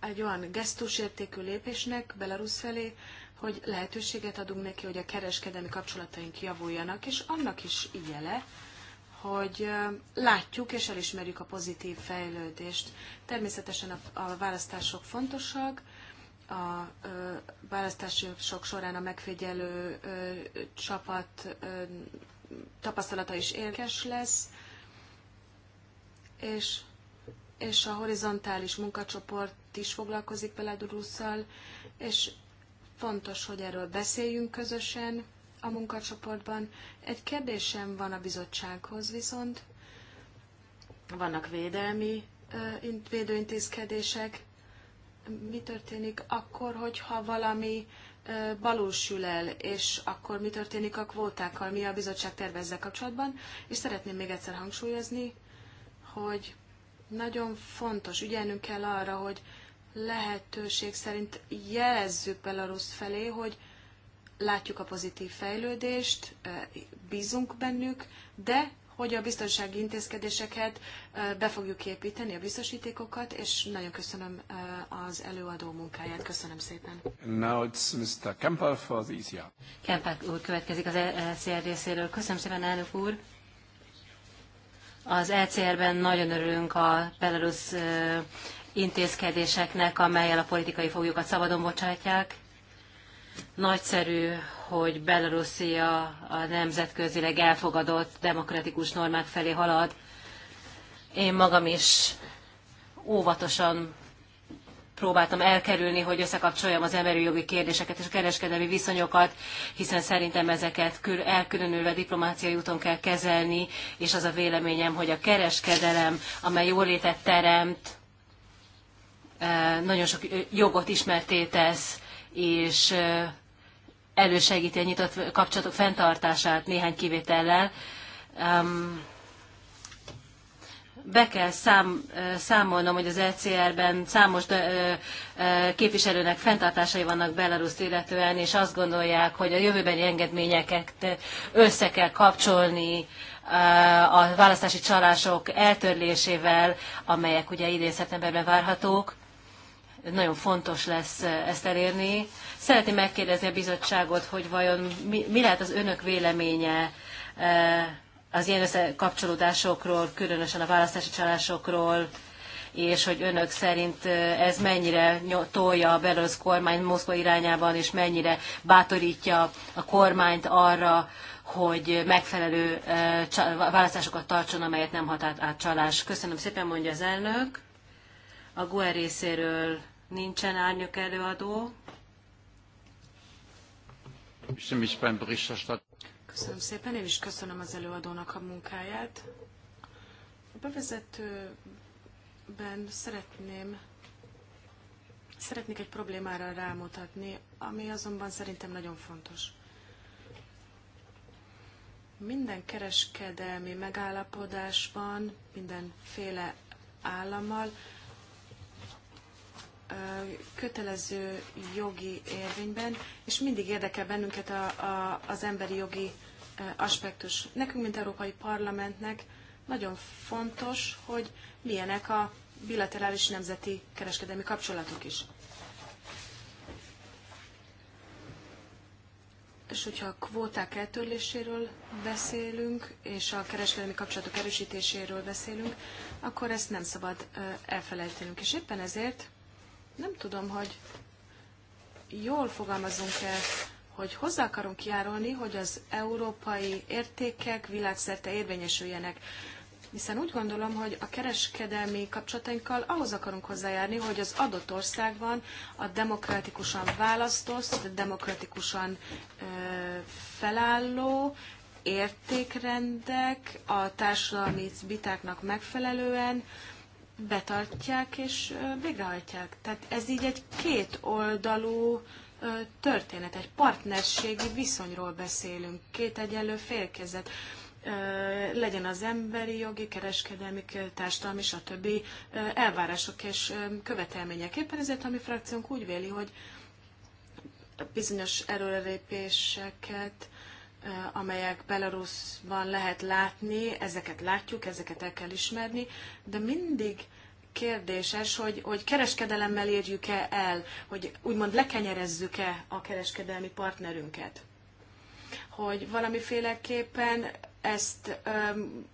egy olyan gesztusértékű lépésnek Belarus felé, hogy lehetőséget adunk neki, hogy a kereskedelmi kapcsolataink javuljanak, és annak is jele, hogy látjuk és elismerjük a pozitív fejlődést. Természetesen a, a választások fontosak, a választások során a megfigyelő csapat tapasztalata is érdekes lesz, és, és a horizontális munkacsoport is foglalkozik vele Durusszal, és fontos, hogy erről beszéljünk közösen a munkacsoportban. Egy kérdésem van a bizottsághoz viszont. Vannak védelmi védőintézkedések, mi történik akkor, hogyha valami sül el, és akkor mi történik a kvótákkal, mi a bizottság tervezze kapcsolatban, és szeretném még egyszer hangsúlyozni, hogy nagyon fontos, ügyelnünk kell arra, hogy lehetőség szerint jelezzük Belarus felé, hogy látjuk a pozitív fejlődést, bízunk bennük, de hogy a biztonsági intézkedéseket be fogjuk építeni, a biztosítékokat, és nagyon köszönöm az előadó munkáját. Köszönöm szépen. now it's Mr. Kemper for the ECR. Kemper úr következik az ECR részéről. Köszönöm szépen, elnök úr. Az ECR-ben nagyon örülünk a Belarus intézkedéseknek, amelyel a politikai foglyokat szabadon bocsátják nagyszerű, hogy Belarusia a nemzetközileg elfogadott demokratikus normák felé halad. Én magam is óvatosan próbáltam elkerülni, hogy összekapcsoljam az emberi jogi kérdéseket és a kereskedelmi viszonyokat, hiszen szerintem ezeket elkülönülve diplomáciai úton kell kezelni, és az a véleményem, hogy a kereskedelem, amely jólétet teremt, eh, nagyon sok jogot ismerté tesz, és elősegíti a nyitott kapcsolatok fenntartását néhány kivétellel. Be kell szám, számolnom, hogy az ECR-ben számos képviselőnek fenntartásai vannak Belarus illetően, és azt gondolják, hogy a jövőbeni engedményeket össze kell kapcsolni a választási csalások eltörlésével, amelyek ugye idén szeptemberben várhatók nagyon fontos lesz eh, ezt elérni. Szeretném megkérdezni a bizottságot, hogy vajon mi, mi lehet az önök véleménye eh, az ilyen összekapcsolódásokról, különösen a választási csalásokról, és hogy önök szerint eh, ez mennyire tolja a belorusz kormány Moszkva irányában, és mennyire bátorítja a kormányt arra, hogy megfelelő választásokat tartson, amelyet nem hat át, át csalás. Köszönöm szépen, mondja az elnök. A GUE részéről Nincsen árnyak előadó. Köszönöm szépen, én is köszönöm az előadónak a munkáját. A bevezetőben szeretném Szeretnék egy problémára rámutatni, ami azonban szerintem nagyon fontos. Minden kereskedelmi megállapodásban, mindenféle állammal kötelező jogi érvényben, és mindig érdekel bennünket a, a, az emberi jogi aspektus. Nekünk, mint Európai Parlamentnek nagyon fontos, hogy milyenek a bilaterális nemzeti kereskedelmi kapcsolatok is. És hogyha a kvóták eltörléséről beszélünk, és a kereskedelmi kapcsolatok erősítéséről beszélünk, akkor ezt nem szabad elfelejtenünk. És éppen ezért nem tudom, hogy jól fogalmazunk el, hogy hozzá akarunk járulni, hogy az európai értékek világszerte érvényesüljenek. Hiszen úgy gondolom, hogy a kereskedelmi kapcsolatainkkal ahhoz akarunk hozzájárni, hogy az adott országban a demokratikusan választott, demokratikusan ö, felálló értékrendek a társadalmi vitáknak megfelelően, ö, betartják és végrehajtják. Tehát ez így egy két oldalú történet, egy partnerségi viszonyról beszélünk, két egyenlő félkezet legyen az emberi jogi, kereskedelmi, társadalmi, stb. elvárások és követelmények. Éppen ezért a mi frakciónk úgy véli, hogy bizonyos erőrelépéseket Eh, amelyek Belarusban lehet látni, ezeket látjuk, ezeket el kell ismerni, de mindig kérdéses, hogy, hogy kereskedelemmel érjük-e el, hogy úgymond lekenyerezzük-e a kereskedelmi partnerünket. Hogy valamiféleképpen ezt öm,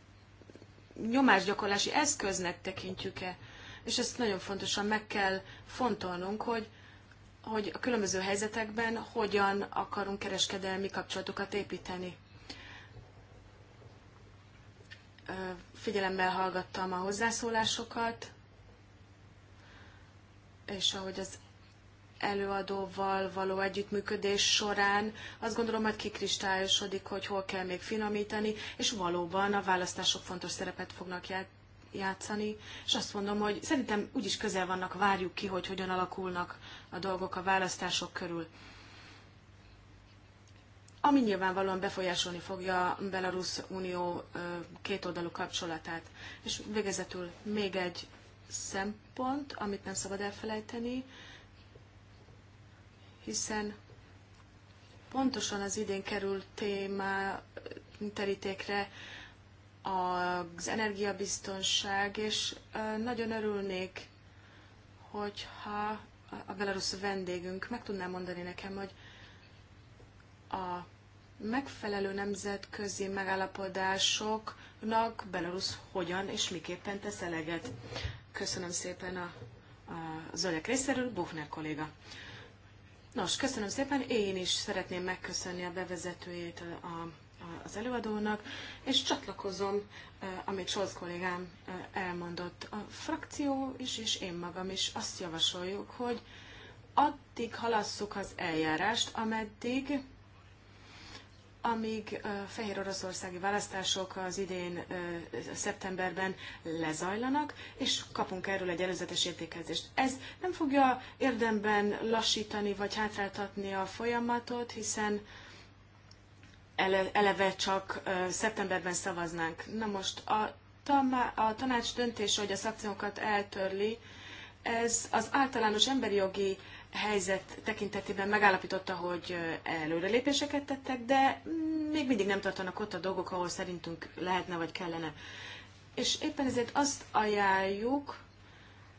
nyomásgyakorlási eszköznek tekintjük-e. És ezt nagyon fontosan meg kell fontolnunk, hogy hogy a különböző helyzetekben hogyan akarunk kereskedelmi kapcsolatokat építeni. Figyelemmel hallgattam a hozzászólásokat, és ahogy az előadóval való együttműködés során azt gondolom, hogy kikristályosodik, hogy hol kell még finomítani, és valóban a választások fontos szerepet fognak játszani játszani, és azt mondom, hogy szerintem úgyis közel vannak, várjuk ki, hogy hogyan alakulnak a dolgok a választások körül. Ami nyilvánvalóan befolyásolni fogja Belarus Unió kétoldalú kapcsolatát. És végezetül még egy szempont, amit nem szabad elfelejteni, hiszen pontosan az idén kerül téma terítékre az energiabiztonság, és nagyon örülnék, hogyha a belarusz vendégünk meg tudná mondani nekem, hogy a megfelelő nemzetközi megállapodásoknak Belarus hogyan és miképpen tesz eleget. Köszönöm szépen a, a zöldek részéről, Buchner kolléga. Nos, köszönöm szépen, én is szeretném megköszönni a bevezetőjét a az előadónak, és csatlakozom, amit Solz kollégám elmondott. A frakció is, és én magam is azt javasoljuk, hogy addig halasszuk az eljárást, ameddig amíg a fehér oroszországi választások az idén szeptemberben lezajlanak, és kapunk erről egy előzetes értékezést. Ez nem fogja érdemben lassítani vagy hátráltatni a folyamatot, hiszen eleve csak szeptemberben szavaznánk. Na most a, a tanács döntése, hogy a szakciókat eltörli, ez az általános emberi jogi helyzet tekintetében megállapította, hogy előrelépéseket tettek, de mm, még mindig nem tartanak ott a dolgok, ahol szerintünk lehetne vagy kellene. És éppen ezért azt ajánljuk,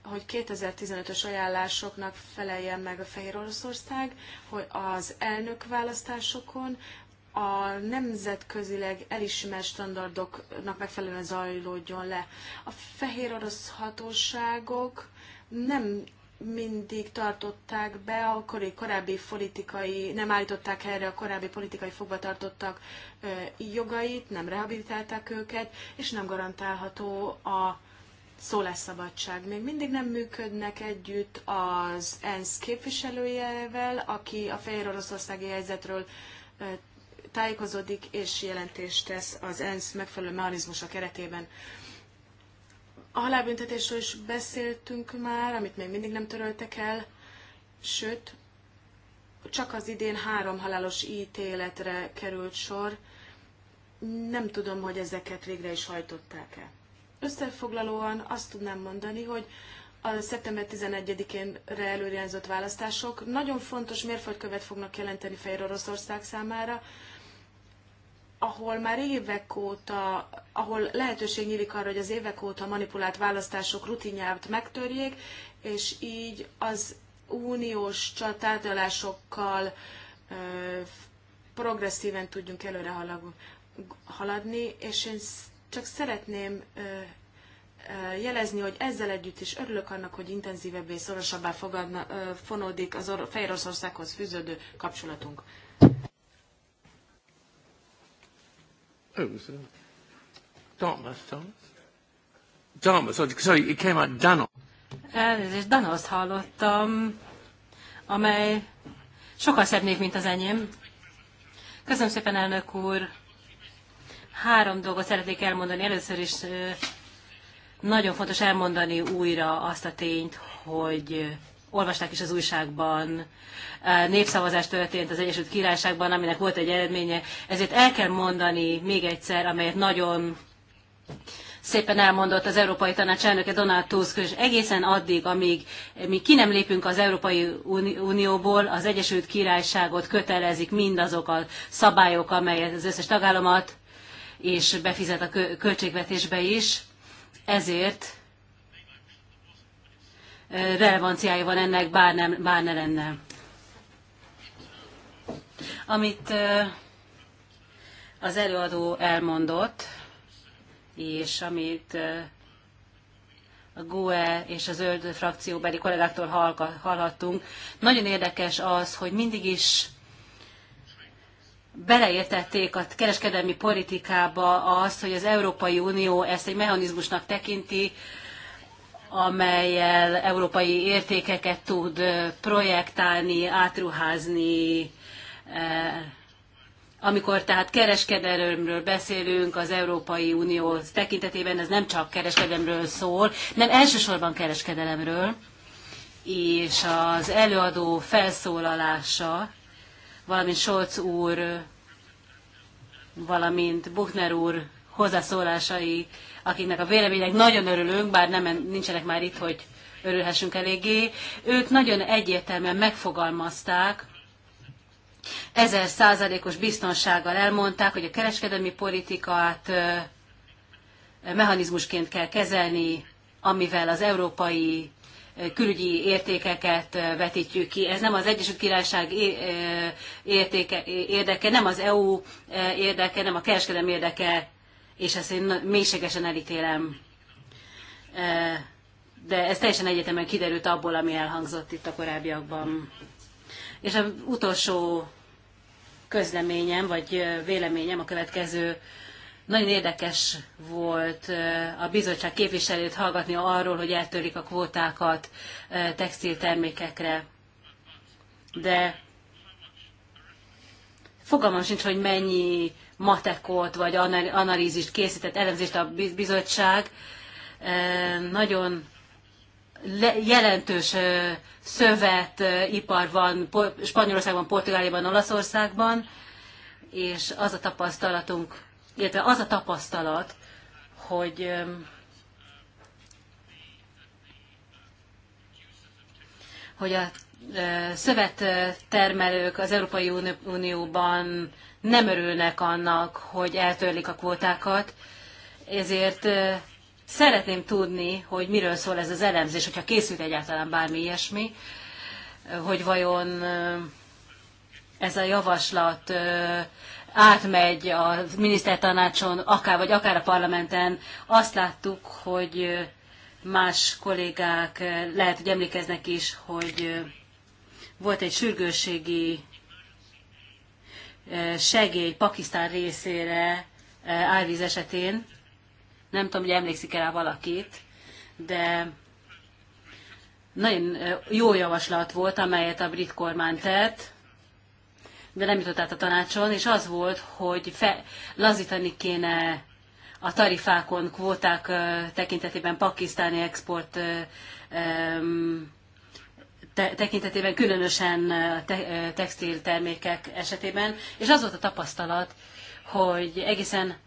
hogy 2015-ös ajánlásoknak feleljen meg a Fehér Oroszország, hogy az elnök választásokon a nemzetközileg elismert standardoknak megfelelően zajlódjon le. A fehér orosz hatóságok nem mindig tartották be a korábbi politikai, nem állították erre a korábbi politikai fogvatartottak jogait, nem rehabilitálták őket, és nem garantálható a szólásszabadság. Még mindig nem működnek együtt az ENSZ képviselőjével, aki a fehér oroszországi helyzetről tájékozódik és jelentést tesz az ENSZ megfelelő mechanizmusa keretében. A halálbüntetésről is beszéltünk már, amit még mindig nem töröltek el, sőt, csak az idén három halálos ítéletre került sor. Nem tudom, hogy ezeket végre is hajtották-e. Összefoglalóan azt tudnám mondani, hogy a szeptember 11 én előirányzott választások nagyon fontos mérföldkövet fognak jelenteni Fehér Oroszország számára, ahol már évek óta, ahol lehetőség nyílik arra, hogy az évek óta manipulált választások rutinját megtörjék, és így az uniós tárgyalásokkal progresszíven tudjunk előre haladni, és én csak szeretném ö, ö, jelezni, hogy ezzel együtt is örülök annak, hogy intenzívebbé, szorosabbá fogadna, ö, fonódik az or- Fejrországhoz fűződő kapcsolatunk. Who was it? Dartmouth, Dartmouth. Dartmouth, sorry, it came out Danos. Elnézést, Danoszt hallottam, amely sokkal szebb név, mint az enyém. Köszönöm szépen, elnök úr. Három dolgot szeretnék elmondani. Először is nagyon fontos elmondani újra azt a tényt, hogy olvasták is az újságban, népszavazás történt az Egyesült Királyságban, aminek volt egy eredménye, ezért el kell mondani még egyszer, amelyet nagyon szépen elmondott az Európai Tanács elnöke Donald Tusk, és egészen addig, amíg mi ki nem lépünk az Európai Unióból, az Egyesült Királyságot kötelezik mindazok a szabályok, amelyet az összes tagállamat, és befizet a költségvetésbe is. Ezért relevanciája van ennek, bár, nem, bár ne lenne. Amit az előadó elmondott, és amit a GUE és a zöld frakcióbeli kollégáktól hallhattunk. Nagyon érdekes az, hogy mindig is beleértették a kereskedelmi politikába azt, hogy az Európai Unió ezt egy mechanizmusnak tekinti, amelyel európai értékeket tud projektálni, átruházni, amikor tehát kereskedelemről beszélünk, az Európai Unió tekintetében ez nem csak kereskedelemről szól, nem elsősorban kereskedelemről, és az előadó felszólalása, valamint Scholz úr, valamint Buchner úr hozzászólásai, akiknek a vélemények nagyon örülünk, bár nem, nincsenek már itt, hogy örülhessünk eléggé. Ők nagyon egyértelműen megfogalmazták, ezer százalékos biztonsággal elmondták, hogy a kereskedelmi politikát mechanizmusként kell kezelni, amivel az európai külügyi értékeket vetítjük ki. Ez nem az Egyesült Királyság értéke, érdeke, nem az EU érdeke, nem a kereskedelmi érdeke és ezt én mélységesen elítélem. De ez teljesen egyetemen kiderült abból, ami elhangzott itt a korábbiakban. És az utolsó közleményem, vagy véleményem a következő. Nagyon érdekes volt a bizottság képviselőt hallgatni arról, hogy eltörik a kvótákat textiltermékekre. De Fogalmam sincs, hogy mennyi matekot vagy analízist készített, elemzést a bizottság. Nagyon jelentős szövet, ipar van Spanyolországban, Portugáliában, Olaszországban, és az a tapasztalatunk, illetve az a tapasztalat, hogy hogy a szövettermelők az Európai Unióban nem örülnek annak, hogy eltörlik a kvótákat, ezért szeretném tudni, hogy miről szól ez az elemzés, hogyha készült egyáltalán bármi ilyesmi, hogy vajon ez a javaslat átmegy a minisztertanácson, akár vagy akár a parlamenten. Azt láttuk, hogy más kollégák lehet, hogy emlékeznek is, hogy volt egy sürgősségi segély Pakisztán részére árvíz esetén. Nem tudom, hogy emlékszik el valakit, de nagyon jó javaslat volt, amelyet a brit kormány tett, de nem jutott át a tanácson, és az volt, hogy fe, lazítani kéne a tarifákon, kvóták tekintetében pakisztáni export um, tekintetében, különösen eh, te, eh, textiltermékek esetében, és az volt a tapasztalat, hogy egészen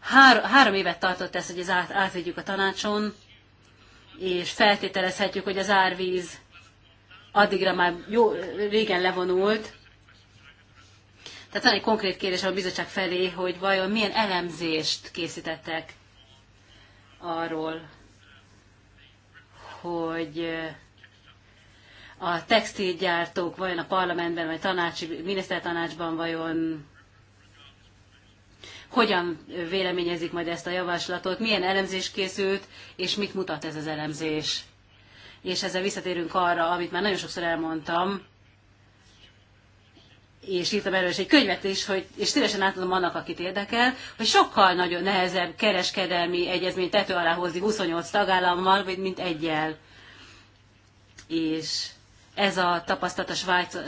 hár, három évet tartott ez, hogy ez át, átvegyük a tanácson, és feltételezhetjük, hogy az árvíz addigra már jó, régen levonult. Tehát van egy konkrét kérdés a bizottság felé, hogy vajon milyen elemzést készítettek arról, hogy eh, a textilgyártók vajon a parlamentben, vagy tanácsi, minisztertanácsban vajon hogyan véleményezik majd ezt a javaslatot, milyen elemzés készült, és mit mutat ez az elemzés. És ezzel visszatérünk arra, amit már nagyon sokszor elmondtam, és írtam erről is egy könyvet is, hogy, és szívesen átadom annak, akit érdekel, hogy sokkal nagyon nehezebb kereskedelmi egyezményt tető alá hozni 28 tagállammal, mint egyel. És ez a tapasztalat a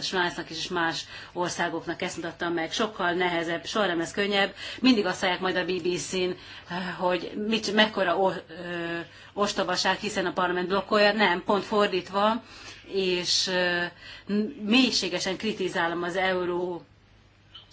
Svájcnak és más országoknak ezt mutatta meg. Sokkal nehezebb, soha nem ez könnyebb. Mindig azt hallják majd a BBC-n, hogy mit, mekkora o, ö, ostobaság, hiszen a parlament blokkolja. Nem, pont fordítva, és ö, mélységesen kritizálom az euró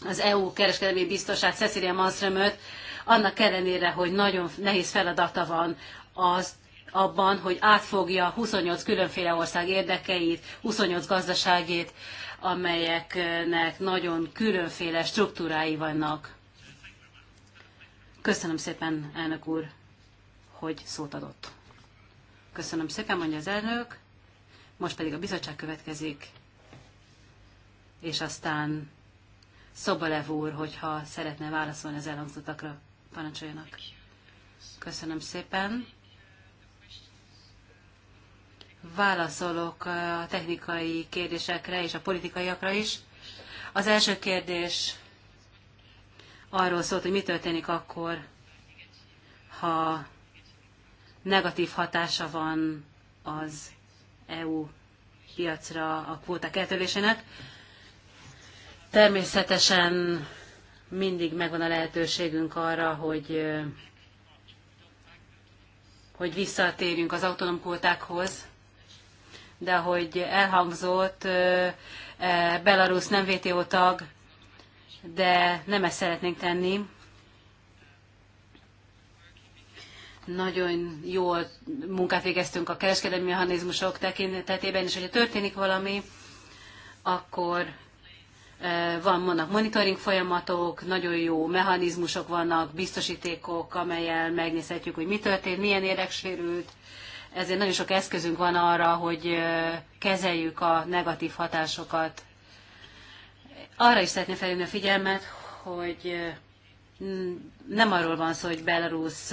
az EU kereskedelmi biztosát, Cecilia Malmströmöt, annak ellenére, hogy nagyon nehéz feladata van az abban, hogy átfogja 28 különféle ország érdekeit, 28 gazdaságét, amelyeknek nagyon különféle struktúrái vannak. Köszönöm szépen, elnök úr, hogy szót adott. Köszönöm szépen, mondja az elnök. Most pedig a bizottság következik, és aztán Szobalev úr, hogyha szeretne válaszolni az elhangzottakra, parancsoljanak. Köszönöm szépen válaszolok a technikai kérdésekre és a politikaiakra is. Az első kérdés arról szólt, hogy mi történik akkor, ha negatív hatása van az EU piacra a kvóták eltörlésének. Természetesen mindig megvan a lehetőségünk arra, hogy, hogy visszatérjünk az autonóm kvótákhoz, de ahogy elhangzott, e, Belarus nem VTO tag, de nem ezt szeretnénk tenni. Nagyon jó munkát végeztünk a kereskedelmi mechanizmusok tekintetében, és hogyha történik valami, akkor e, van, vannak monitoring folyamatok, nagyon jó mechanizmusok vannak, biztosítékok, amelyel megnézhetjük, hogy mi történt, milyen érdek sérült, ezért nagyon sok eszközünk van arra, hogy kezeljük a negatív hatásokat. Arra is szeretném felhívni a figyelmet, hogy nem arról van szó, hogy Belarus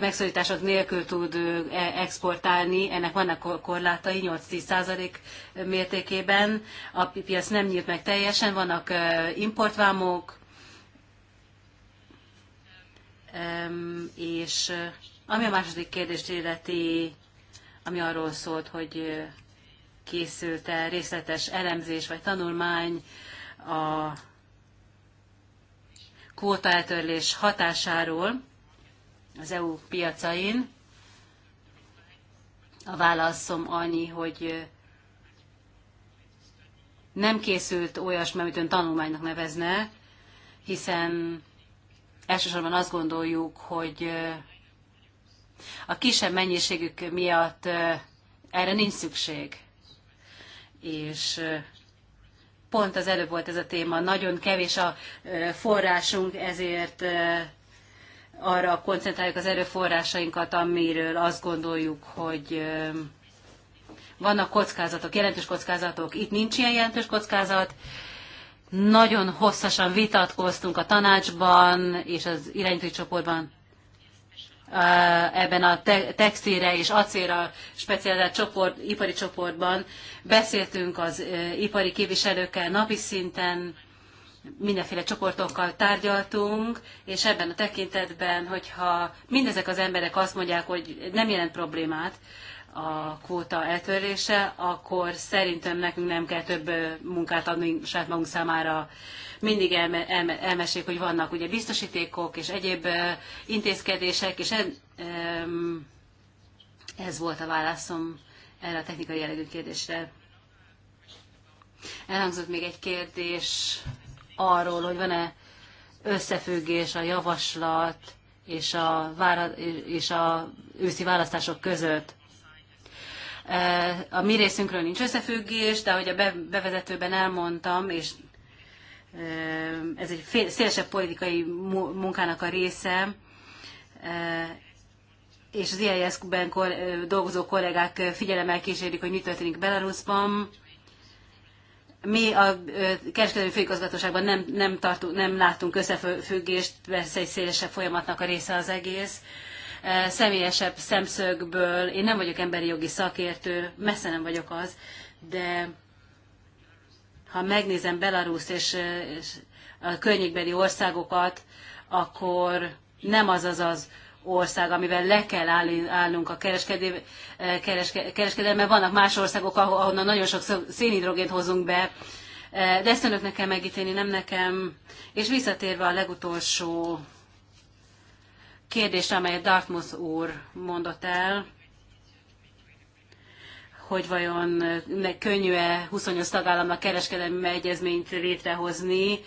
megszorítások nélkül tud e- exportálni, ennek vannak korlátai 8-10% mértékében, a piac nem nyílt meg teljesen, vannak importvámok, és ami a második kérdést illeti, ami arról szólt, hogy készült-e részletes elemzés vagy tanulmány a kvóta eltörlés hatásáról az EU piacain. A válaszom annyi, hogy nem készült olyasmi, amit ön tanulmánynak nevezne, hiszen elsősorban azt gondoljuk, hogy a kisebb mennyiségük miatt erre nincs szükség. És pont az előbb volt ez a téma, nagyon kevés a forrásunk, ezért arra koncentráljuk az erőforrásainkat, amiről azt gondoljuk, hogy vannak kockázatok, jelentős kockázatok, itt nincs ilyen jelentős kockázat. Nagyon hosszasan vitatkoztunk a tanácsban és az irányítói csoportban Eh, ebben a textilre és acélra specializált csoport, ipari csoportban. Beszéltünk az eh, ipari képviselőkkel napi szinten, mindenféle csoportokkal tárgyaltunk, és ebben a tekintetben, hogyha mindezek az emberek azt mondják, hogy nem jelent problémát, a kvóta eltörlése, akkor szerintem nekünk nem kell több munkát adni saját magunk számára. Mindig elme, elme, elmesék, hogy vannak ugye biztosítékok és egyéb intézkedések, és ez, ez volt a válaszom erre a technikai jellegű kérdésre. Elhangzott még egy kérdés arról, hogy van-e összefüggés a javaslat és a, vára, és a őszi választások között. Eh, a mi részünkről nincs összefüggés, de ahogy a bevezetőben elmondtam, és eh, ez egy szélesebb politikai munkának a része, eh, és az e IIS-ben dolgozó kollégák figyelemmel kísérik, hogy mi történik Belarusban. Mi a kereskedelmi főigazgatóságban nem, nem, tartunk, nem látunk összefüggést, persze egy szélesebb folyamatnak a része az egész, Eh, személyesebb szemszögből. Én nem vagyok emberi jogi szakértő, messze nem vagyok az, de ha megnézem Belarus és, és a környékbeli országokat, akkor nem az az az ország, amivel le kell állnunk a kereskedelmet, eh, kereske, kereskedelme. vannak más országok, ahonnan nagyon sok szénhidrogént hozunk be, eh, de ezt önöknek kell megítélni, nem nekem. És visszatérve a legutolsó kérdés, amelyet Dartmouth úr mondott el, hogy vajon könnyű-e 28 tagállamnak kereskedelmi egyezményt létrehozni.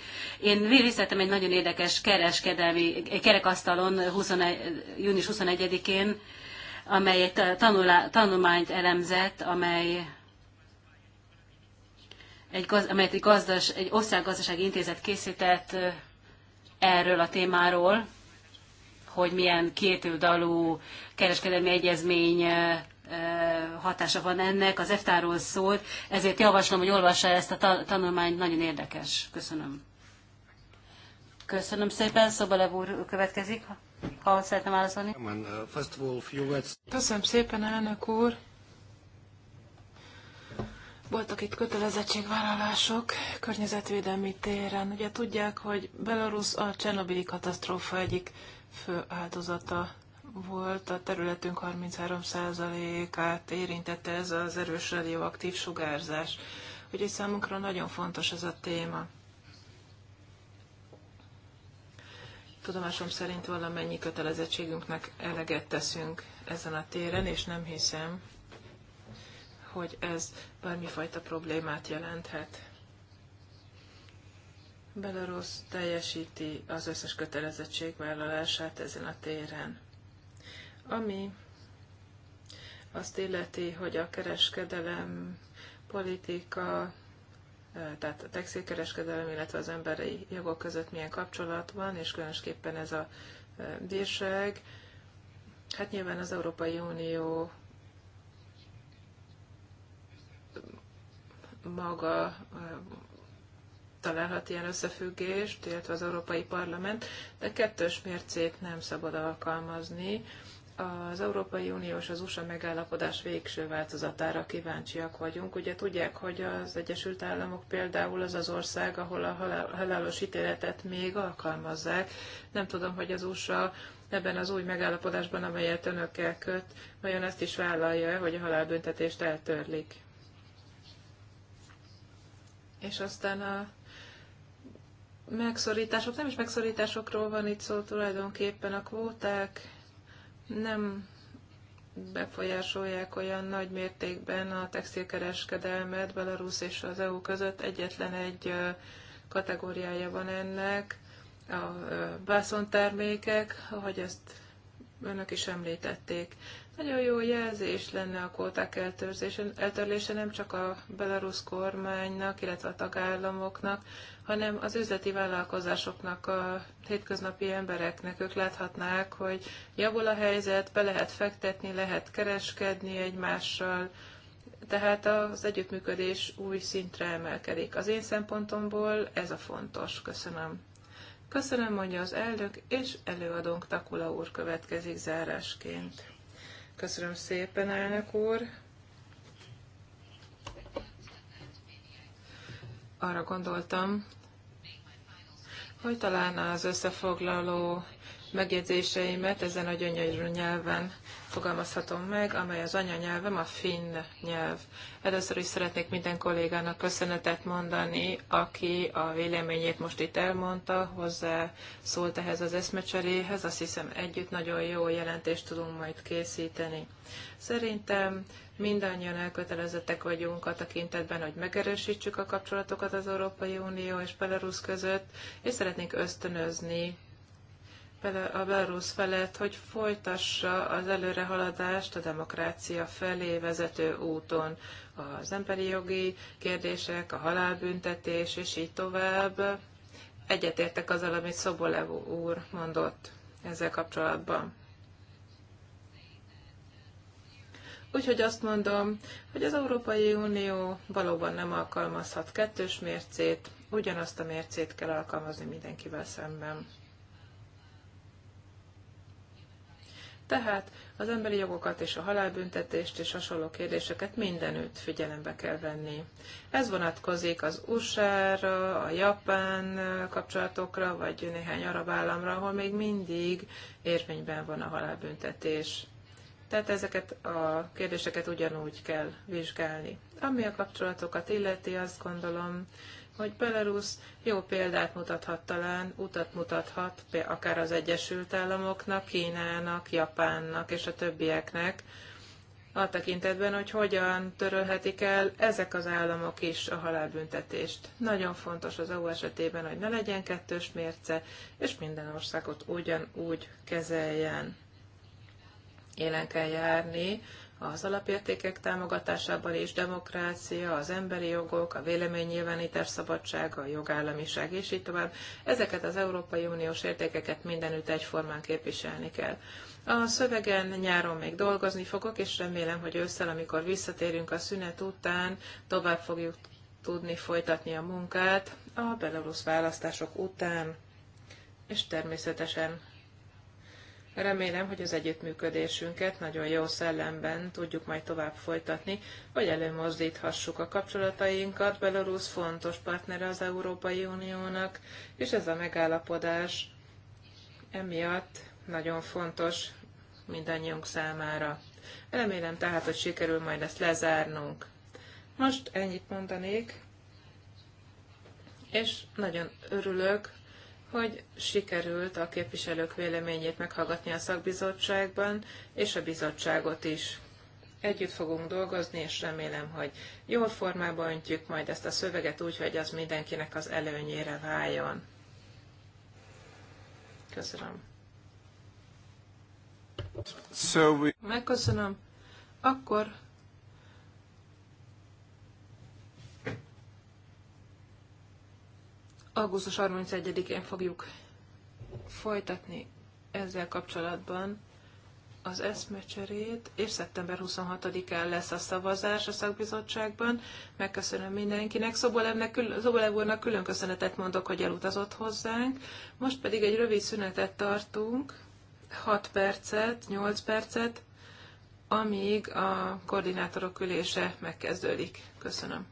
Én részt egy nagyon érdekes kereskedelmi egy kerekasztalon 21, június 21-én, amely egy tanulá, tanulmányt elemzett, amely egy, gaz, amelyet egy, gazdas, egy országgazdasági intézet készített erről a témáról hogy milyen kétoldalú kereskedelmi egyezmény hatása van ennek, az EFTA-ról szólt, ezért javaslom, hogy olvassa ezt a tanulmányt, nagyon érdekes. Köszönöm. Köszönöm szépen, Szobalev úr következik, ha szeretne válaszolni. Uh, Köszönöm szépen, elnök úr. Voltak itt kötelezettségvállalások környezetvédelmi téren. Ugye tudják, hogy Belarus a Csernobili katasztrófa egyik fő áldozata volt. A területünk 33%-át érintette ez az erős radioaktív sugárzás. Úgyhogy számunkra nagyon fontos ez a téma. Tudomásom szerint valamennyi kötelezettségünknek eleget teszünk ezen a téren, és nem hiszem, hogy ez bármifajta problémát jelenthet. Belarus teljesíti az összes kötelezettségvállalását ezen a téren. Ami azt illeti, hogy a kereskedelem politika, eh, tehát a textilkereskedelem, illetve az emberi jogok között milyen kapcsolat van, és különösképpen ez a eh, bírság. Hát nyilván az Európai Unió maga eh, találhat ilyen összefüggést, illetve az Európai Parlament, de kettős mércét nem szabad alkalmazni. Az Európai Unió és az USA megállapodás végső változatára kíváncsiak vagyunk. Ugye tudják, hogy az Egyesült Államok például az az ország, ahol a halálos ítéletet még alkalmazzák. Nem tudom, hogy az USA ebben az új megállapodásban, amelyet önökkel köt, vajon ezt is vállalja hogy a halálbüntetést eltörlik. És aztán a megszorítások, nem is megszorításokról van itt szó tulajdonképpen, a kvóták nem befolyásolják olyan nagy mértékben a textilkereskedelmet Belarus és az EU között. Egyetlen egy kategóriája van ennek, a vászontermékek, ahogy ezt önök is említették. Nagyon jó jelzés lenne a kóták eltörlése nem csak a belarusz kormánynak, illetve a tagállamoknak, hanem az üzleti vállalkozásoknak, a hétköznapi embereknek. Ők láthatnák, hogy javul a helyzet, be lehet fektetni, lehet kereskedni egymással, tehát az együttműködés új szintre emelkedik. Az én szempontomból ez a fontos. Köszönöm. Köszönöm, mondja az elnök, és előadónk Takula úr következik zárásként. Köszönöm szépen, elnök úr. Arra gondoltam, hogy talán az összefoglaló megjegyzéseimet ezen a gyönyörű nyelven fogalmazhatom meg, amely az anyanyelvem a finn nyelv. Először is szeretnék minden kollégának köszönetet mondani, aki a véleményét most itt elmondta, hozzá szólt ehhez az eszmecseréhez. Azt hiszem együtt nagyon jó jelentést tudunk majd készíteni. Szerintem mindannyian elkötelezettek vagyunk a tekintetben, hogy megerősítsük a kapcsolatokat az Európai Unió és Belarus között, és szeretnénk ösztönözni a Belarus felett, hogy folytassa az előrehaladást a demokrácia felé vezető úton. Az emberi jogi kérdések, a halálbüntetés és így tovább. Egyetértek azzal, amit Szobolev úr mondott ezzel kapcsolatban. Úgyhogy azt mondom, hogy az Európai Unió valóban nem alkalmazhat kettős mércét, ugyanazt a mércét kell alkalmazni mindenkivel szemben. Tehát az emberi jogokat és a halálbüntetést és hasonló kérdéseket mindenütt figyelembe kell venni. Ez vonatkozik az USA-ra, a japán kapcsolatokra, vagy néhány arab államra, ahol még mindig érvényben van a halálbüntetés. Tehát ezeket a kérdéseket ugyanúgy kell vizsgálni. Ami a kapcsolatokat illeti, azt gondolom, hogy Belarus jó példát mutathat talán, utat mutathat akár az Egyesült Államoknak, Kínának, Japánnak és a többieknek, a tekintetben, hogy hogyan törölhetik el ezek az államok is a halálbüntetést. Nagyon fontos az EU esetében, hogy ne legyen kettős mérce, és minden országot ugyanúgy kezeljen. Élen kell járni az alapértékek támogatásában és demokrácia, az emberi jogok, a véleménynyilvánítás szabadsága, a jogállamiság és így tovább. Ezeket az Európai Uniós értékeket mindenütt egyformán képviselni kell. A szövegen nyáron még dolgozni fogok, és remélem, hogy ősszel, amikor visszatérünk a szünet után, tovább fogjuk tudni folytatni a munkát a belarusz választások után, és természetesen Remélem, hogy az együttműködésünket nagyon jó szellemben tudjuk majd tovább folytatni, hogy előmozdíthassuk a kapcsolatainkat. Belarus fontos partnere az Európai Uniónak, és ez a megállapodás emiatt nagyon fontos mindannyiunk számára. Remélem tehát, hogy sikerül majd ezt lezárnunk. Most ennyit mondanék, és nagyon örülök, hogy sikerült a képviselők véleményét meghallgatni a szakbizottságban, és a bizottságot is. Együtt fogunk dolgozni, és remélem, hogy jól formában öntjük majd ezt a szöveget úgy, hogy az mindenkinek az előnyére váljon. Köszönöm. Megköszönöm. Akkor Augusztus 31-én fogjuk folytatni ezzel kapcsolatban az eszmecserét, és szeptember 26-án lesz a szavazás a szakbizottságban. Megköszönöm mindenkinek. Szobolev úrnak külön köszönetet mondok, hogy elutazott hozzánk. Most pedig egy rövid szünetet tartunk, 6 percet, 8 percet, amíg a koordinátorok ülése megkezdődik. Köszönöm.